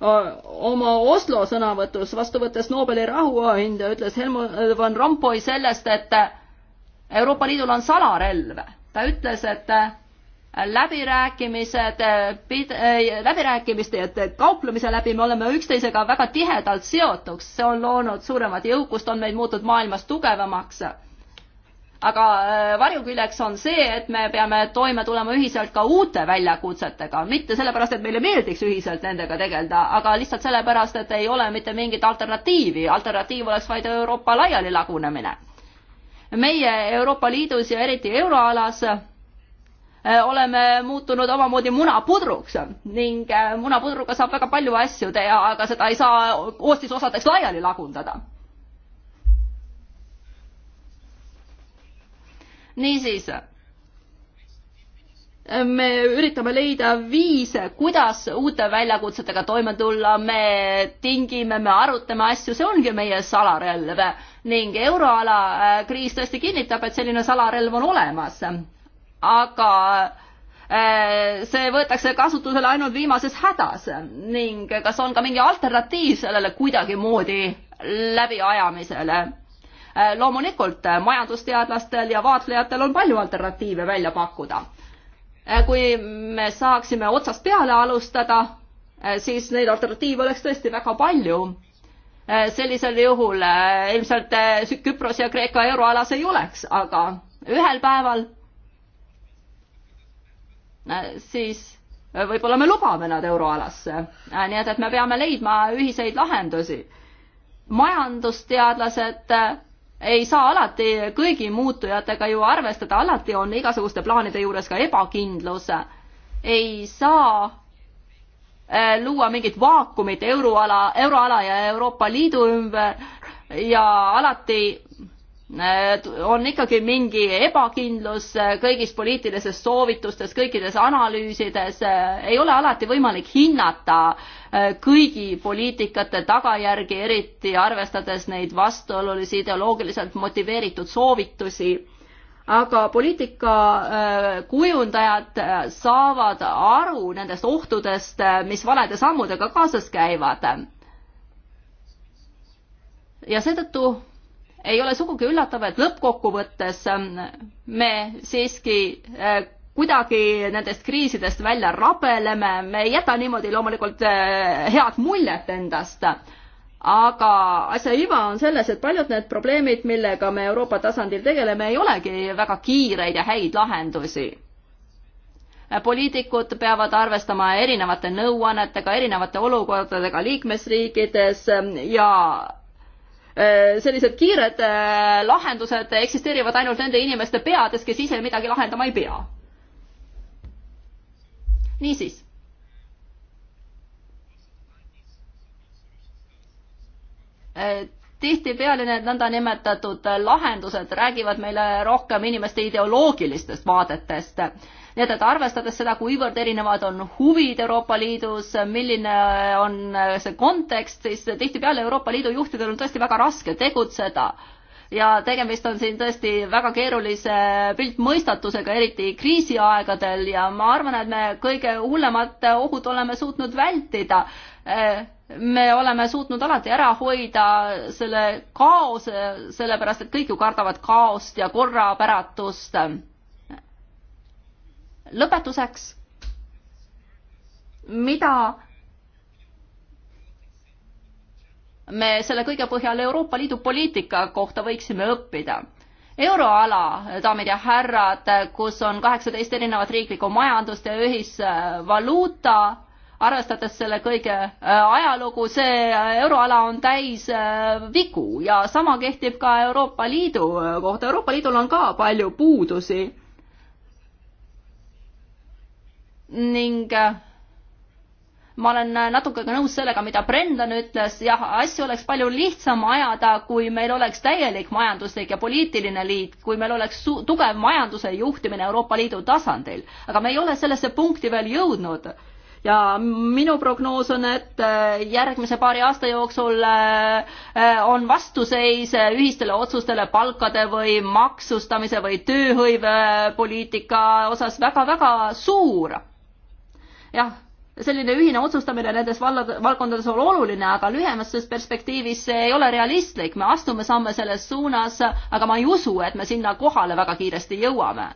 oma Oslo sõnavõtus vastu võttes Nobeli rahuauhinda ütles Helmut van Rompuy sellest, et Euroopa Liidul on salarelv. ta ütles, et läbirääkimised, eh, eh, läbirääkimiste ja kauplemise läbi me oleme üksteisega väga tihedalt seotud, see on loonud suuremat jõukust, on meid muutnud maailmas tugevamaks. aga eh, varjuküljeks on see, et me peame toime tulema ühiselt ka uute väljakutsetega, mitte sellepärast, et meile meeldiks ühiselt nendega tegeleda, aga lihtsalt sellepärast, et ei ole mitte mingit alternatiivi, alternatiiv oleks vaid Euroopa laialilagunemine. meie Euroopa Liidus ja eriti euroalas Äh, oleme muutunud omamoodi munapudruks ning äh, munapudruga saab väga palju asju teha, aga seda ei saa koostisosadeks laiali lagundada. niisiis, me üritame leida viise, kuidas uute väljakutsetega toime tulla, me tingime, me arutame asju, see ongi meie salarelv ning euroala äh, kriis tõesti kinnitab, et selline salarelv on olemas aga äh, see võetakse kasutusele ainult viimases hädas ning kas on ka mingi alternatiiv sellele kuidagimoodi läbiajamisele? Äh, loomulikult äh, majandusteadlastel ja vaatlejatel on palju alternatiive välja pakkuda. kui me saaksime otsast peale alustada, siis neid alternatiive oleks tõesti väga palju. sellisel juhul ilmselt Küpros ja Kreeka euroalas ei oleks, aga ühel päeval Äh, siis äh, võib-olla me lubame nad euroalasse. Äh, nii et, et me peame leidma ühiseid lahendusi. majandusteadlased ei saa alati kõigi muutujatega ju arvestada, alati on igasuguste plaanide juures ka ebakindlus. ei saa luua mingit vaakumit euroala, euroala ja Euroopa Liidu ümber ja alati Äh, on ikkagi mingi ebakindlus äh, kõigis poliitilistes soovitustes, kõikides analüüsides, äh, ei ole alati võimalik hinnata kõigi poliitikate tagajärgi, eriti arvestades neid vastuolulisi ideoloogiliselt motiveeritud soovitusi. aga poliitika kujundajad saavad aru nendest ohtudest, mis valede sammudega kaasas käivad. ja seetõttu ei ole sugugi üllatav, et lõppkokkuvõttes ähm, me siiski äh, kuidagi nendest kriisidest välja rabeleme, me ei jäta niimoodi loomulikult äh, head muljet endast aga asja iva on selles, et paljud need probleemid, millega me Euroopa tasandil tegeleme, ei olegi väga kiireid ja häid lahendusi. poliitikud peavad arvestama erinevate nõuannetega, erinevate olukordadega liikmesriikides ähm, ja Äh, sellised kiired äh, lahendused eksisteerivad ainult nende inimeste peades, kes ise midagi lahendama ei pea. niisiis. Äh, tihtipeale need nõndanimetatud lahendused räägivad meile rohkem inimeste ideoloogilistest vaadetest nii et, et arvestades seda, kuivõrd erinevad on huvid Euroopa Liidus, milline on äh, see kontekst, siis tihtipeale Euroopa Liidu juhtidel on tõesti väga raske tegutseda ja tegemist on siin tõesti väga keerulise piltmõistatusega, eriti kriisiaegadel ja ma arvan, et me kõige hullemad ohud oleme suutnud vältida. Äh, me oleme suutnud alati ära hoida selle kaose, sellepärast et kõik ju kardavad kaost ja korrapäratust lõpetuseks, mida me selle kõige põhjal Euroopa Liidu poliitika kohta võiksime õppida euroala, daamid ja härrad, kus on kaheksateist erinevat riiklikku majandust ja ühisvaluuta, arvestades selle kõige äh, ajalugu, see äh, euroala on täis äh, vigu ja sama kehtib ka Euroopa Liidu kohta. Euroopa Liidul on ka palju puudusi ning äh, ma olen äh, natuke ka nõus sellega, mida Brendan ütles, jah, asju oleks palju lihtsam ajada, kui meil oleks täielik majanduslik ja poliitiline liit, kui meil oleks tugev majanduse juhtimine Euroopa Liidu tasandil. aga me ei ole sellesse punkti veel jõudnud. ja minu prognoos on, et äh, järgmise paari aasta jooksul on vastuseis ühistele otsustele palkade või maksustamise või tööhõivepoliitika osas väga-väga suur jah, selline ühine otsustamine nendes vallad, valdkondades on oluline, aga lühemases perspektiivis see ei ole realistlik, me astume samme selles suunas, aga ma ei usu, et me sinna kohale väga kiiresti jõuame.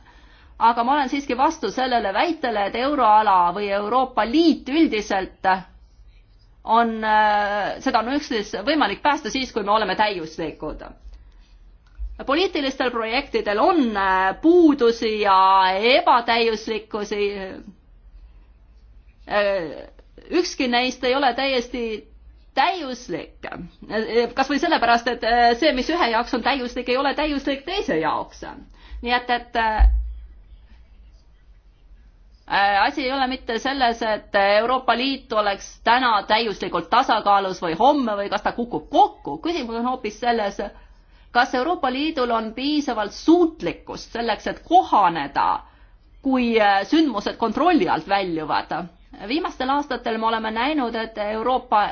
aga ma olen siiski vastu sellele väitele, et euroala või Euroopa Liit üldiselt on, seda on üksnes võimalik päästa siis, kui me oleme täiuslikud poliitilistel projektidel on puudusi ja ebatäiuslikkusi, Äh, ükski neist ei ole täiesti täiuslik. Äh, kas või sellepärast, et äh, see, mis ühe jaoks on täiuslik, ei ole täiuslik teise jaoks. nii et, et asi ei ole mitte selles, et Euroopa Liit oleks täna täiuslikult tasakaalus või homme või kas ta kukub kokku, küsimus on hoopis selles, kas Euroopa Liidul on piisavalt suutlikkust selleks, et kohaneda, kui sündmused kontrolli alt väljuvad viimastel aastatel me oleme näinud, et Euroopa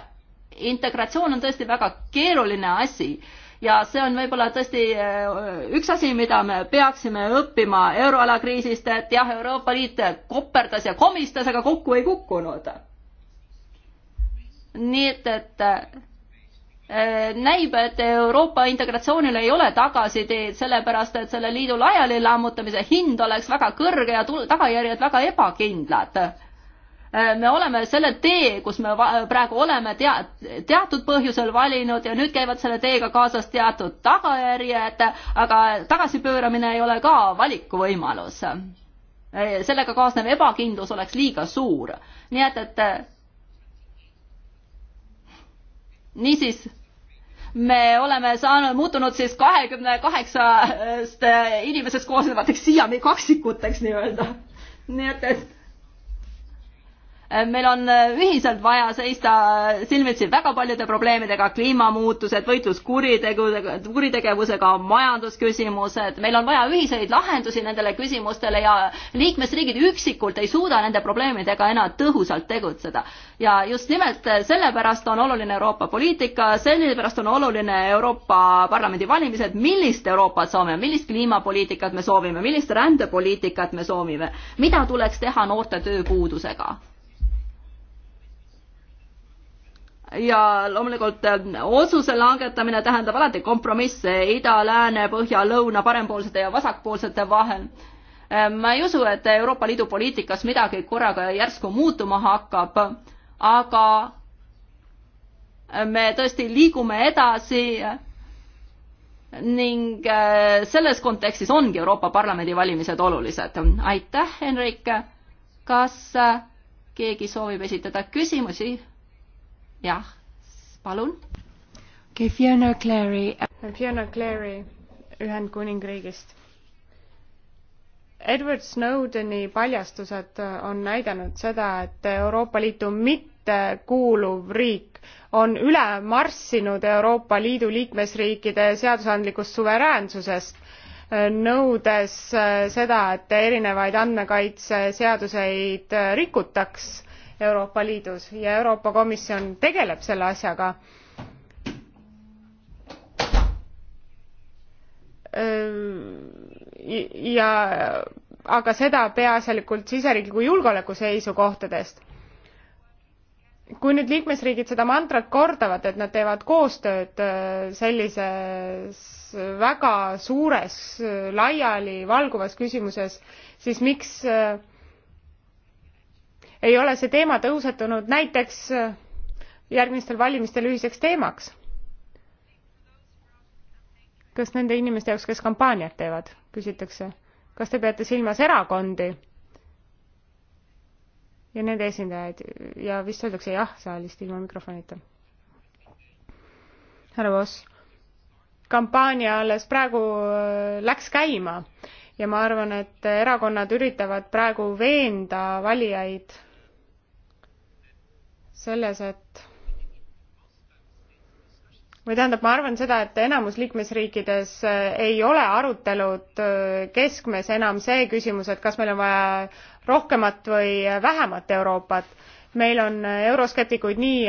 integratsioon on tõesti väga keeruline asi ja see on võib-olla tõesti eh, üks asi, mida me peaksime õppima euroala kriisist, et jah, Euroopa Liit koperdas ja komistas, aga kokku ei kukkunud. nii et, et eh, näib, et Euroopa integratsioonil ei ole tagasiteed, sellepärast et selle liidu laiali lammutamise hind oleks väga kõrge ja tagajärjed väga ebakindlad Äh, me oleme selle tee, kus me praegu oleme, tea-, teatud põhjusel valinud ja nüüd käivad selle teega kaasas teatud tagajärjed, aga tagasipööramine ei ole ka valikuvõimalus. Äh, sellega kaasnev ebakindlus oleks liiga suur. nii et, et äh, niisiis me oleme saanud, muutunud siis kahekümne kaheksast inimesest koosnevateks siiami kaksikuteks nii-öelda. nii et, et Äh, meil on äh, ühiselt vaja seista äh, silmitsi väga paljude probleemidega, kliimamuutused, võitlus kuritegudega, kuritegevusega, majandusküsimused, meil on vaja ühiseid lahendusi nendele küsimustele ja liikmesriigid üksikult ei suuda nende probleemidega enam tõhusalt tegutseda. ja just nimelt sellepärast on oluline Euroopa poliitika, sellepärast on oluline Euroopa Parlamendi valimised, millist Euroopat soovime, millist kliimapoliitikat me soovime, millist rändepoliitikat me soovime, mida tuleks teha noorte tööpuudusega ja loomulikult äh, otsuse langetamine tähendab alati kompromisse ida, lääne, põhja, lõuna, parempoolsete ja vasakpoolsete vahel. Äh, ma ei usu, et Euroopa Liidu poliitikas midagi korraga järsku muutuma hakkab, aga me tõesti liigume edasi ning äh, selles kontekstis ongi Euroopa Parlamendi valimised olulised. aitäh, Henrik. kas keegi soovib esitada küsimusi? jah, palun. okei okay,, Fiona Clary. Fiona Clary Ühendkuningriigist. Edward Snowdeni paljastused on näidanud seda, et Euroopa Liitu mitte kuuluv riik on üle marssinud Euroopa Liidu liikmesriikide seadusandlikust suveräänsusest, nõudes seda, et erinevaid andmekaitseseaduseid rikutaks Euroopa Liidus ja Euroopa Komisjon tegeleb selle asjaga. ja aga seda peaasjalikult siseriikliku julgeoleku seisukohtadest kui nüüd liikmesriigid seda mantrat kordavad, et nad teevad koostööd sellises väga suures laialivalguvas küsimuses, siis miks äh, ei ole see teema tõusetunud näiteks äh, järgmistel valimistel ühiseks teemaks kas nende inimeste jaoks kes kampaaniat teevad küsitakse kas te peate silmas erakondi ja nende esindajaid ja vist öeldakse jah saalist ilma mikrofonita härra Voss kampaania alles praegu äh, läks käima ja ma arvan, et erakonnad üritavad praegu veenda valijaid selles, et või tähendab, ma arvan seda, et enamus liikmesriikides eh, ei ole arutelud eh, keskmes enam see küsimus, et kas meil on vaja rohkemat või vähemat Euroopat. meil on eh, euroskeptikuid nii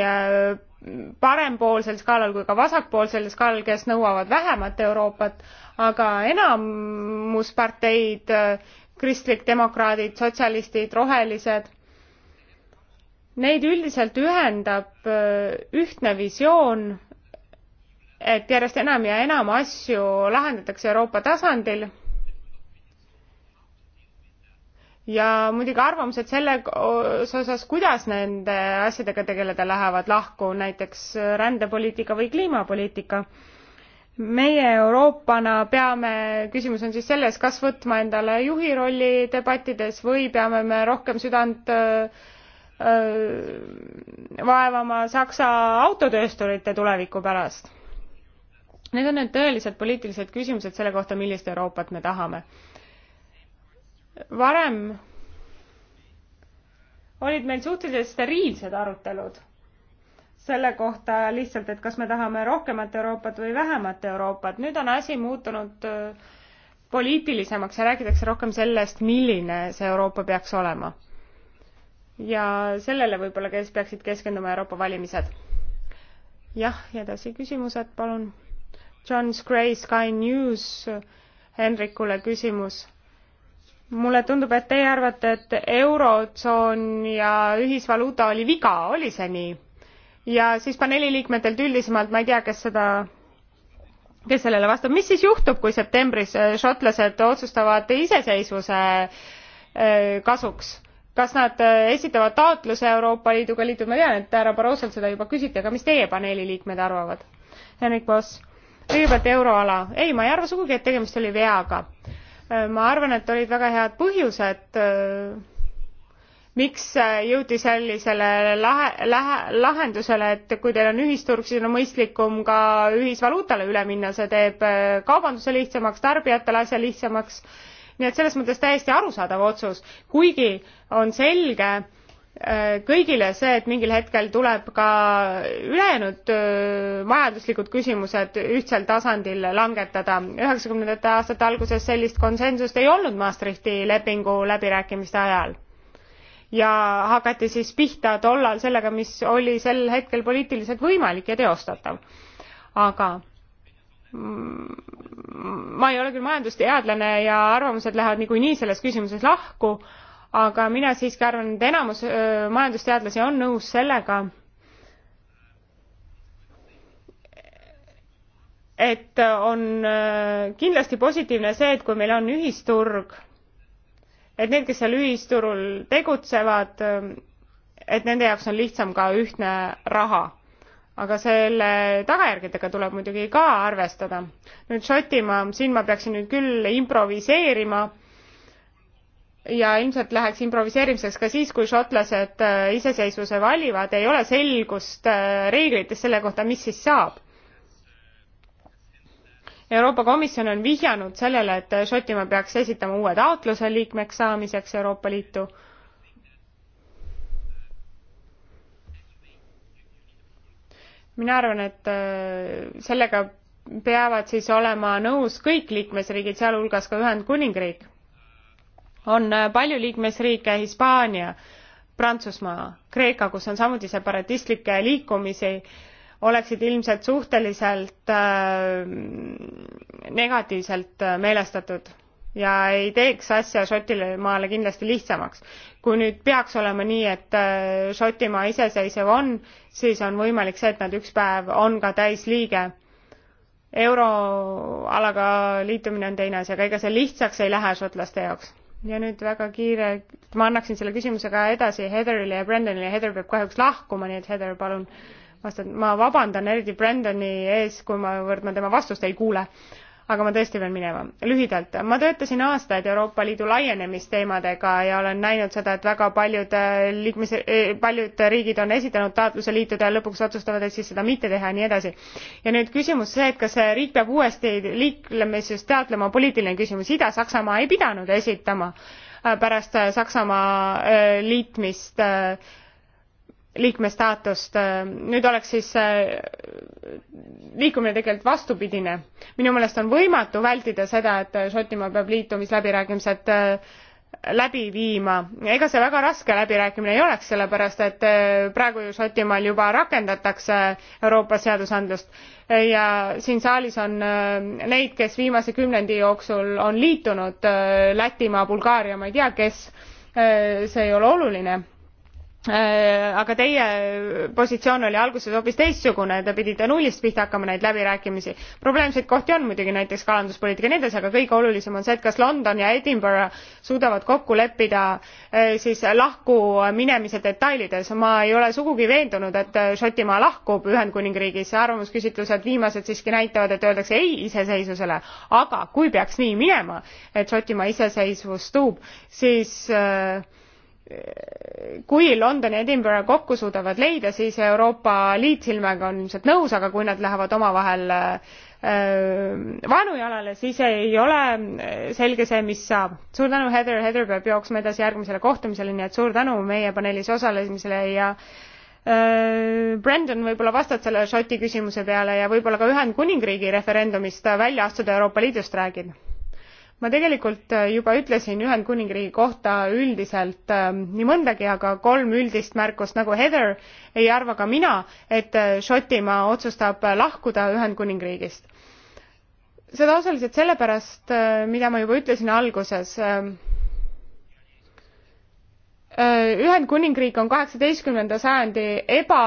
parempoolsel skaalal kui ka vasakpoolsel skaalal, kes nõuavad vähemat Euroopat, aga enamus parteid kristlik demokraadid sotsialistid rohelised Neid üldiselt ühendab äh, ühtne visioon, et järjest enam ja enam asju lahendatakse Euroopa tasandil ja muidugi arvamused selle osas, kuidas nende asjadega tegeleda lähevad lahku, näiteks rändepoliitika või kliimapoliitika. meie Euroopana peame, küsimus on siis selles, kas võtma endale juhi rolli debattides või peame me rohkem südant äh, vaevama Saksa autotöösturite tuleviku pärast. Need on need tõelised poliitilised küsimused selle kohta, millist Euroopat me tahame. varem olid meil suhteliselt steriilsed arutelud selle kohta lihtsalt, et kas me tahame rohkemat Euroopat või vähemat Euroopat. nüüd on asi muutunud poliitilisemaks ja räägitakse rohkem sellest, milline see Euroopa peaks olema ja sellele võib-olla, kes peaksid keskenduma Euroopa valimised. jah, edasi küsimused, palun. John Gray, Sky News, Henrikule küsimus. mulle tundub, et teie arvate, et eurotsoon ja ühisvaluuta oli viga, oli see nii? ja siis paneeli liikmetelt üldisemalt, ma ei tea, kes seda kes sellele vastab, mis siis juhtub, kui septembris eh, šotlased otsustavad iseseisvuse eh, kasuks? kas nad äh, esitavad taotluse Euroopa Liiduga liituda, ma tean, et härra Barrosolt seda juba küsiti, aga mis teie paneeli liikmed arvavad? Henrik Voss, kõigepealt euroala. ei, ma ei arva sugugi, et tegemist oli veaga. Äh, ma arvan, et olid väga head põhjused, äh, miks jõuti sellisele lahe, lähe, lahendusele, et kui teil on ühisturg, siis on mõistlikum ka ühisvaluutale üle minna, see teeb kaubanduse lihtsamaks, tarbijatele asja lihtsamaks nii et selles mõttes täiesti arusaadav otsus, kuigi on selge äh, kõigile see, et mingil hetkel tuleb ka ülejäänud äh, majanduslikud küsimused ühtsel tasandil langetada. üheksakümnendate aastate alguses sellist konsensust ei olnud Maastrichti lepingu läbirääkimiste ajal ja hakati siis pihta tollal sellega, mis oli sel hetkel poliitiliselt võimalik ja teostatav. aga ma ei ole küll majandusteadlane ja arvamused lähevad niikuinii selles küsimuses lahku, aga mina siiski arvan, et enamus majandusteadlasi on nõus sellega, et on kindlasti positiivne see, et kui meil on ühisturg, et need, kes seal ühisturul tegutsevad, et nende jaoks on lihtsam ka ühtne raha aga selle tagajärgedega tuleb muidugi ka arvestada. nüüd Šotimaa, siin ma peaksin nüüd küll improviseerima ja ilmselt läheks improviseerimiseks ka siis, kui šotlased äh, iseseisvuse valivad, ei ole selgust äh, reeglitest selle kohta, mis siis saab. Euroopa Komisjon on vihjanud sellele, et Šotimaa peaks esitama uue taotluse liikmeks saamiseks Euroopa Liitu mina arvan, et äh, sellega peavad siis olema nõus kõik liikmesriigid, sealhulgas ka Ühendkuningriik. on äh, palju liikmesriike, Hispaania, Prantsusmaa, Kreeka, kus on samuti separatistlikke liikumisi, oleksid ilmselt suhteliselt äh, negatiivselt meelestatud ja ei teeks asja Šotimaale kindlasti lihtsamaks. kui nüüd peaks olema nii, et äh, Šotimaa iseseisev on, siis on võimalik see, et nad üks päev on ka täisliige. euroalaga liitumine on teine asi, aga ega see lihtsaks ei lähe šotlaste jaoks. ja nüüd väga kiire, ma annaksin selle küsimuse ka edasi Heatherile ja Brendanile, Heather peab kahjuks lahkuma, nii et Heather, palun vastad, ma vabandan eriti Brandoni ees, kuivõrd ma tema vastust ei kuule, aga ma tõesti pean minema. lühidalt, ma töötasin aastaid Euroopa Liidu laienemisteemadega ja olen näinud seda, et väga paljud äh, liikmes-, äh, paljud riigid on esitanud taotluse liituda ja lõpuks otsustavad, et siis seda mitte teha ja nii edasi. ja nüüd küsimus see, et kas riik peab uuesti liiklemisest teatlema, poliitiline küsimus, Ida-Saksamaa ei pidanud esitama äh, pärast Saksamaa liitmist äh, liikme staatust. Äh, nüüd oleks siis äh, liikumine tegelikult vastupidine. minu meelest on võimatu vältida seda, et Šotimaa peab liitumisläbirääkimised äh, läbi viima. ega see väga raske läbirääkimine ei oleks, sellepärast et praegu ju Šotimaal juba rakendatakse Euroopa seadusandlust ja siin saalis on neid, kes viimase kümnendi jooksul on liitunud, Lätimaa, Bulgaaria, ma ei tea, kes, see ei ole oluline Äh, aga teie positsioon oli alguses hoopis teistsugune te pidite nullist pihta hakkama neid läbirääkimisi probleemseid kohti on muidugi näiteks kalanduspoliitika ja nii edasi aga kõige olulisem on see et kas london ja edinburgh suudavad kokku leppida äh, siis lahkuminemise detailides ma ei ole sugugi veendunud et šotimaa lahkub ühendkuningriigis arvamusküsitlused viimased siiski näitavad et öeldakse ei iseseisvusele aga kui peaks nii minema et šotimaa iseseisvustub siis äh, kui London ja Edinburgh kokku suudavad leida, siis Euroopa Liit silmaga on ilmselt nõus, aga kui nad lähevad omavahel äh, vaenujalale, siis ei ole selge see, mis saab. suur tänu, Heather, Heather peab jooksma edasi järgmisele kohtumisele, nii et suur tänu meie paneelis osalemisele ja äh, Brandon, võib-olla vastad selle Šoti küsimuse peale ja võib-olla ka Ühendkuningriigi referendumist välja astuda Euroopa Liidust räägid ma tegelikult äh, juba ütlesin Ühendkuningriigi kohta üldiselt äh, nii mõndagi, aga kolm üldist märkust, nagu Heather, ei arva ka mina, et äh, Šotimaa otsustab lahkuda Ühendkuningriigist. seda osaliselt sellepärast, mida ma juba ütlesin alguses ühendkuningriik on kaheksateistkümnenda sajandi eba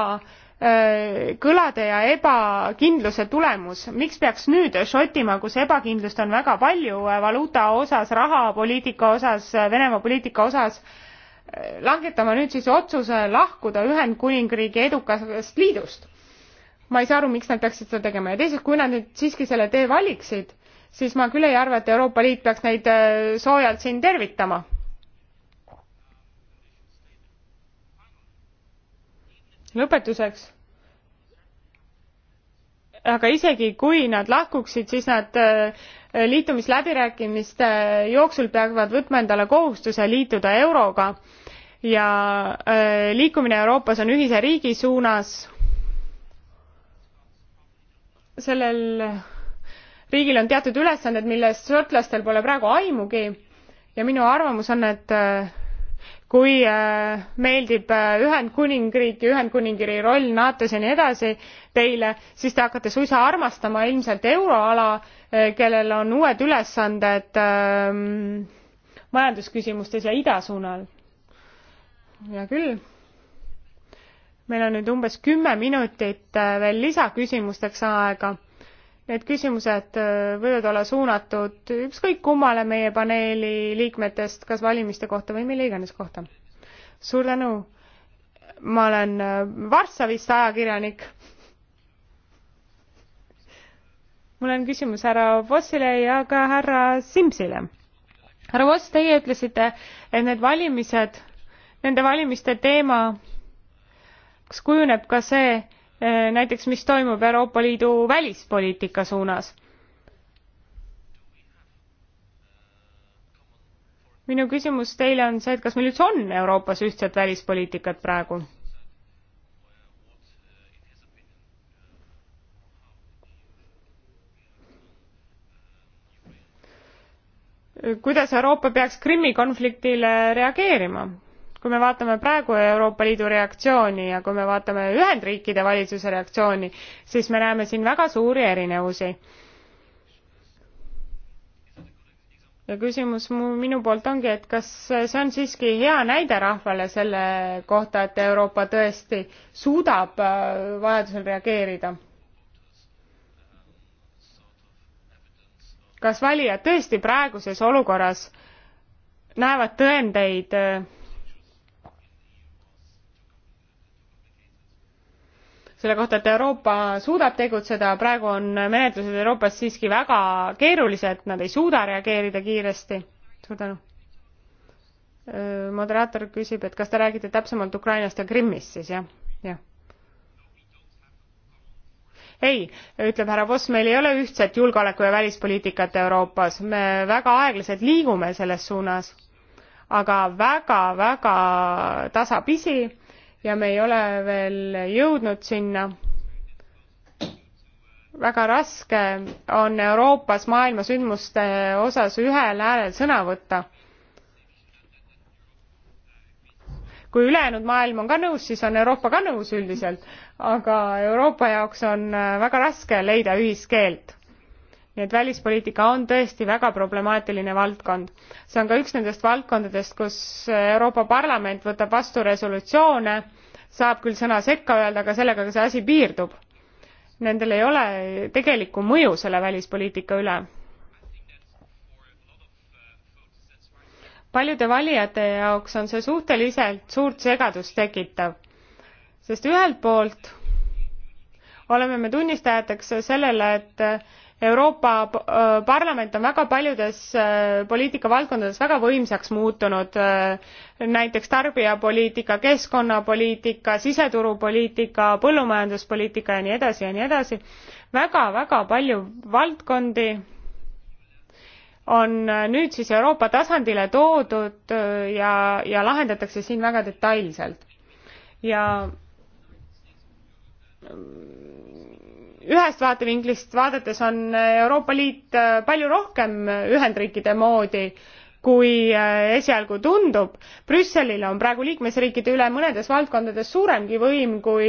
Äh, kõlade ja ebakindluse tulemus miks peaks nüüd šotimaa kus ebakindlust on väga palju äh, valuuta osas rahapoliitika osas äh, venemaa poliitika osas langetama nüüd siis otsuse lahkuda ühendkuningriigi edukast liidust ma ei saa aru miks nad peaksid seda tegema ja teiseks kui nad nüüd siiski selle tee valiksid siis ma küll ei arva et euroopa liit peaks neid soojalt siin tervitama lõpetuseks aga isegi kui nad lahkuksid siis nad äh, liitumisläbirääkimiste jooksul peavad võtma endale kohustuse liituda euroga ja äh, liikumine euroopas on ühise riigi suunas sellel riigil on teatud ülesanded millest šotlastel pole praegu aimugi ja minu arvamus on et äh, kui äh, meeldib äh, ühendkuningriik ja ühendkuningriigi roll natos ja nii edasi teile siis te hakkate suisa armastama ilmselt euroala äh, kellel on uued ülesanded ähm, majandusküsimustes ja ida suunal hea küll meil on nüüd umbes kümme minutit veel lisaküsimusteks aega need küsimused äh, võivad olla suunatud ükskõik kummale meie paneeli liikmetest, kas valimiste kohta või mille iganes kohta. suur tänu! ma olen äh, Varssavist ajakirjanik. mul on küsimus härra Vossile ja ka härra Simsile. härra Voss, teie ütlesite, et need valimised, nende valimiste teema, kas kujuneb ka see, Eh, näiteks mis toimub Euroopa Liidu välispoliitika suunas. minu küsimus teile on see, et kas meil üldse on Euroopas ühtset välispoliitikat praegu? kuidas Euroopa peaks Krimmi konfliktile reageerima? kui me vaatame praegu Euroopa Liidu reaktsiooni ja kui me vaatame Ühendriikide valitsuse reaktsiooni, siis me näeme siin väga suuri erinevusi. ja küsimus mu, minu poolt ongi, et kas see on siiski hea näide rahvale selle kohta, et Euroopa tõesti suudab äh, vajadusel reageerida? kas valijad tõesti praeguses olukorras näevad tõendeid äh, selle kohta, et Euroopa suudab tegutseda, praegu on menetlused Euroopas siiski väga keerulised, nad ei suuda reageerida kiiresti. suur tänu. moderaator küsib, et kas te räägite täpsemalt Ukrainast ja Krimmist siis jah, jah? ei, ütleb härra Voss, meil ei ole ühtset julgeoleku ja välispoliitikat Euroopas, me väga aeglaselt liigume selles suunas, aga väga-väga tasapisi ja me ei ole veel jõudnud sinna. väga raske on Euroopas maailma sündmuste osas ühel häälel sõna võtta. kui ülejäänud maailm on ka nõus, siis on Euroopa ka nõus üldiselt, aga Euroopa jaoks on väga raske leida ühiskeelt nii et välispoliitika on tõesti väga problemaatiline valdkond. see on ka üks nendest valdkondadest, kus Euroopa Parlament võtab vastu resolutsioone, saab küll sõna sekka öelda, aga sellega ka see asi piirdub. Nendel ei ole tegelikku mõju selle välispoliitika üle. paljude valijate jaoks on see suhteliselt suurt segadust tekitav, sest ühelt poolt oleme me tunnistajateks sellele, et Euroopa äh, Parlament on väga paljudes äh, poliitikavaldkondades väga võimsaks muutunud, äh, näiteks tarbijapoliitika, keskkonnapoliitika, siseturupoliitika, põllumajanduspoliitika ja nii edasi ja nii edasi väga,. väga-väga palju valdkondi on nüüd siis Euroopa tasandile toodud ja, ja lahendatakse siin väga detailselt. ja ühest vaatevinklist vaadates on äh, Euroopa Liit äh, palju rohkem äh, Ühendriikide moodi kui esialgu tundub. Brüsselil on praegu liikmesriikide üle mõnedes valdkondades suuremgi võim kui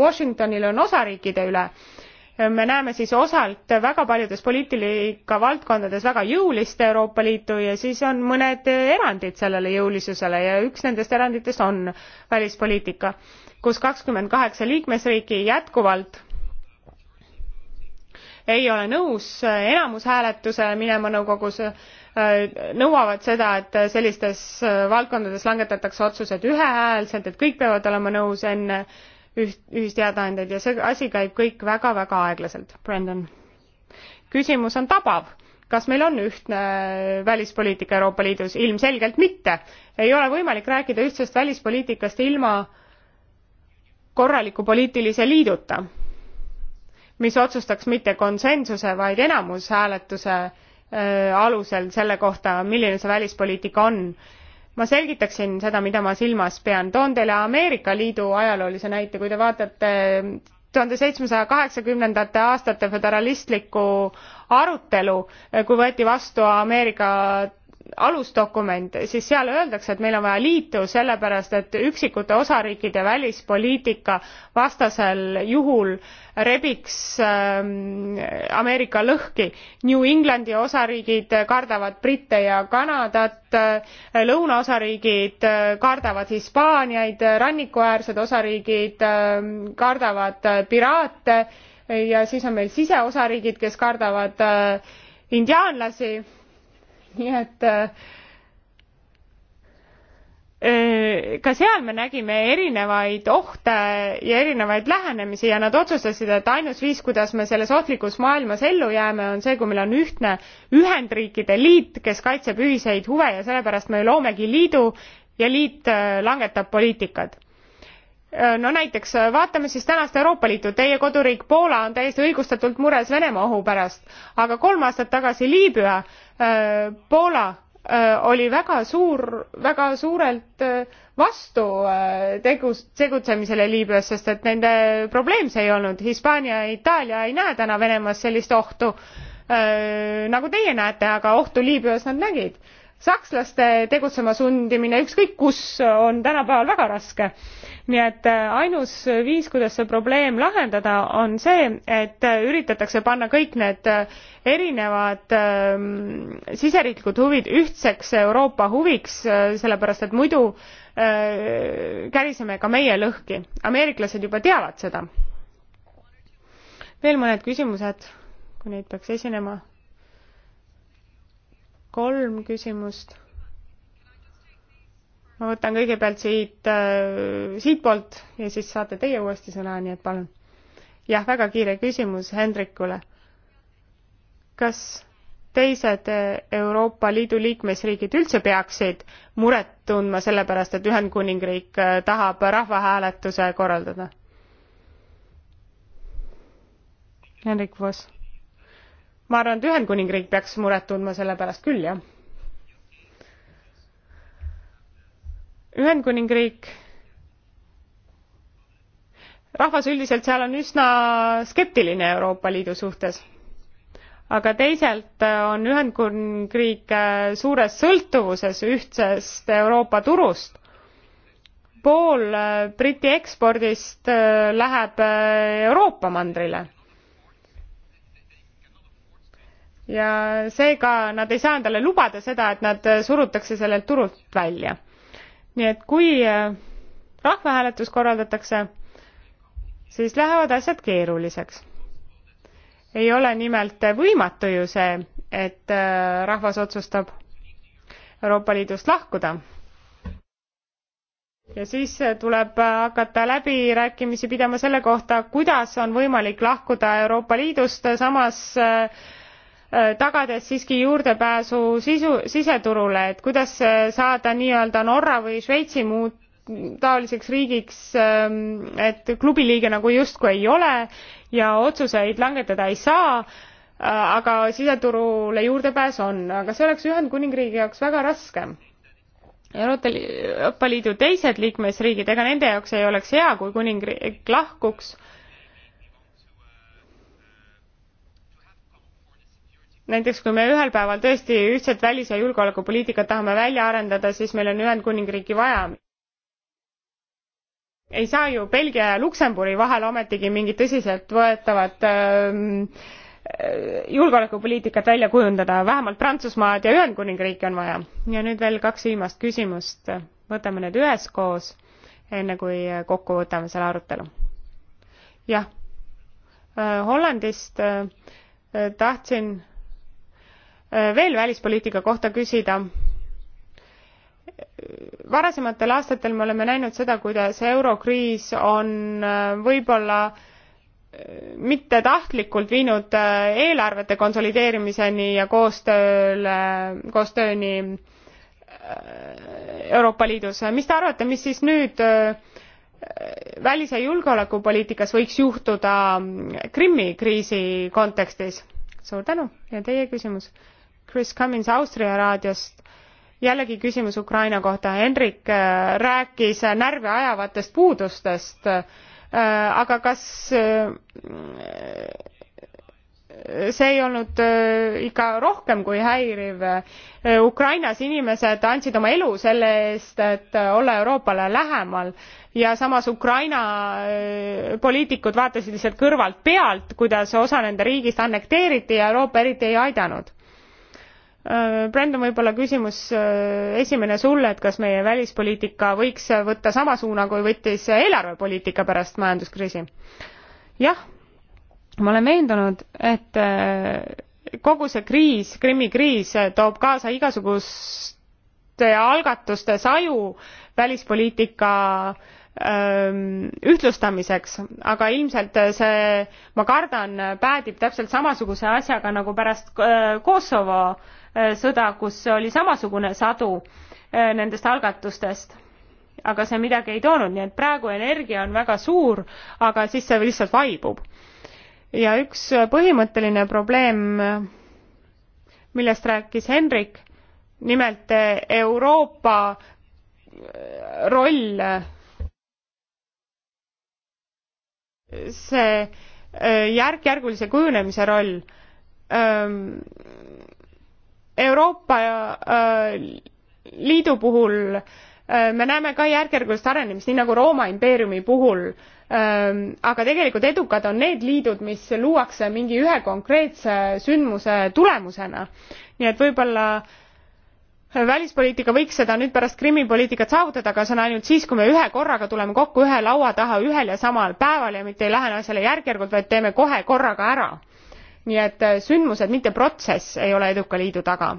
Washingtonil on osariikide üle. me näeme siis osalt väga paljudes poliitika valdkondades väga jõulist Euroopa Liitu ja siis on mõned erandid sellele jõulisusele ja üks nendest eranditest on välispoliitika, kus kakskümmend kaheksa liikmesriiki jätkuvalt ei ole nõus äh, enamushääletuse minema nõukogus, äh, nõuavad seda, et äh, sellistes valdkondades langetatakse otsused ühehäälselt, et kõik peavad olema nõus enne üht, ühisteadaandeid ja see asi käib kõik väga-väga aeglaselt, Brendan. küsimus on tabav kas meil on ühtne välispoliitika Euroopa Liidus? ilmselgelt mitte. ei ole võimalik rääkida ühtsest välispoliitikast ilma korraliku poliitilise liiduta mis otsustaks mitte konsensuse, vaid enamushääletuse äh, alusel selle kohta, milline see välispoliitika on. ma selgitaksin seda, mida ma silmas pean. toon teile Ameerika Liidu ajaloolise näite, kui te vaatate tuhande äh, seitsmesaja kaheksakümnendate aastate föderalistlikku arutelu, äh, kui võeti vastu Ameerika alusdokument, siis seal öeldakse, et meil on vaja liitu, sellepärast et üksikute osariikide välispoliitika vastasel juhul rebiks ähm, Ameerika lõhki. New Englandi osariigid kardavad Britte ja Kanadat, äh, lõunaosariigid äh, kardavad Hispaaniaid, rannikuäärsed osariigid ähm, kardavad äh, piraate ja siis on meil siseosariigid, kes kardavad indiaanlasi nii et äh, äh, ka seal me nägime erinevaid ohte ja erinevaid lähenemisi ja nad otsustasid, et ainus viis, kuidas me selles ohtlikus maailmas ellu jääme, on see, kui meil on ühtne Ühendriikide liit, kes kaitseb ühiseid huve ja sellepärast me loomegi liidu ja liit äh, langetab poliitikad no näiteks vaatame siis tänast euroopa liitu teie koduriik poola on täiesti õigustatult mures venemaa ohu pärast aga kolm aastat tagasi liibüa Äh, Poola äh, oli väga suur, väga suurelt äh, vastu tegus, tegutsemisele Liibüas, sest et nende probleem see ei olnud. Hispaania ja Itaalia ei näe täna Venemaas sellist ohtu nagu teie näete, aga ohtu Liibüas nad nägid sakslaste tegutsema sundimine ükskõik kus on tänapäeval väga raske. nii et äh, ainus viis, kuidas see probleem lahendada, on see, et äh, üritatakse panna kõik need äh, erinevad äh, siseriiklikud huvid ühtseks Euroopa huviks, sellepärast et muidu äh, käriseme ka meie lõhki. ameeriklased juba teavad seda. veel mõned küsimused, kui neid peaks esinema kolm küsimust. ma võtan kõigepealt siit äh,, siitpoolt ja siis saate teie uuesti sõna, nii et palun. jah, väga kiire küsimus Hendrikule. kas teised Euroopa Liidu liikmesriigid üldse peaksid muret tundma selle pärast, et Ühendkuningriik äh, tahab rahvahääletuse korraldada? Henrik Voss ma arvan, et Ühendkuningriik peaks muret tundma selle pärast küll, jah. Ühendkuningriik, rahvas üldiselt seal on üsna skeptiline Euroopa Liidu suhtes. aga teisalt on Ühendkuningriik suures sõltuvuses ühtsest Euroopa turust. pool Briti ekspordist läheb Euroopa mandrile ja seega nad ei saa endale lubada seda, et nad äh, surutakse sellelt turult välja. nii et kui äh, rahvahääletus korraldatakse, siis lähevad asjad keeruliseks. ei ole nimelt võimatu ju see, et äh, rahvas otsustab Euroopa Liidust lahkuda. ja siis tuleb hakata läbirääkimisi pidama selle kohta, kuidas on võimalik lahkuda Euroopa Liidust, samas äh, Äh, tagades siiski juurdepääsu sisu, siseturule, et kuidas äh, saada nii-öelda Norra või Šveitsi muud taoliseks riigiks, ähm, et klubiliige nagu justkui ei ole ja otsuseid langetada ei saa, äh, aga siseturule juurdepääs on, aga see oleks Ühendkuningriigi jaoks väga raske euroopa liidu teised liikmesriigid ega nende jaoks ei oleks hea kui kuningriik lahkuks näiteks kui me ühel päeval tõesti ühtset välis ja julgeolekupoliitikat tahame välja arendada siis meil on ühendkuningriiki vaja ei saa ju belgia ja luksemburi vahel ometigi mingit tõsiseltvõetavat ähm, julgeolekupoliitikat välja kujundada vähemalt prantsusmaad ja ühendkuningriiki on vaja ja nüüd veel kaks viimast küsimust võtame need üheskoos enne kui kokku võtame selle arutelu jah äh, hollandist äh, tahtsin Äh, veel välispoliitika kohta küsida varasematel aastatel me oleme näinud seda kuidas eurokriis on äh, võibolla äh, mitte tahtlikult viinud eelarvete konsolideerimiseni ja koostööle koostööni euroopa liidus mis te arvate mis siis nüüd välis ja julgeolekupoliitikas võiks juhtuda krimmi kriisi kontekstis suur tänu ja teie küsimus? Chris Cummins Austria raadiost, jällegi küsimus Ukraina kohta, Henrik äh, rääkis närvi ajavatest puudustest, äh, aga kas äh, see ei olnud ikka rohkem kui häiriv. Ukrainas inimesed andsid oma elu selle eest, et olla Euroopale lähemal ja samas Ukraina poliitikud vaatasid lihtsalt kõrvalt pealt, kuidas osa nende riigist annekteeriti ja Euroopa eriti ei aidanud Äh, Brandon, võib-olla küsimus äh, esimene sulle, et kas meie välispoliitika võiks võtta sama suuna, kui võttis eelarvepoliitika pärast majanduskriisi? jah, ma olen veendunud, et äh, kogu see kriis, Krimmi kriis toob kaasa igasuguste algatuste saju välispoliitika ähm, ühtlustamiseks, aga ilmselt see, ma kardan, päädib täpselt samasuguse asjaga nagu pärast Kosovo äh, Äh, sõda, kus oli samasugune sadu äh, nendest algatustest. aga see midagi ei toonud, nii et praegu energia on väga suur, aga siis see lihtsalt vaibub. ja üks äh, põhimõtteline probleem, millest rääkis Henrik, nimelt Euroopa roll see järk-järgulise kujunemise roll ähm, Euroopa äh, Liidu puhul äh, me näeme ka järk-järgulist arenemist, nii nagu Rooma impeeriumi puhul, ähm, aga tegelikult edukad on need liidud, mis luuakse mingi ühe konkreetse sündmuse tulemusena. nii et võib-olla välispoliitika võiks seda nüüd pärast krimmi poliitikat saavutada aga see on ainult siis kui me ühe korraga tuleme kokku ühe laua taha ühel ja samal päeval ja mitte ei lähene asjale järk järgult vaid teeme kohe korraga ära nii et äh, sündmused, mitte protsess ei ole eduka liidu taga.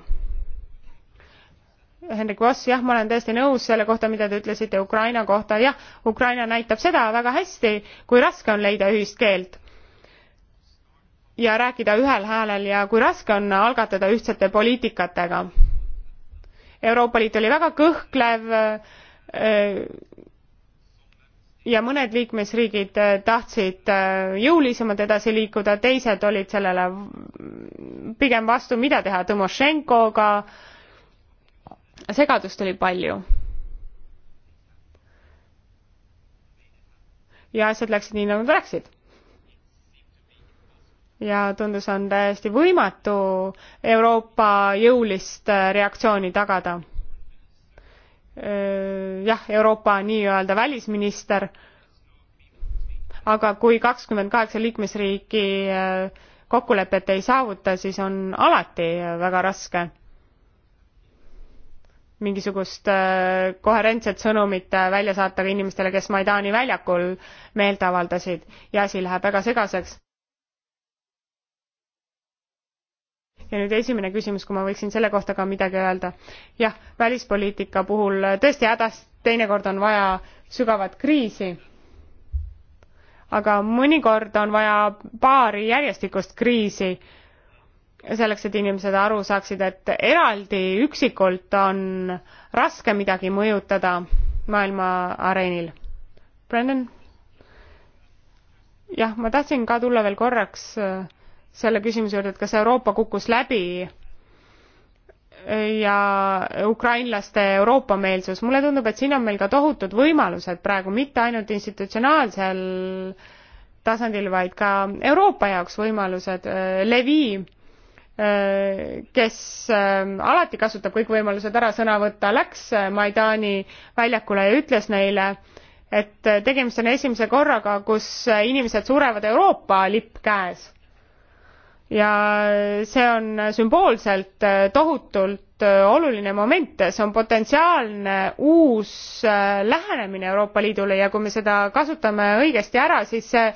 Henrik Voss, jah, ma olen täiesti nõus selle kohta, mida te ütlesite Ukraina kohta, jah, Ukraina näitab seda väga hästi, kui raske on leida ühist keelt ja rääkida ühel häälel ja kui raske on algatada ühtsete poliitikatega. Euroopa Liit oli väga kõhklev äh, ja mõned liikmesriigid äh, tahtsid äh, jõulisemalt edasi liikuda, teised olid sellele pigem vastu, mida teha Tõmošenkoga. segadust oli palju. ja asjad läksid nii, nagu nad läksid. ja tundus, on täiesti võimatu Euroopa jõulist äh, reaktsiooni tagada Äh, jah, Euroopa nii-öelda välisminister, aga kui kakskümmend kaheksa liikmesriiki äh, kokkulepet ei saavuta, siis on alati äh, väga raske mingisugust koherentset sõnumit välja saata ka inimestele, kes Maidani väljakul meelt avaldasid ja asi läheb väga segaseks. ja nüüd esimene küsimus, kui ma võiksin selle kohta ka midagi öelda. jah, välispoliitika puhul tõesti hädas, teinekord on vaja sügavat kriisi, aga mõnikord on vaja paari järjestikust kriisi, selleks, et inimesed aru saaksid, et eraldi üksikult on raske midagi mõjutada maailma areenil. Brennan? jah, ma tahtsin ka tulla veel korraks äh, selle küsimuse juurde, et kas Euroopa kukkus läbi ja ukrainlaste Euroopa meelsus, mulle tundub, et siin on meil ka tohutud võimalused praegu, mitte ainult institutsionaalsel tasandil, vaid ka Euroopa jaoks võimalused. Levi, kes äh, alati kasutab kõik võimalused ära sõna võtta, läks äh, Maidani väljakule ja ütles neile, et äh, tegemist on esimese korraga, kus inimesed surevad Euroopa lipp käes ja see on sümboolselt äh, tohutult äh, oluline moment, see on potentsiaalne uus äh, lähenemine Euroopa Liidule ja kui me seda kasutame õigesti ära, siis see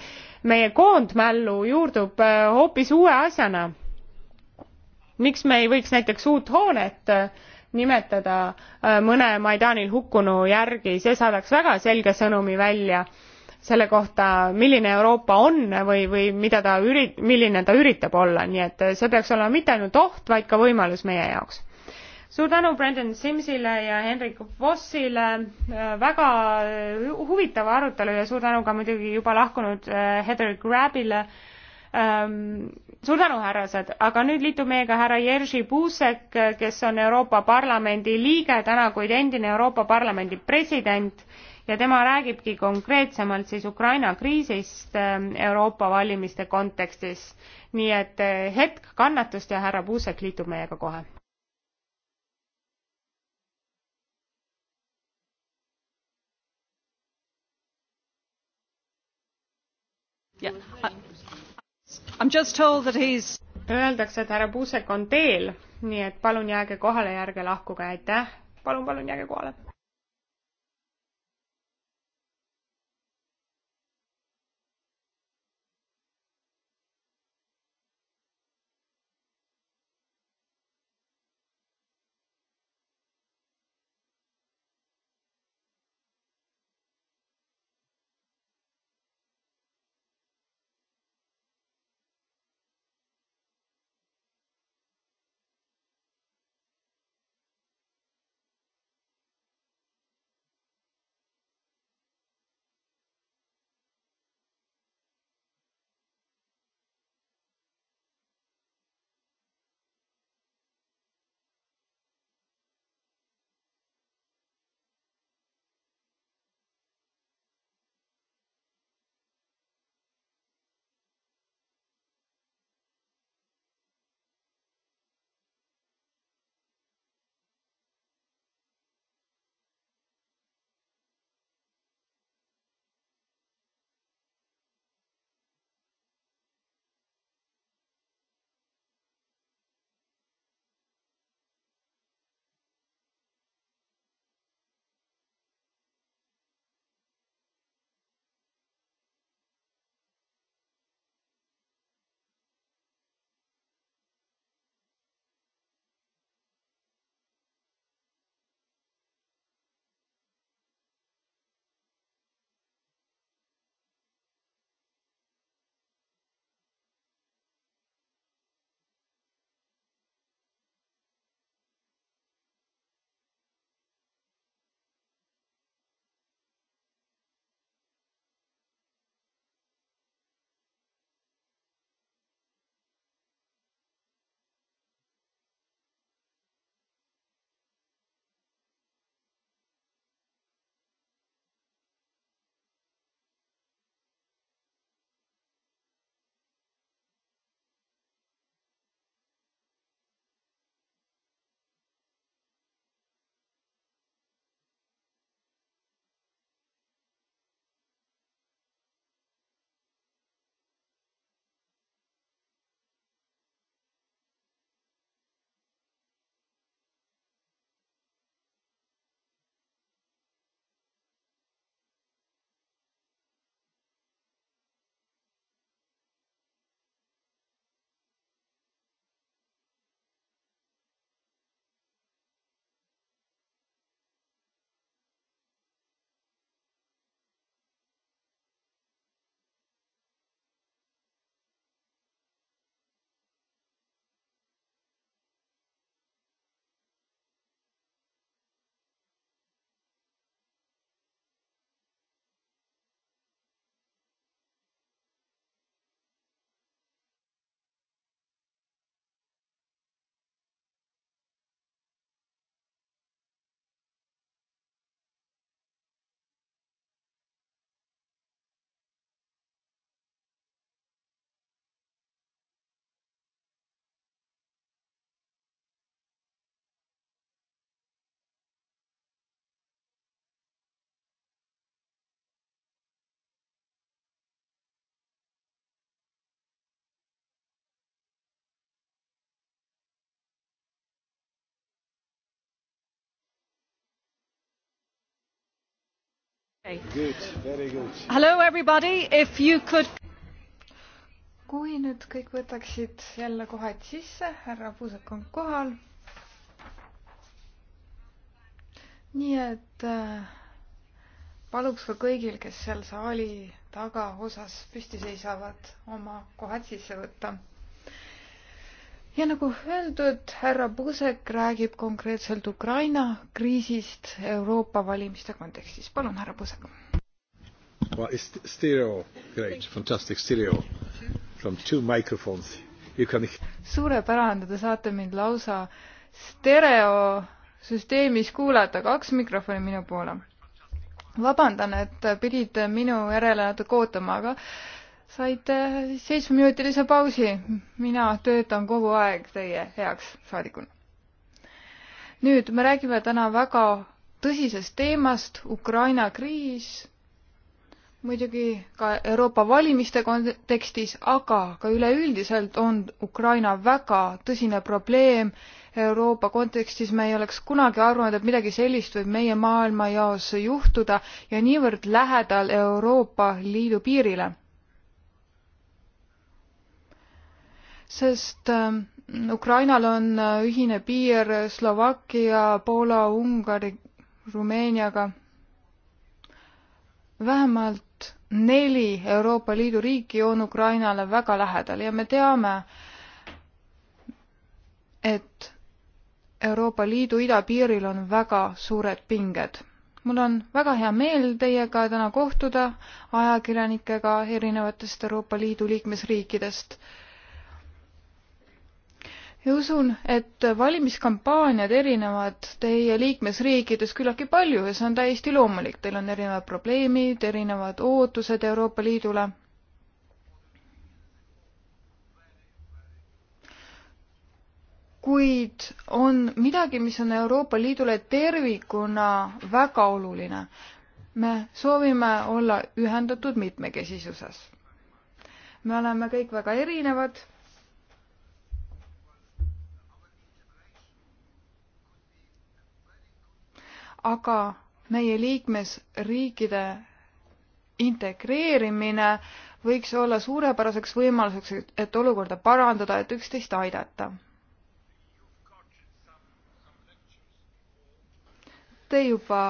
meie koondmällu juurdub hoopis uue asjana. miks me ei võiks näiteks uut hoonet nimetada mõne Maidanil hukkunu järgi, see saadaks väga selge sõnumi välja selle kohta, milline Euroopa on või, või mida ta üri-, milline ta üritab olla, nii et see peaks olema mitte ainult oht, vaid ka võimalus meie jaoks. suur tänu Brendan Simsile ja Henrik Vossile, väga huvitava arutelu ja suur tänu ka muidugi juba lahkunud äh, Heather Grabile. Ähm, suur tänu, härrased, aga nüüd liitub meiega härra Jerzy Buzek, kes on Euroopa Parlamendi liige täna, kuid endine Euroopa Parlamendi president ja tema räägibki konkreetsemalt siis Ukraina kriisist äh, Euroopa valimiste kontekstis. nii et äh, hetk kannatust ja härra Puusek liitub meiega kohe. Yeah. I, I'm just told that he's öeldakse, et härra Puusek on teel, nii et palun jääge kohale ja ärge lahkuge, aitäh. palun, palun jääge kohale. Hello everybody, if you could. kui nüüd kõik võtaksid jälle kohad sisse, härra Puusak on kohal. nii et äh, paluks ka kõigil, kes seal saali tagaosas püsti seisavad, oma kohad sisse võtta ja nagu öeldud, härra Pusek räägib konkreetselt Ukraina kriisist Euroopa valimiste kontekstis. palun, härra Pusek. Well, it's stereo, great, fantastic stereo from two microphones. You can... suurepärane, te saate mind lausa stereosüsteemis kuulata, kaks mikrofoni minu poole. vabandan, et pidid minu järele natuke ootama, aga saite seitsmeminutilise pausi. mina töötan kogu aeg teie heaks saadikuna. nüüd me räägime täna väga tõsisest teemast, Ukraina kriis, muidugi ka Euroopa valimiste kontekstis, aga ka üleüldiselt on Ukraina väga tõsine probleem Euroopa kontekstis me ei oleks kunagi arvanud, et midagi sellist võib meie maailmajaos juhtuda ja niivõrd lähedal Euroopa Liidu piirile. sest ähm, Ukrainal on äh, ühine piir Slovakkia, Poola, Ungari, Rumeeniaga. vähemalt neli Euroopa Liidu riiki on Ukrainale väga lähedal ja me teame, et Euroopa Liidu idapiiril on väga suured pinged. mul on väga hea meel teiega täna kohtuda ajakirjanikega erinevatest Euroopa Liidu liikmesriikidest ja usun, et valimiskampaaniad erinevad teie liikmesriikides küllaltki palju ja see on täiesti loomulik, teil on erinevad probleemid, erinevad ootused Euroopa Liidule. kuid on midagi, mis on Euroopa Liidule tervikuna väga oluline. me soovime olla ühendatud mitmekesisuses. me oleme kõik väga erinevad aga meie liikmesriikide integreerimine võiks olla suurepäraseks võimaluseks, et olukorda parandada, et üksteist aidata. Te juba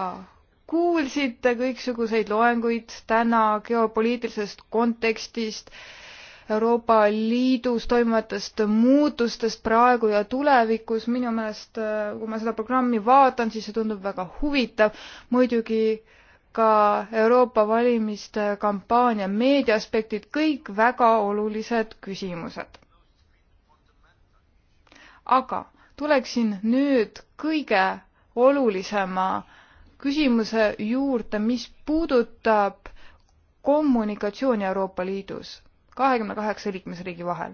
kuulsite kõiksuguseid loenguid täna geopoliitilisest kontekstist äh,, Euroopa Liidus toimuvatest muutustest praegu ja tulevikus. minu meelest, äh, kui ma seda programmi vaatan, siis see tundub väga huvitav. muidugi ka Euroopa valimiste kampaania meediaaspektid, kõik väga olulised küsimused. aga tuleksin nüüd kõige olulisema küsimuse juurde, mis puudutab kommunikatsiooni Euroopa Liidus kahekümne kaheksa liikmesriigi vahel.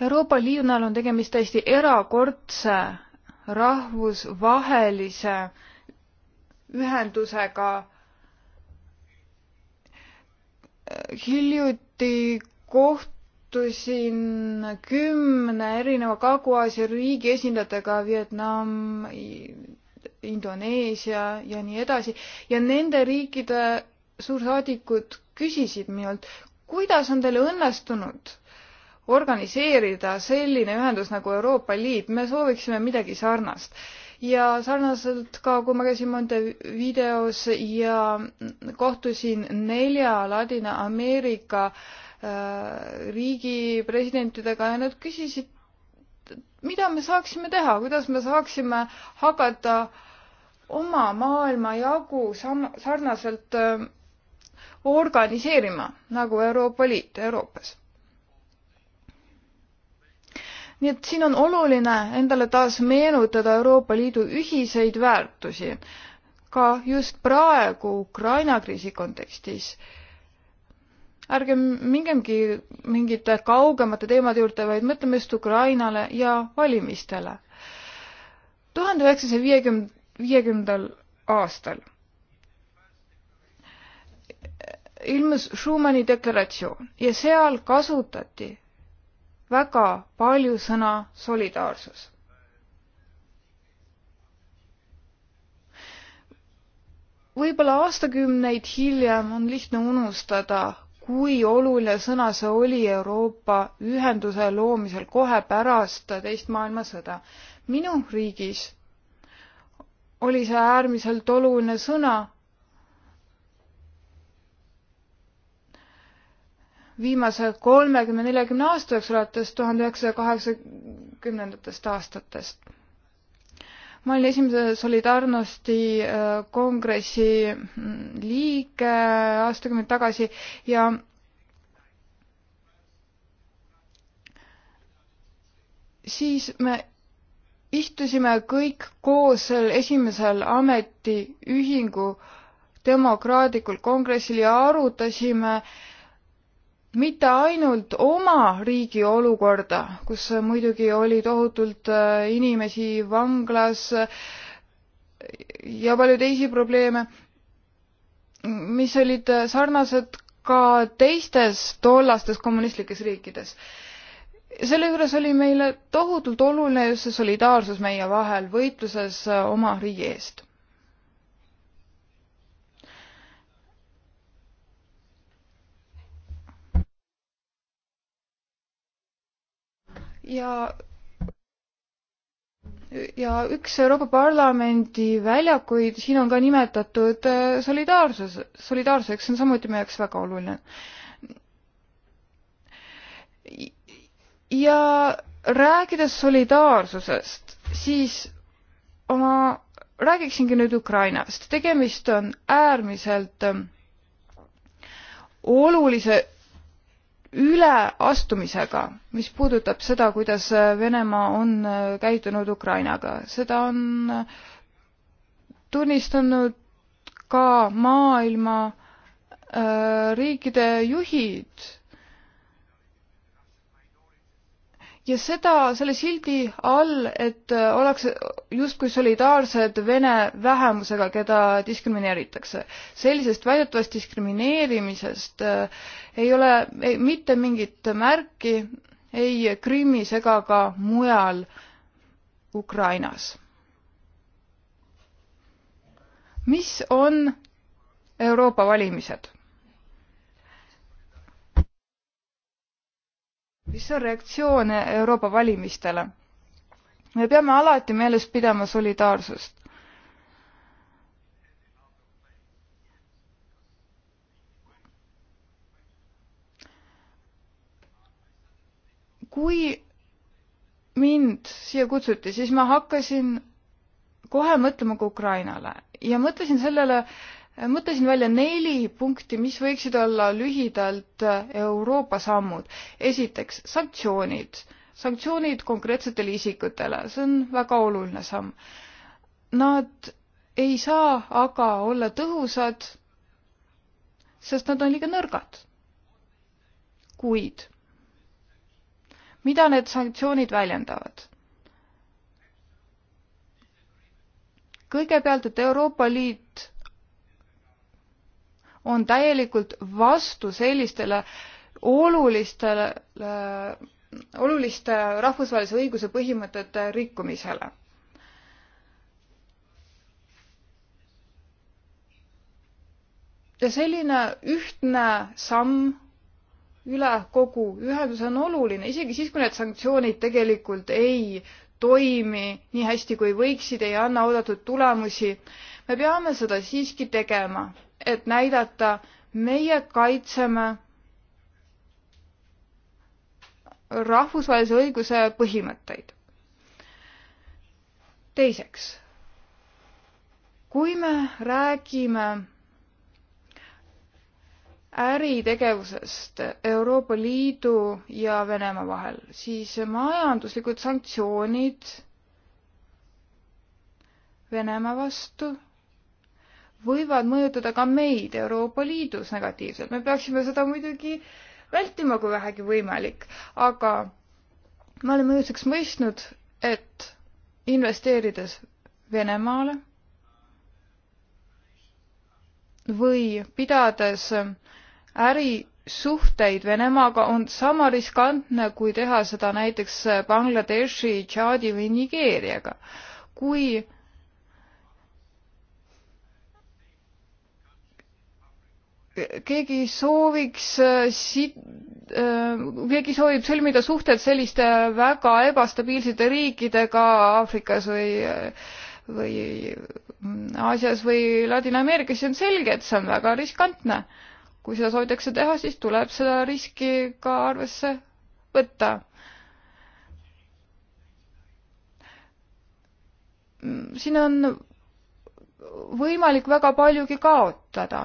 Euroopa Liidu näol on tegemist täiesti erakordse rahvusvahelise ühendusega. hiljuti kohtusin kümne erineva Kagu-Aasia riigi esindajatega Vietnam, Indoneesia ja nii edasi ja nende riikide suursaadikud küsisid minult, kuidas on teil õnnestunud organiseerida selline ühendus nagu Euroopa Liit, me sooviksime midagi sarnast. ja sarnaselt ka, kui ma käisin Montevideos ja kohtusin nelja Ladina-Ameerika äh, riigi presidentidega ja nad küsisid, mida me saaksime teha, kuidas me saaksime hakata äh, oma maailmajagu sam-, sarnaselt organiseerima, nagu Euroopa Liit Euroopas. nii et siin on oluline endale taas meenutada Euroopa Liidu ühiseid väärtusi, ka just praegu Ukraina kriisi kontekstis. ärgem mingemgi mingite kaugemate teemade juurde, vaid mõtleme just Ukrainale ja valimistele tuhande üheksasaja viiekümne viiekümnendal aastal ilmus Schumanni deklaratsioon ja seal kasutati väga palju sõna solidaarsus. võib-olla aastakümneid hiljem on lihtne unustada, kui oluline sõna see oli Euroopa ühenduse loomisel kohe pärast teist maailmasõda. minu riigis oli see äärmiselt oluline sõna. viimase kolmekümne, neljakümne aasta jooksul alates tuhande üheksasaja kaheksakümnendatest aastatest. ma olin esimese Solidarnosti äh, kongressi mm, liige aastakümneid tagasi ja siis me istusime kõik koos sel esimesel ametiühingu demokraatlikul kongressil ja arutasime mitte ainult oma riigi olukorda, kus muidugi oli tohutult äh, inimesi vanglas äh, ja palju teisi probleeme, mis olid äh, sarnased ka teistes tollastes kommunistlikes riikides selle juures oli meile tohutult oluline just see solidaarsus meie vahel võitluses äh, oma riigi eest. ja ja üks Euroopa Parlamendi väljakuid siin on ka nimetatud äh, solidaarsus, solidaarsuseks, see on samuti meie jaoks väga oluline ja rääkides solidaarsusest, siis ma räägiksingi nüüd Ukrainast. tegemist on äärmiselt ähm, olulise üleastumisega, mis puudutab seda, kuidas äh, Venemaa on äh, käitunud Ukrainaga. seda on äh, tunnistanud ka maailma riikide juhid ja seda selle sildi all, et äh, ollakse justkui solidaarsed vene vähemusega, keda diskrimineeritakse. sellisest väidetavast diskrimineerimisest äh, ei ole ei, mitte mingit märki ei Krimmis ega ka mujal Ukrainas. mis on Euroopa valimised? mis on reaktsioon Euroopa valimistele. me peame alati meeles pidama solidaarsust. kui mind siia kutsuti, siis ma hakkasin kohe mõtlema ka Ukrainale ja mõtlesin sellele, mõtlesin välja neli punkti, mis võiksid olla lühidalt Euroopa sammud. esiteks sanktsioonid, sanktsioonid konkreetsetele isikutele, see on väga oluline samm. Nad ei saa aga olla tõhusad, sest nad on liiga nõrgad. kuid mida need sanktsioonid väljendavad? kõigepealt, et Euroopa Liit on täielikult vastu sellistele olulistele, oluliste rahvusvahelise õiguse põhimõtete rikkumisele. ja selline ühtne samm üle kogu ühendus on oluline, isegi siis, kui need sanktsioonid tegelikult ei toimi nii hästi, kui võiksid, ei anna oodatud tulemusi. me peame seda siiski tegema et näidata, meie kaitseme rahvusvahelise õiguse põhimõtteid. teiseks, kui me räägime äritegevusest Euroopa Liidu ja Venemaa vahel, siis majanduslikud sanktsioonid Venemaa vastu võivad mõjutada ka meid Euroopa Liidus negatiivselt. me peaksime seda muidugi vältima, kui vähegi võimalik, aga me oleme nüüdseks mõistnud, et investeerides Venemaale või pidades ärisuhteid Venemaaga on sama riskantne, kui teha seda näiteks Bangladeshi, Tšaadi või Nigeeriaga. kui keegi sooviks äh, si-, äh, keegi soovib sõlmida suhted selliste väga ebastabiilsete riikidega Aafrikas või või Aasias või Ladina-Ameerikas, siis on selge, et see on väga riskantne. kui seda soovitakse teha, siis tuleb seda riski ka arvesse võtta. Mm, siin on võimalik väga paljugi kaotada.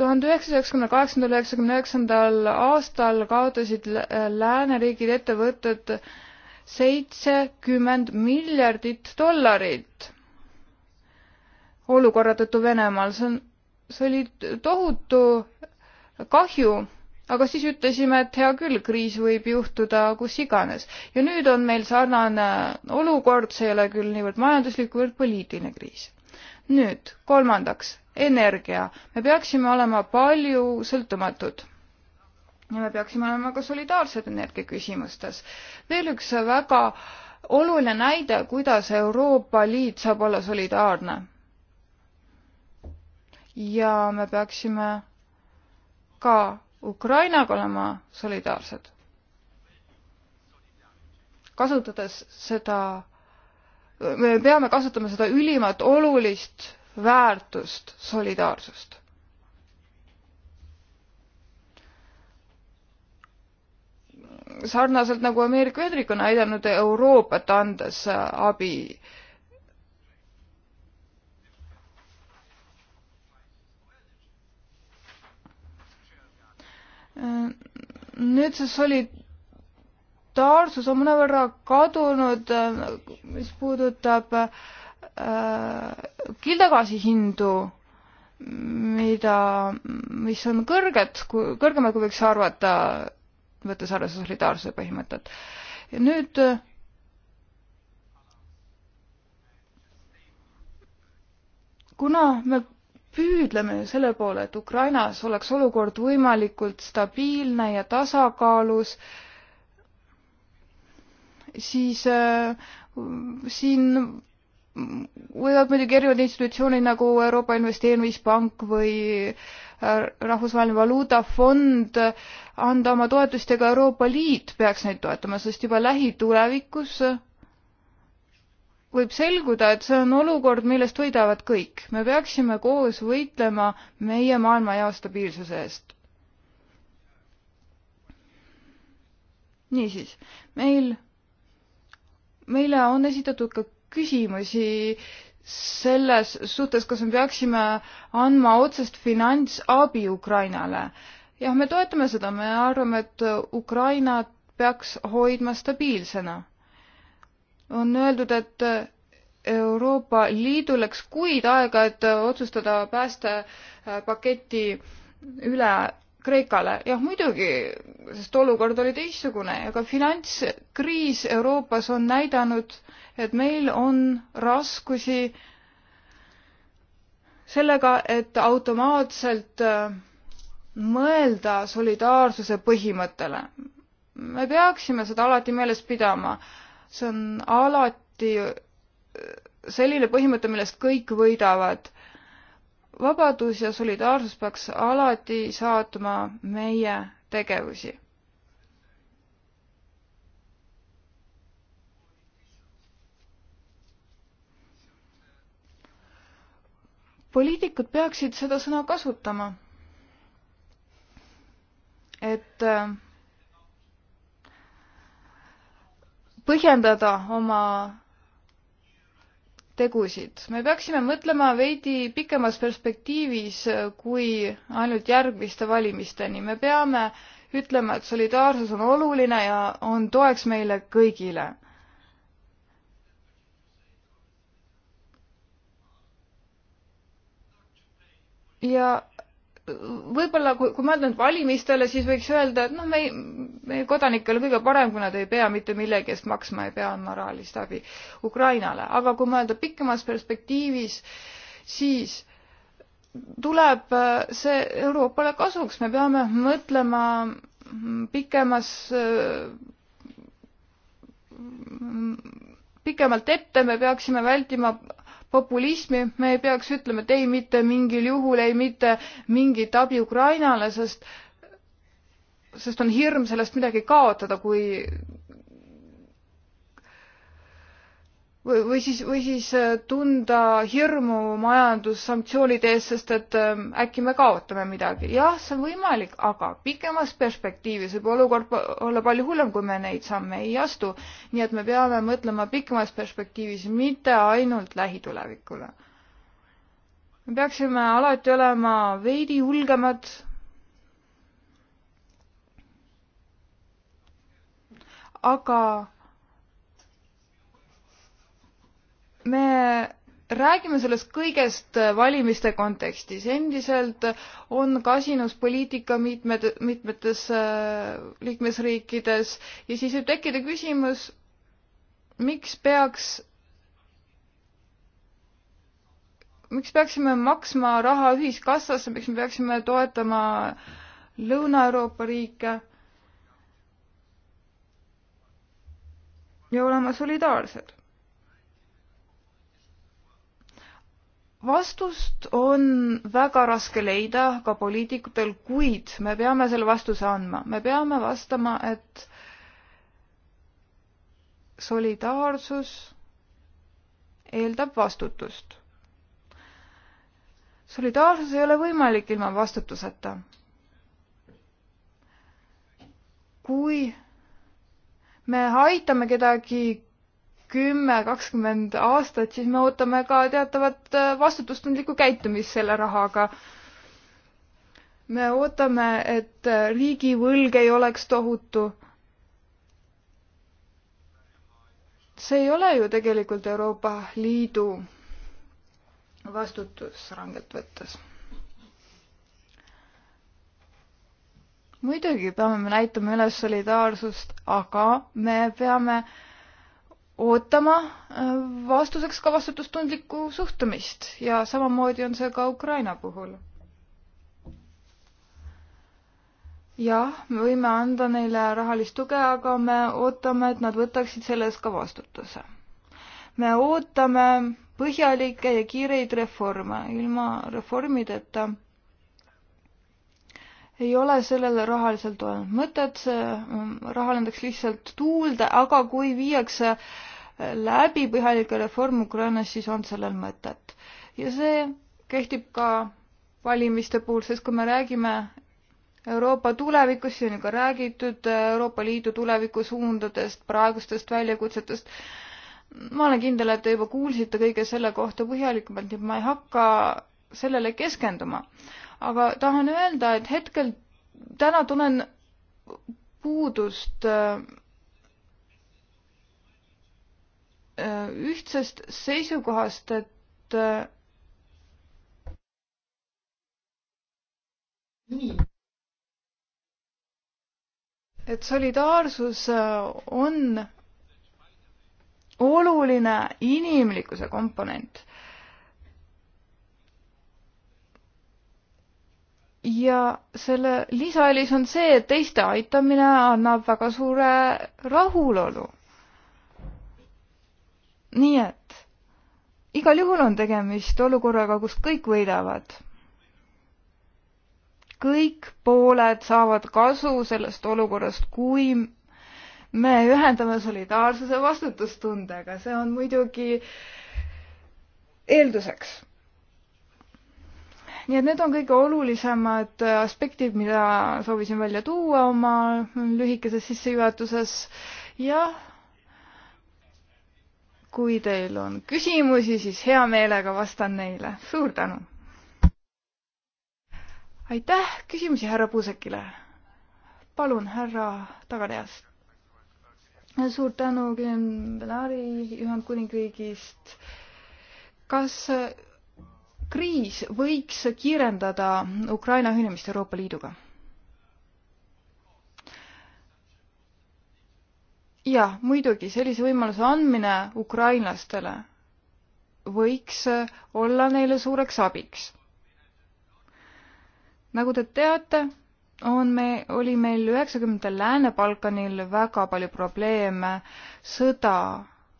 tuhande üheksasaja üheksakümne kaheksandal, üheksakümne üheksandal aastal kaotasid lääneriigid ettevõtted seitsekümmend miljardit dollarit olukorra tõttu Venemaal, see on, see oli tohutu kahju, aga siis ütlesime, et hea küll, kriis võib juhtuda kus iganes. ja nüüd on meil sarnane olukord, see ei ole küll niivõrd majanduslik, kuivõrd poliitiline kriis nüüd kolmandaks, energia. me peaksime olema palju sõltumatud ja me peaksime olema ka solidaarsed energiaküsimustes. veel üks väga oluline näide, kuidas Euroopa Liit saab olla solidaarne. ja me peaksime ka Ukrainaga olema solidaarsed. kasutades seda me peame kasutama seda ülimat olulist väärtust, solidaarsust. sarnaselt nagu Ameerika Ühendriik on aidanud Euroopat, andes abi nüüd see soli-, solidaarsus on mõnevõrra kadunud, mis puudutab äh, kildagaasi hindu, mida, mis on kõrged, kõrgemad kui võiks arvata, võttes arvesse solidaarsuse põhimõtet. ja nüüd kuna me püüdleme ju selle poole, et Ukrainas oleks olukord võimalikult stabiilne ja tasakaalus äh,, siis äh, siin võivad muidugi erinevad institutsioonid nagu Euroopa Investeerimispank või äh, Rahvusvaheline Valuutafond äh, anda oma toetust ja ka Euroopa Liit peaks neid toetama, sest juba lähitulevikus äh, võib selguda, et see on olukord, millest võidavad kõik. me peaksime koos võitlema meie maailmajao stabiilsuse eest. niisiis, meil meile on esitatud ka küsimusi selles suhtes, kas me peaksime andma otsest finantsabi Ukrainale. jah, me toetame seda, me arvame, et Ukraina peaks hoidma stabiilsena. on öeldud, et Euroopa Liidul läks kuid aega, et otsustada päästepaketi üle Kreekale, jah muidugi, sest olukord oli teistsugune ja ka finantskriis Euroopas on näidanud, et meil on raskusi sellega, et automaatselt äh, mõelda solidaarsuse põhimõttele. me peaksime seda alati meeles pidama. see on alati äh, selline põhimõte, millest kõik võidavad vabadus ja solidaarsus peaks alati saatma meie tegevusi. poliitikud peaksid seda sõna kasutama, et äh, põhjendada oma tegusid. me peaksime mõtlema veidi pikemas perspektiivis kui ainult järgmiste valimisteni. me peame ütlema, et solidaarsus on oluline ja on toeks meile kõigile. ja võib-olla kui, kui mõelda nüüd valimistele, siis võiks öelda, et noh, meie, meie kodanikel kõige parem, kui nad ei pea mitte millegi eest maksma, ei pea andma rahalist abi Ukrainale, aga kui mõelda pikemas perspektiivis, siis tuleb äh, see Euroopale kasuks, me peame mõtlema mm, pikemas, äh, mm, pikemalt ette, me peaksime vältima populismi, me ei peaks ütlema, et ei mitte mingil juhul, ei mitte mingit abi Ukrainale, sest sest on hirm sellest midagi kaotada, kui või, või siis, või siis äh, tunda hirmu majandussanktsioonide ees, sest et ähm, äkki me kaotame midagi. jah, see on võimalik, aga pikemas perspektiivis võib olukord olla palju hullem, kui me neid samme ei astu. nii et me peame mõtlema pikemas perspektiivis, mitte ainult lähitulevikule. me peaksime alati olema veidi julgemad aga me räägime sellest kõigest äh, valimiste kontekstis. endiselt on kasinuspoliitika mitmed, mitmetes äh, liikmesriikides ja siis võib tekkida küsimus, miks peaks, miks peaksime maksma raha ühiskassasse, miks me peaksime toetama Lõuna-Euroopa riike ja olema solidaarsed? vastust on väga raske leida ka poliitikutel, kuid me peame selle vastuse andma, me peame vastama, et solidaarsus eeldab vastutust. solidaarsus ei ole võimalik ilma vastutuseta. kui me aitame kedagi kümme, kakskümmend aastat, siis me ootame ka teatavat äh, vastutustundlikku käitumist selle rahaga. me ootame, et äh, riigivõlg ei oleks tohutu. see ei ole ju tegelikult Euroopa Liidu vastutus rangelt võttes muidugi peame me näitama üles solidaarsust, aga me peame äh, ootama äh, vastuseks ka vastutustundlikku suhtumist ja samamoodi on see ka Ukraina puhul. jah, me võime anda neile rahalist tuge, aga me ootame, et nad võtaksid selle eest ka vastutuse. me ootame põhjalikke ja kiireid reforme, ilma reformideta ei ole sellel rahaliselt olnud mõtet, see mm, raha lendaks lihtsalt tuulde, aga kui viiakse läbi põhjalik reform Ukrainas, siis on sellel mõtet. ja see kehtib ka valimiste puhul, sest kui me räägime Euroopa tulevikust, siin on ju ka räägitud Euroopa Liidu tulevikusuundadest, praegustest väljakutsetest, ma olen kindel, et te juba kuulsite kõige selle kohta põhjalikumalt, nii et ma ei hakka sellele keskenduma aga tahan öelda, et hetkel täna tunnen puudust äh, ühtsest seisukohast, et äh, et solidaarsus äh, on oluline inimlikkuse komponent ja selle lisaalis on see, et teiste aitamine annab väga suure rahulolu. nii et igal juhul on tegemist olukorraga, kus kõik võidavad. kõik pooled saavad kasu sellest olukorrast, kui me ühendame solidaarsuse vastutustundega, see on muidugi eelduseks nii et need on kõige olulisemad aspektid, mida soovisin välja tuua oma lühikeses sissejuhatuses ja kui teil on küsimusi, siis hea meelega vastan neile. suur tänu! aitäh, küsimusi härra Puusekile. palun, härra Taganeas. suur tänu, Glen Benari Ühendkuningriigist. kas kriis võiks kiirendada Ukraina ühinemist Euroopa Liiduga? jah, muidugi, sellise võimaluse andmine ukrainlastele võiks olla neile suureks abiks. nagu te teate, on me, oli meil üheksakümnendatel Lääne-Balkanil väga palju probleeme, sõda,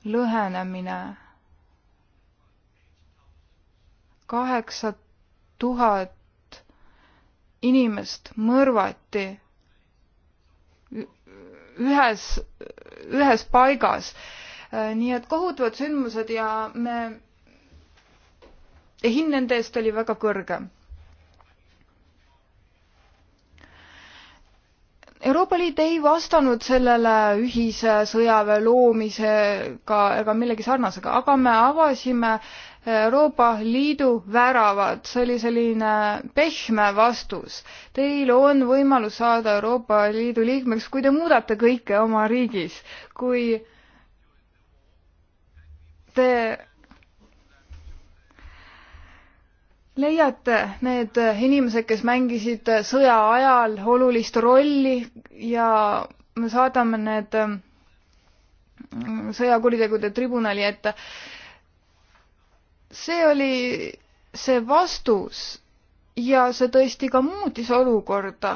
lõhenemine kaheksa tuhat inimest mõrvati ühes, ühes paigas. Äh, nii et kohutavad sündmused ja me, hind nende eest oli väga kõrge. Euroopa Liit ei vastanud sellele ühise sõjaväe loomisega ega millegi sarnasega, aga me avasime äh, Euroopa Liidu väravad, see oli selline pehme vastus. Teil on võimalus saada Euroopa Liidu liikmeks, kui te muudate kõike oma riigis, kui te leiate need inimesed, kes mängisid sõja ajal olulist rolli ja me saadame need sõjakuritegude tribunali ette et see oli see vastus ja see tõesti ka muutis olukorda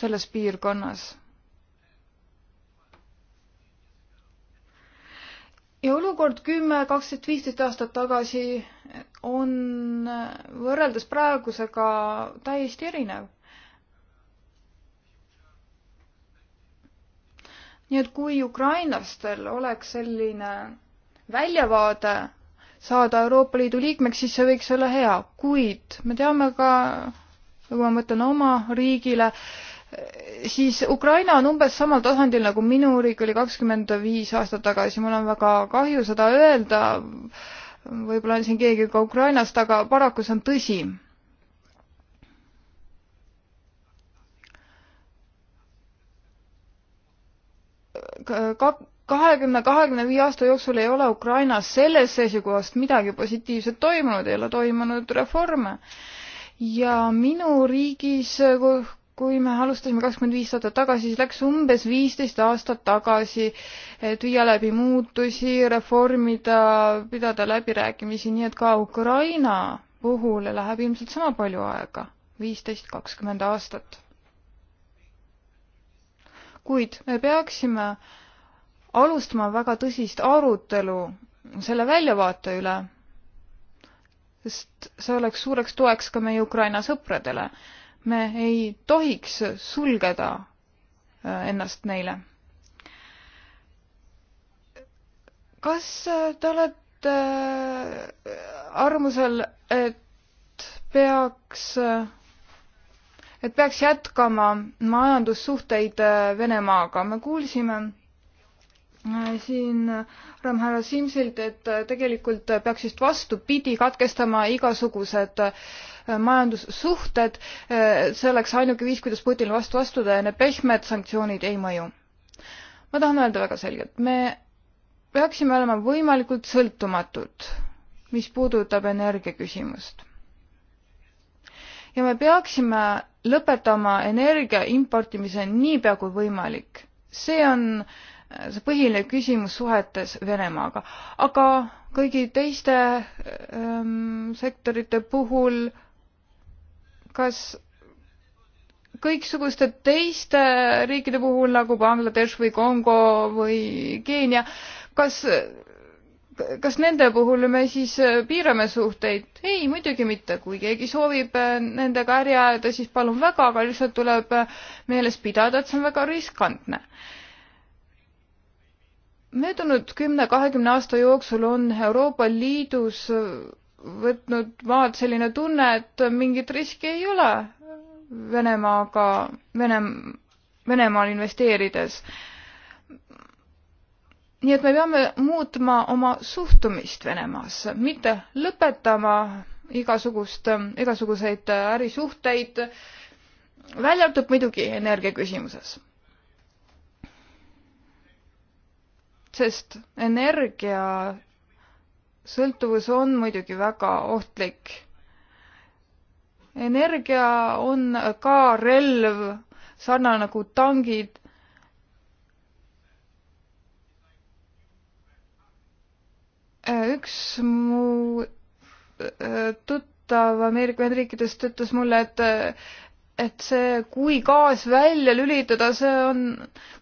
selles piirkonnas. ja olukord kümme, kaksteist, viisteist aastat tagasi on võrreldes praegusega täiesti erinev. nii et kui ukrainlastel oleks selline väljavaade saada Euroopa Liidu liikmeks, siis see võiks olla hea, kuid me teame ka, kui ma mõtlen oma riigile, siis Ukraina on umbes samal tasandil nagu minu riik oli kakskümmend viis aastat tagasi, mul on väga kahju seda öelda, võib-olla on siin keegi ka Ukrainast, aga paraku see on tõsi. ka kahekümne, kahekümne viie aasta jooksul ei ole Ukrainas sellest seisukohast midagi positiivset toimunud, ei ole toimunud reforme. ja minu riigis, kui me alustasime kakskümmend viis aastat tagasi, siis läks umbes viisteist aastat tagasi, et viia läbi muutusi, reformida, pidada läbirääkimisi, nii et ka Ukraina puhul läheb ilmselt sama palju aega, viisteist, kakskümmend aastat. kuid me peaksime äh, alustama väga tõsist arutelu selle väljavaate üle, sest see oleks suureks toeks ka meie Ukraina sõpradele. me ei tohiks sulgeda äh, ennast neile. kas äh, te olete äh, arvamusel, et peaks, et peaks jätkama majandussuhteid Venemaaga, me kuulsime Äh, siin härra äh, Simsilt, et äh, tegelikult peaks just vastupidi katkestama igasugused majandussuhted, see oleks ainuke viis, kuidas Putinile vastu astuda ja need pehmed sanktsioonid ei mõju. ma tahan öelda väga selgelt, me peaksime olema võimalikult sõltumatud, mis puudutab energiaküsimust. ja me peaksime lõpetama energia importimise niipea kui võimalik. see on äh, see põhiline küsimus suhetes Venemaaga, aga kõigi teiste ähm, sektorite puhul, kas kõiksuguste teiste riikide puhul nagu Bangladesh või Kongo või Keenia, kas, kas nende puhul me siis piirame suhteid? ei, muidugi mitte, kui keegi soovib nendega äri ajada, siis palun väga, aga lihtsalt tuleb meeles pidada, et see on väga riskantne möödunud kümne-kahekümne aasta jooksul on Euroopa Liidus võtnud maad selline tunne, et mingit riski ei ole Venemaaga, Vene-, Venemaal investeerides. nii et me peame muutma oma suhtumist Venemaasse, mitte lõpetama igasugust, igasuguseid ärisuhteid, välja arvatud muidugi energiaküsimuses sest energia sõltuvus on muidugi väga ohtlik. energia on ka relv, sarnane nagu tangid. üks mu äh, tuttav Ameerika Ühendriikidest ütles mulle, et et see, kui gaas välja lülitada, see on,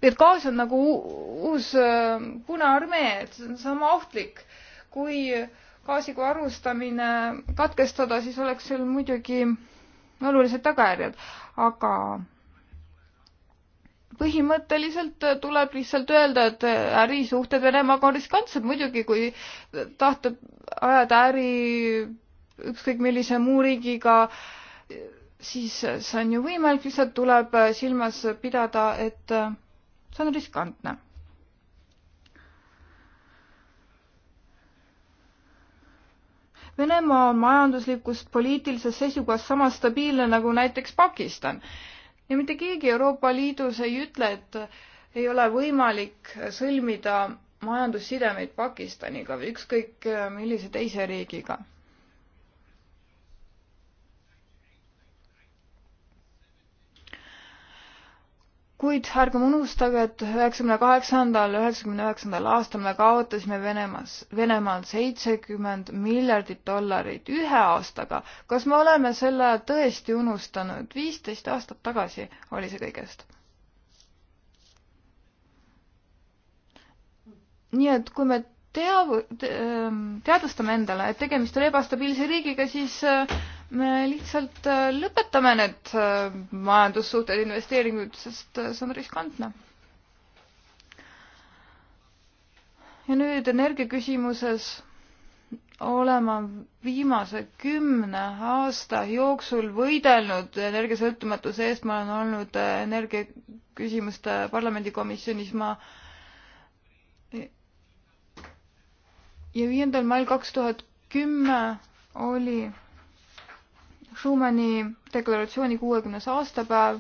et gaas on nagu uus äh, Punaarmee, et see on sama ohtlik. kui gaasiga varustamine katkestada, siis oleks seal muidugi olulised tagajärjed, aga põhimõtteliselt tuleb lihtsalt öelda, et ärisuhted Venemaaga on riskantsed, muidugi kui tahta ajada äri ükskõik millise muu riigiga äh, siis see on ju võimalik, lihtsalt tuleb silmas pidada, et see on riskantne. Venemaa on majanduslikust poliitilisest seisukohast sama stabiilne nagu näiteks Pakistan ja mitte keegi Euroopa Liidus ei ütle, et ei ole võimalik sõlmida majandussidemeid Pakistaniga või ükskõik millise teise riigiga kuid ärgem unustage, et üheksakümne kaheksandal, üheksakümne üheksandal aastal me kaotasime Venemaas, Venemaal seitsekümmend miljardit dollarit ühe aastaga. kas me oleme selle tõesti unustanud? viisteist aastat tagasi oli see kõigest. nii et kui me teav-, ähm, teadvustame endale, et tegemist on ebastabiilse riigiga, siis äh, me lihtsalt äh, lõpetame need äh, majandussuhted, investeeringud, sest see on riskantne. ja nüüd energiaküsimuses olema viimase kümne aasta jooksul võidelnud energiasõltumatuse eest, ma olen olnud energiaküsimuste parlamendikomisjonis, ma ja viiendal mail kaks tuhat kümme oli Schumanni deklaratsiooni kuuekümnes aastapäev.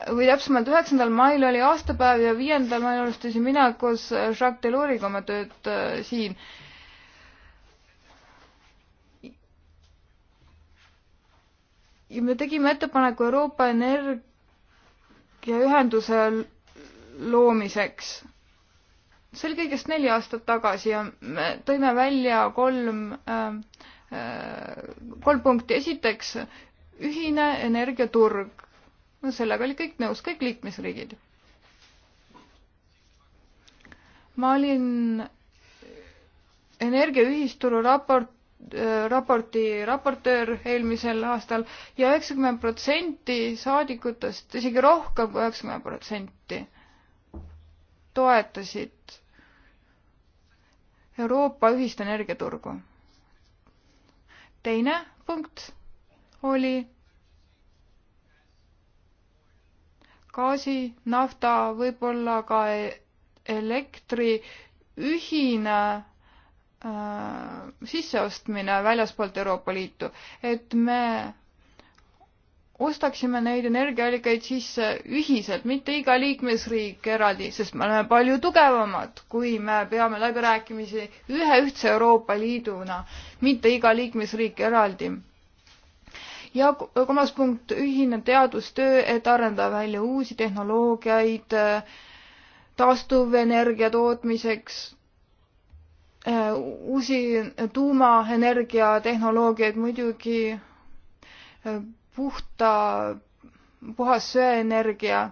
või täpsemalt üheksandal mail oli aastapäev ja viiendal mail alustasin mina koos Jacques Delors'iga oma tööd äh, siin ja me tegime ettepaneku Euroopa energ-, ja ühenduse loomiseks. see oli kõigest neli aastat tagasi ja me tõime välja kolm ähm, äh, kolm punkti. esiteks, ühine energiaturg. no sellega olid kõik nõus, kõik liikmesriigid. ma olin energiaühisturu raport Äh, raporti raportöör eelmisel aastal ja üheksakümmend protsenti saadikutest, isegi rohkem kui üheksakümmend protsenti, toetasid Euroopa ühist energiaturgu. teine punkt oli gaasi, nafta, võib-olla ka e-, elektri ühine Äh, sisseostmine väljaspoolt Euroopa Liitu, et me ostaksime neid energiaallikaid sisse ühiselt, mitte iga liikmesriik eraldi, sest me oleme palju tugevamad, kui me peame läbirääkimisi ühe ühtse Euroopa Liiduna, mitte iga liikmesriik eraldi. ja kolmas punkt, ühine teadustöö, et arendada välja uusi tehnoloogiaid äh, taastuvenergia tootmiseks Äh, uusi tuumaenergiatehnoloogiaid, muidugi äh, puhta, puhas söeenergia.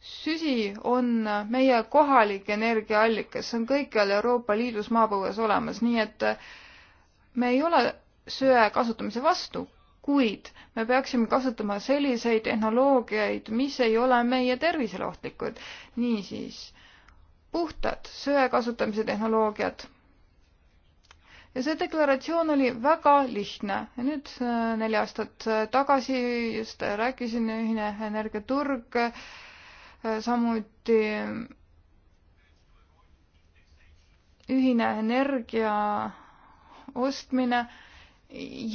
süsi on meie kohalik energiaallikas, see on kõikjal Euroopa Liidus maapõues olemas, nii et äh, me ei ole söe kasutamise vastu, kuid me peaksime kasutama selliseid tehnoloogiaid, mis ei ole meie tervisele ohtlikud. niisiis puhtad söe kasutamise tehnoloogiad. ja see deklaratsioon oli väga lihtne ja nüüd äh, neli aastat äh, tagasi just äh, rääkisin, ühine energiaturg, samuti ühine energia ostmine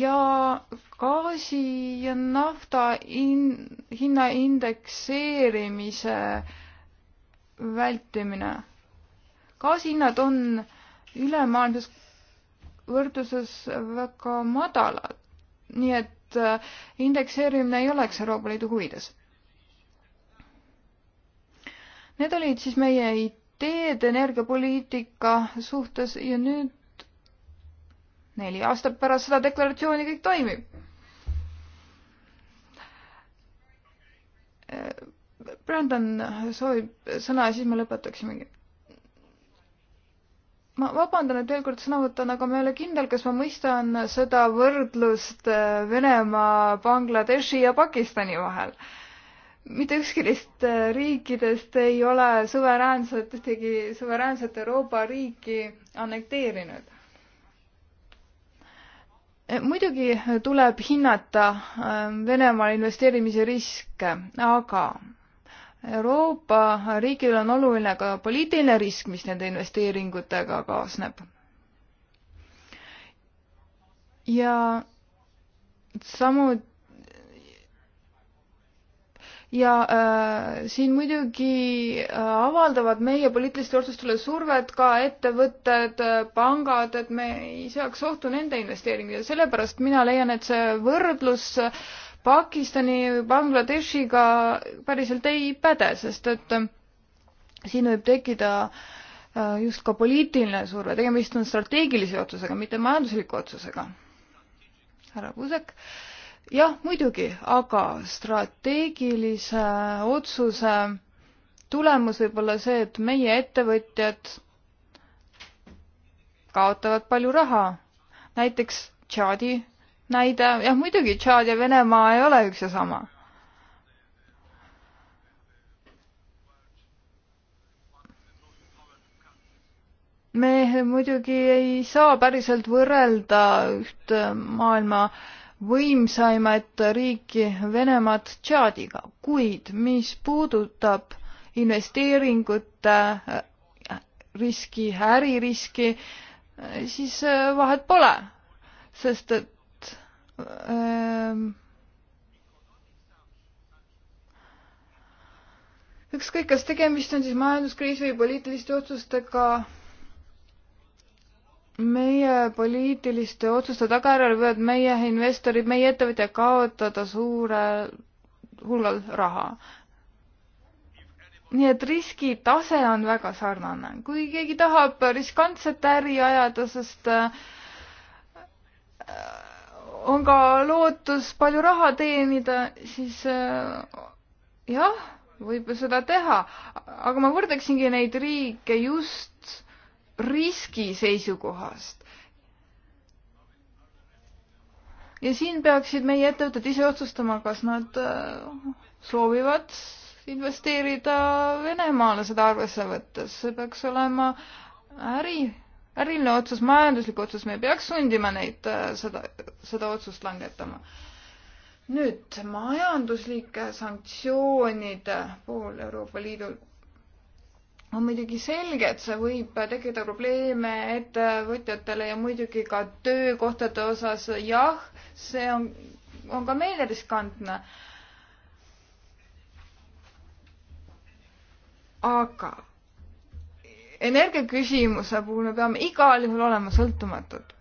ja gaasi ja nafta in, hinna indekseerimise äh, vältimine. gaasihinnad on ülemaailmses võrdluses väga madalad, nii et äh, indekseerimine ei oleks Euroopa Liidu huvides. Need olid siis meie ideed energiapoliitika suhtes ja nüüd neli aastat pärast seda deklaratsiooni kõik toimib äh, Brandon soovib sõna ja siis me lõpetaksimegi. ma vabandan, et veel kord sõna võtan, aga ma ei ole kindel, kas ma mõistan seda võrdlust äh, Venemaa, Bangladeshi ja Pakistani vahel. mitte ükski neist äh, riikidest ei ole suveräänset, ühtegi suveräänset Euroopa riiki annekteerinud äh, muidugi tuleb hinnata Venemaal investeerimise riske, aga Euroopa riigil on oluline ka poliitiline risk, mis nende investeeringutega kaasneb. ja samu ja äh, siin muidugi äh, avaldavad meie poliitilistele otsustele survet ka ettevõtted, äh, pangad, et me ei seaks ohtu nende investeeringuid ja sellepärast mina leian, et see võrdlus äh, Pakistani või Bangladeshiga päriselt ei päde, sest et äh, siin võib tekkida äh, just ka poliitiline surve, tegemist on strateegilise otsusega, mitte majandusliku otsusega. härra Kuusek. jah, muidugi, aga strateegilise äh, otsuse tulemus võib olla see, et meie ettevõtjad kaotavad palju raha. näiteks Tšaadi näide, jah muidugi, Tšaad ja Venemaa ei ole üks ja sama. me muidugi ei saa päriselt võrrelda üht maailma võimsaimat riiki Venemaad Tšaadiga, kuid mis puudutab investeeringute riski, äririski, siis vahet pole, sest et Ehm, ükskõik, kas tegemist on siis majanduskriisi või poliitiliste otsustega, meie poliitiliste otsuste tagajärjel võivad meie investorid, meie ettevõtjad kaotada suurel hulgal raha. nii et riskitase on väga sarnane. kui keegi tahab riskantset äri ajada, sest äh, on ka lootus palju raha teenida, siis äh, jah, võib ju seda teha, aga ma võrdleksingi neid riike just riski seisukohast. ja siin peaksid meie ettevõtted ise otsustama, kas nad äh, soovivad investeerida Venemaale seda arvesse võttes, see peaks olema äri äriline otsus, majanduslik otsus, me ei peaks sundima neid äh, seda, seda otsust langetama. nüüd majanduslike sanktsioonide puhul Euroopa Liidul on muidugi selge, et see võib tekitada probleeme ettevõtjatele ja muidugi ka töökohtade osas, jah, see on, on ka meile riskantne. aga energiaküsimuse puhul me peame igal juhul olema sõltumatud.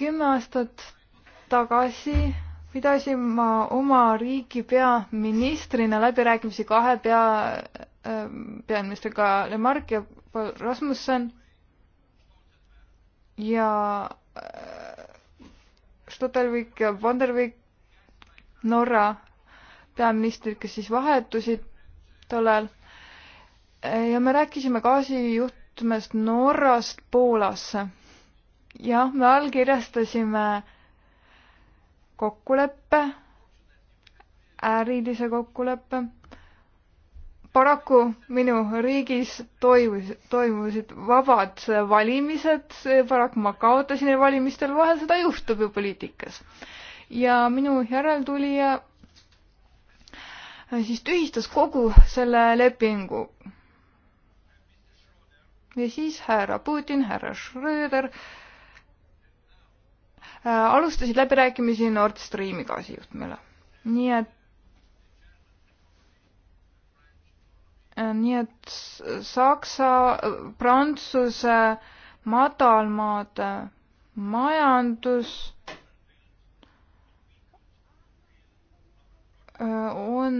kümme aastat tagasi pidasin ma oma riigi peaministrina läbirääkimisi kahe pea, ähm, peaministriga Lemarck ja Paul Rasmussen ja äh, Stuttervik ja Vandervik Norra peaministrid, kes siis vahetusid tollal. ja me rääkisime gaasijuhtmest Norrast Poolasse. jah, me allkirjastasime kokkuleppe, ärilise kokkuleppe. paraku minu riigis toimus, toimusid vabad valimised, paraku ma kaotasin valimistel, vahel seda juhtub ju poliitikas. ja minu järeltulija Äh, siis tühistas kogu selle lepingu. ja siis härra Putin, härra Schröder äh, alustasid läbirääkimisi Nord Streami gaasijuhtmele. nii et äh, nii et Saksa, Prantsuse madalmaade majandus Äh, on,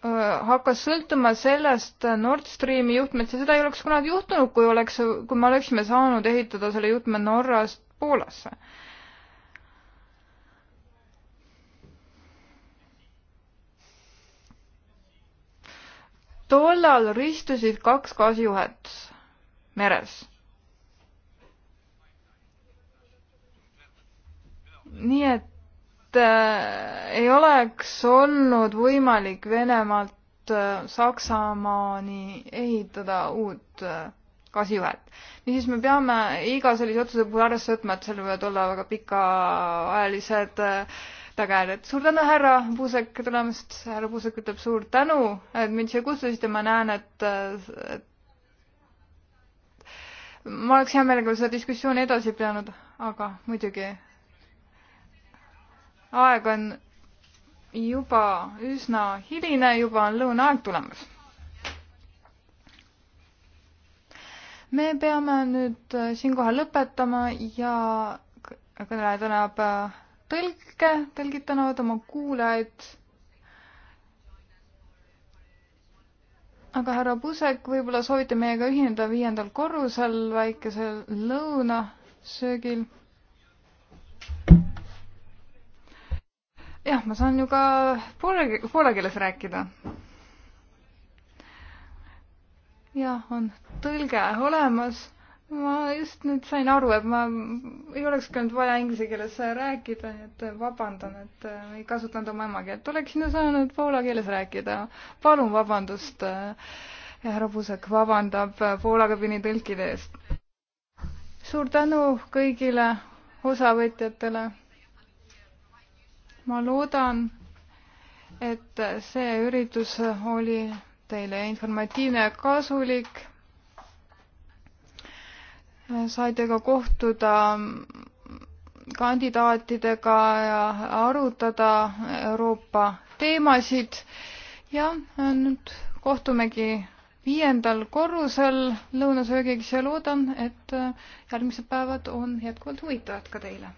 äh, hakkas sõltuma sellest Nord Streami juhtmest ja seda ei oleks kunagi juhtunud, kui oleks, kui me oleksime saanud ehitada selle juhtme Norrast Poolasse. tollal ristusid kaks gaasijuhet meres nii et Äh, ei oleks olnud võimalik Venemaalt äh, Saksamaani ehitada uut äh, gaasijuhet. niisiis me peame iga sellise otsuse puhul arvesse võtma, et seal võivad olla väga pikaajalised tagajärjed. suur tänu, härra Puusek, tulemast. härra Puusek ütleb suur tänu, et mind siia kutsusite, ma näen, et, et ma oleks hea meelega seda diskussiooni edasi pidanud, aga muidugi aeg on juba üsna hiline, juba on lõunaaeg tulemas. me peame nüüd äh, siinkohal lõpetama ja kõneleja tänab äh, tõlke, tõlgid tänavad oma kuulajaid. aga härra Pusek, võib-olla soovite meiega ühineda viiendal korrusel väikesel lõunasöögil? jah, ma saan ju ka poole, poola keeles rääkida. jah, on tõlge olemas. ma just nüüd sain aru, et ma ei olekski olnud vaja inglise keeles rääkida, et vabandan, et ei kasutanud oma emakeelt. oleksin ju saanud poola keeles rääkida. palun vabandust. härra Puusek vabandab Poola kabiini tõlkide eest. suur tänu kõigile osavõtjatele ma loodan, et see üritus oli teile informatiivne ja kasulik. saite ka kohtuda kandidaatidega ja arutada Euroopa teemasid ja nüüd kohtumegi viiendal korrusel lõunasöögiks ja loodan, et järgmised päevad on jätkuvalt huvitavad ka teile.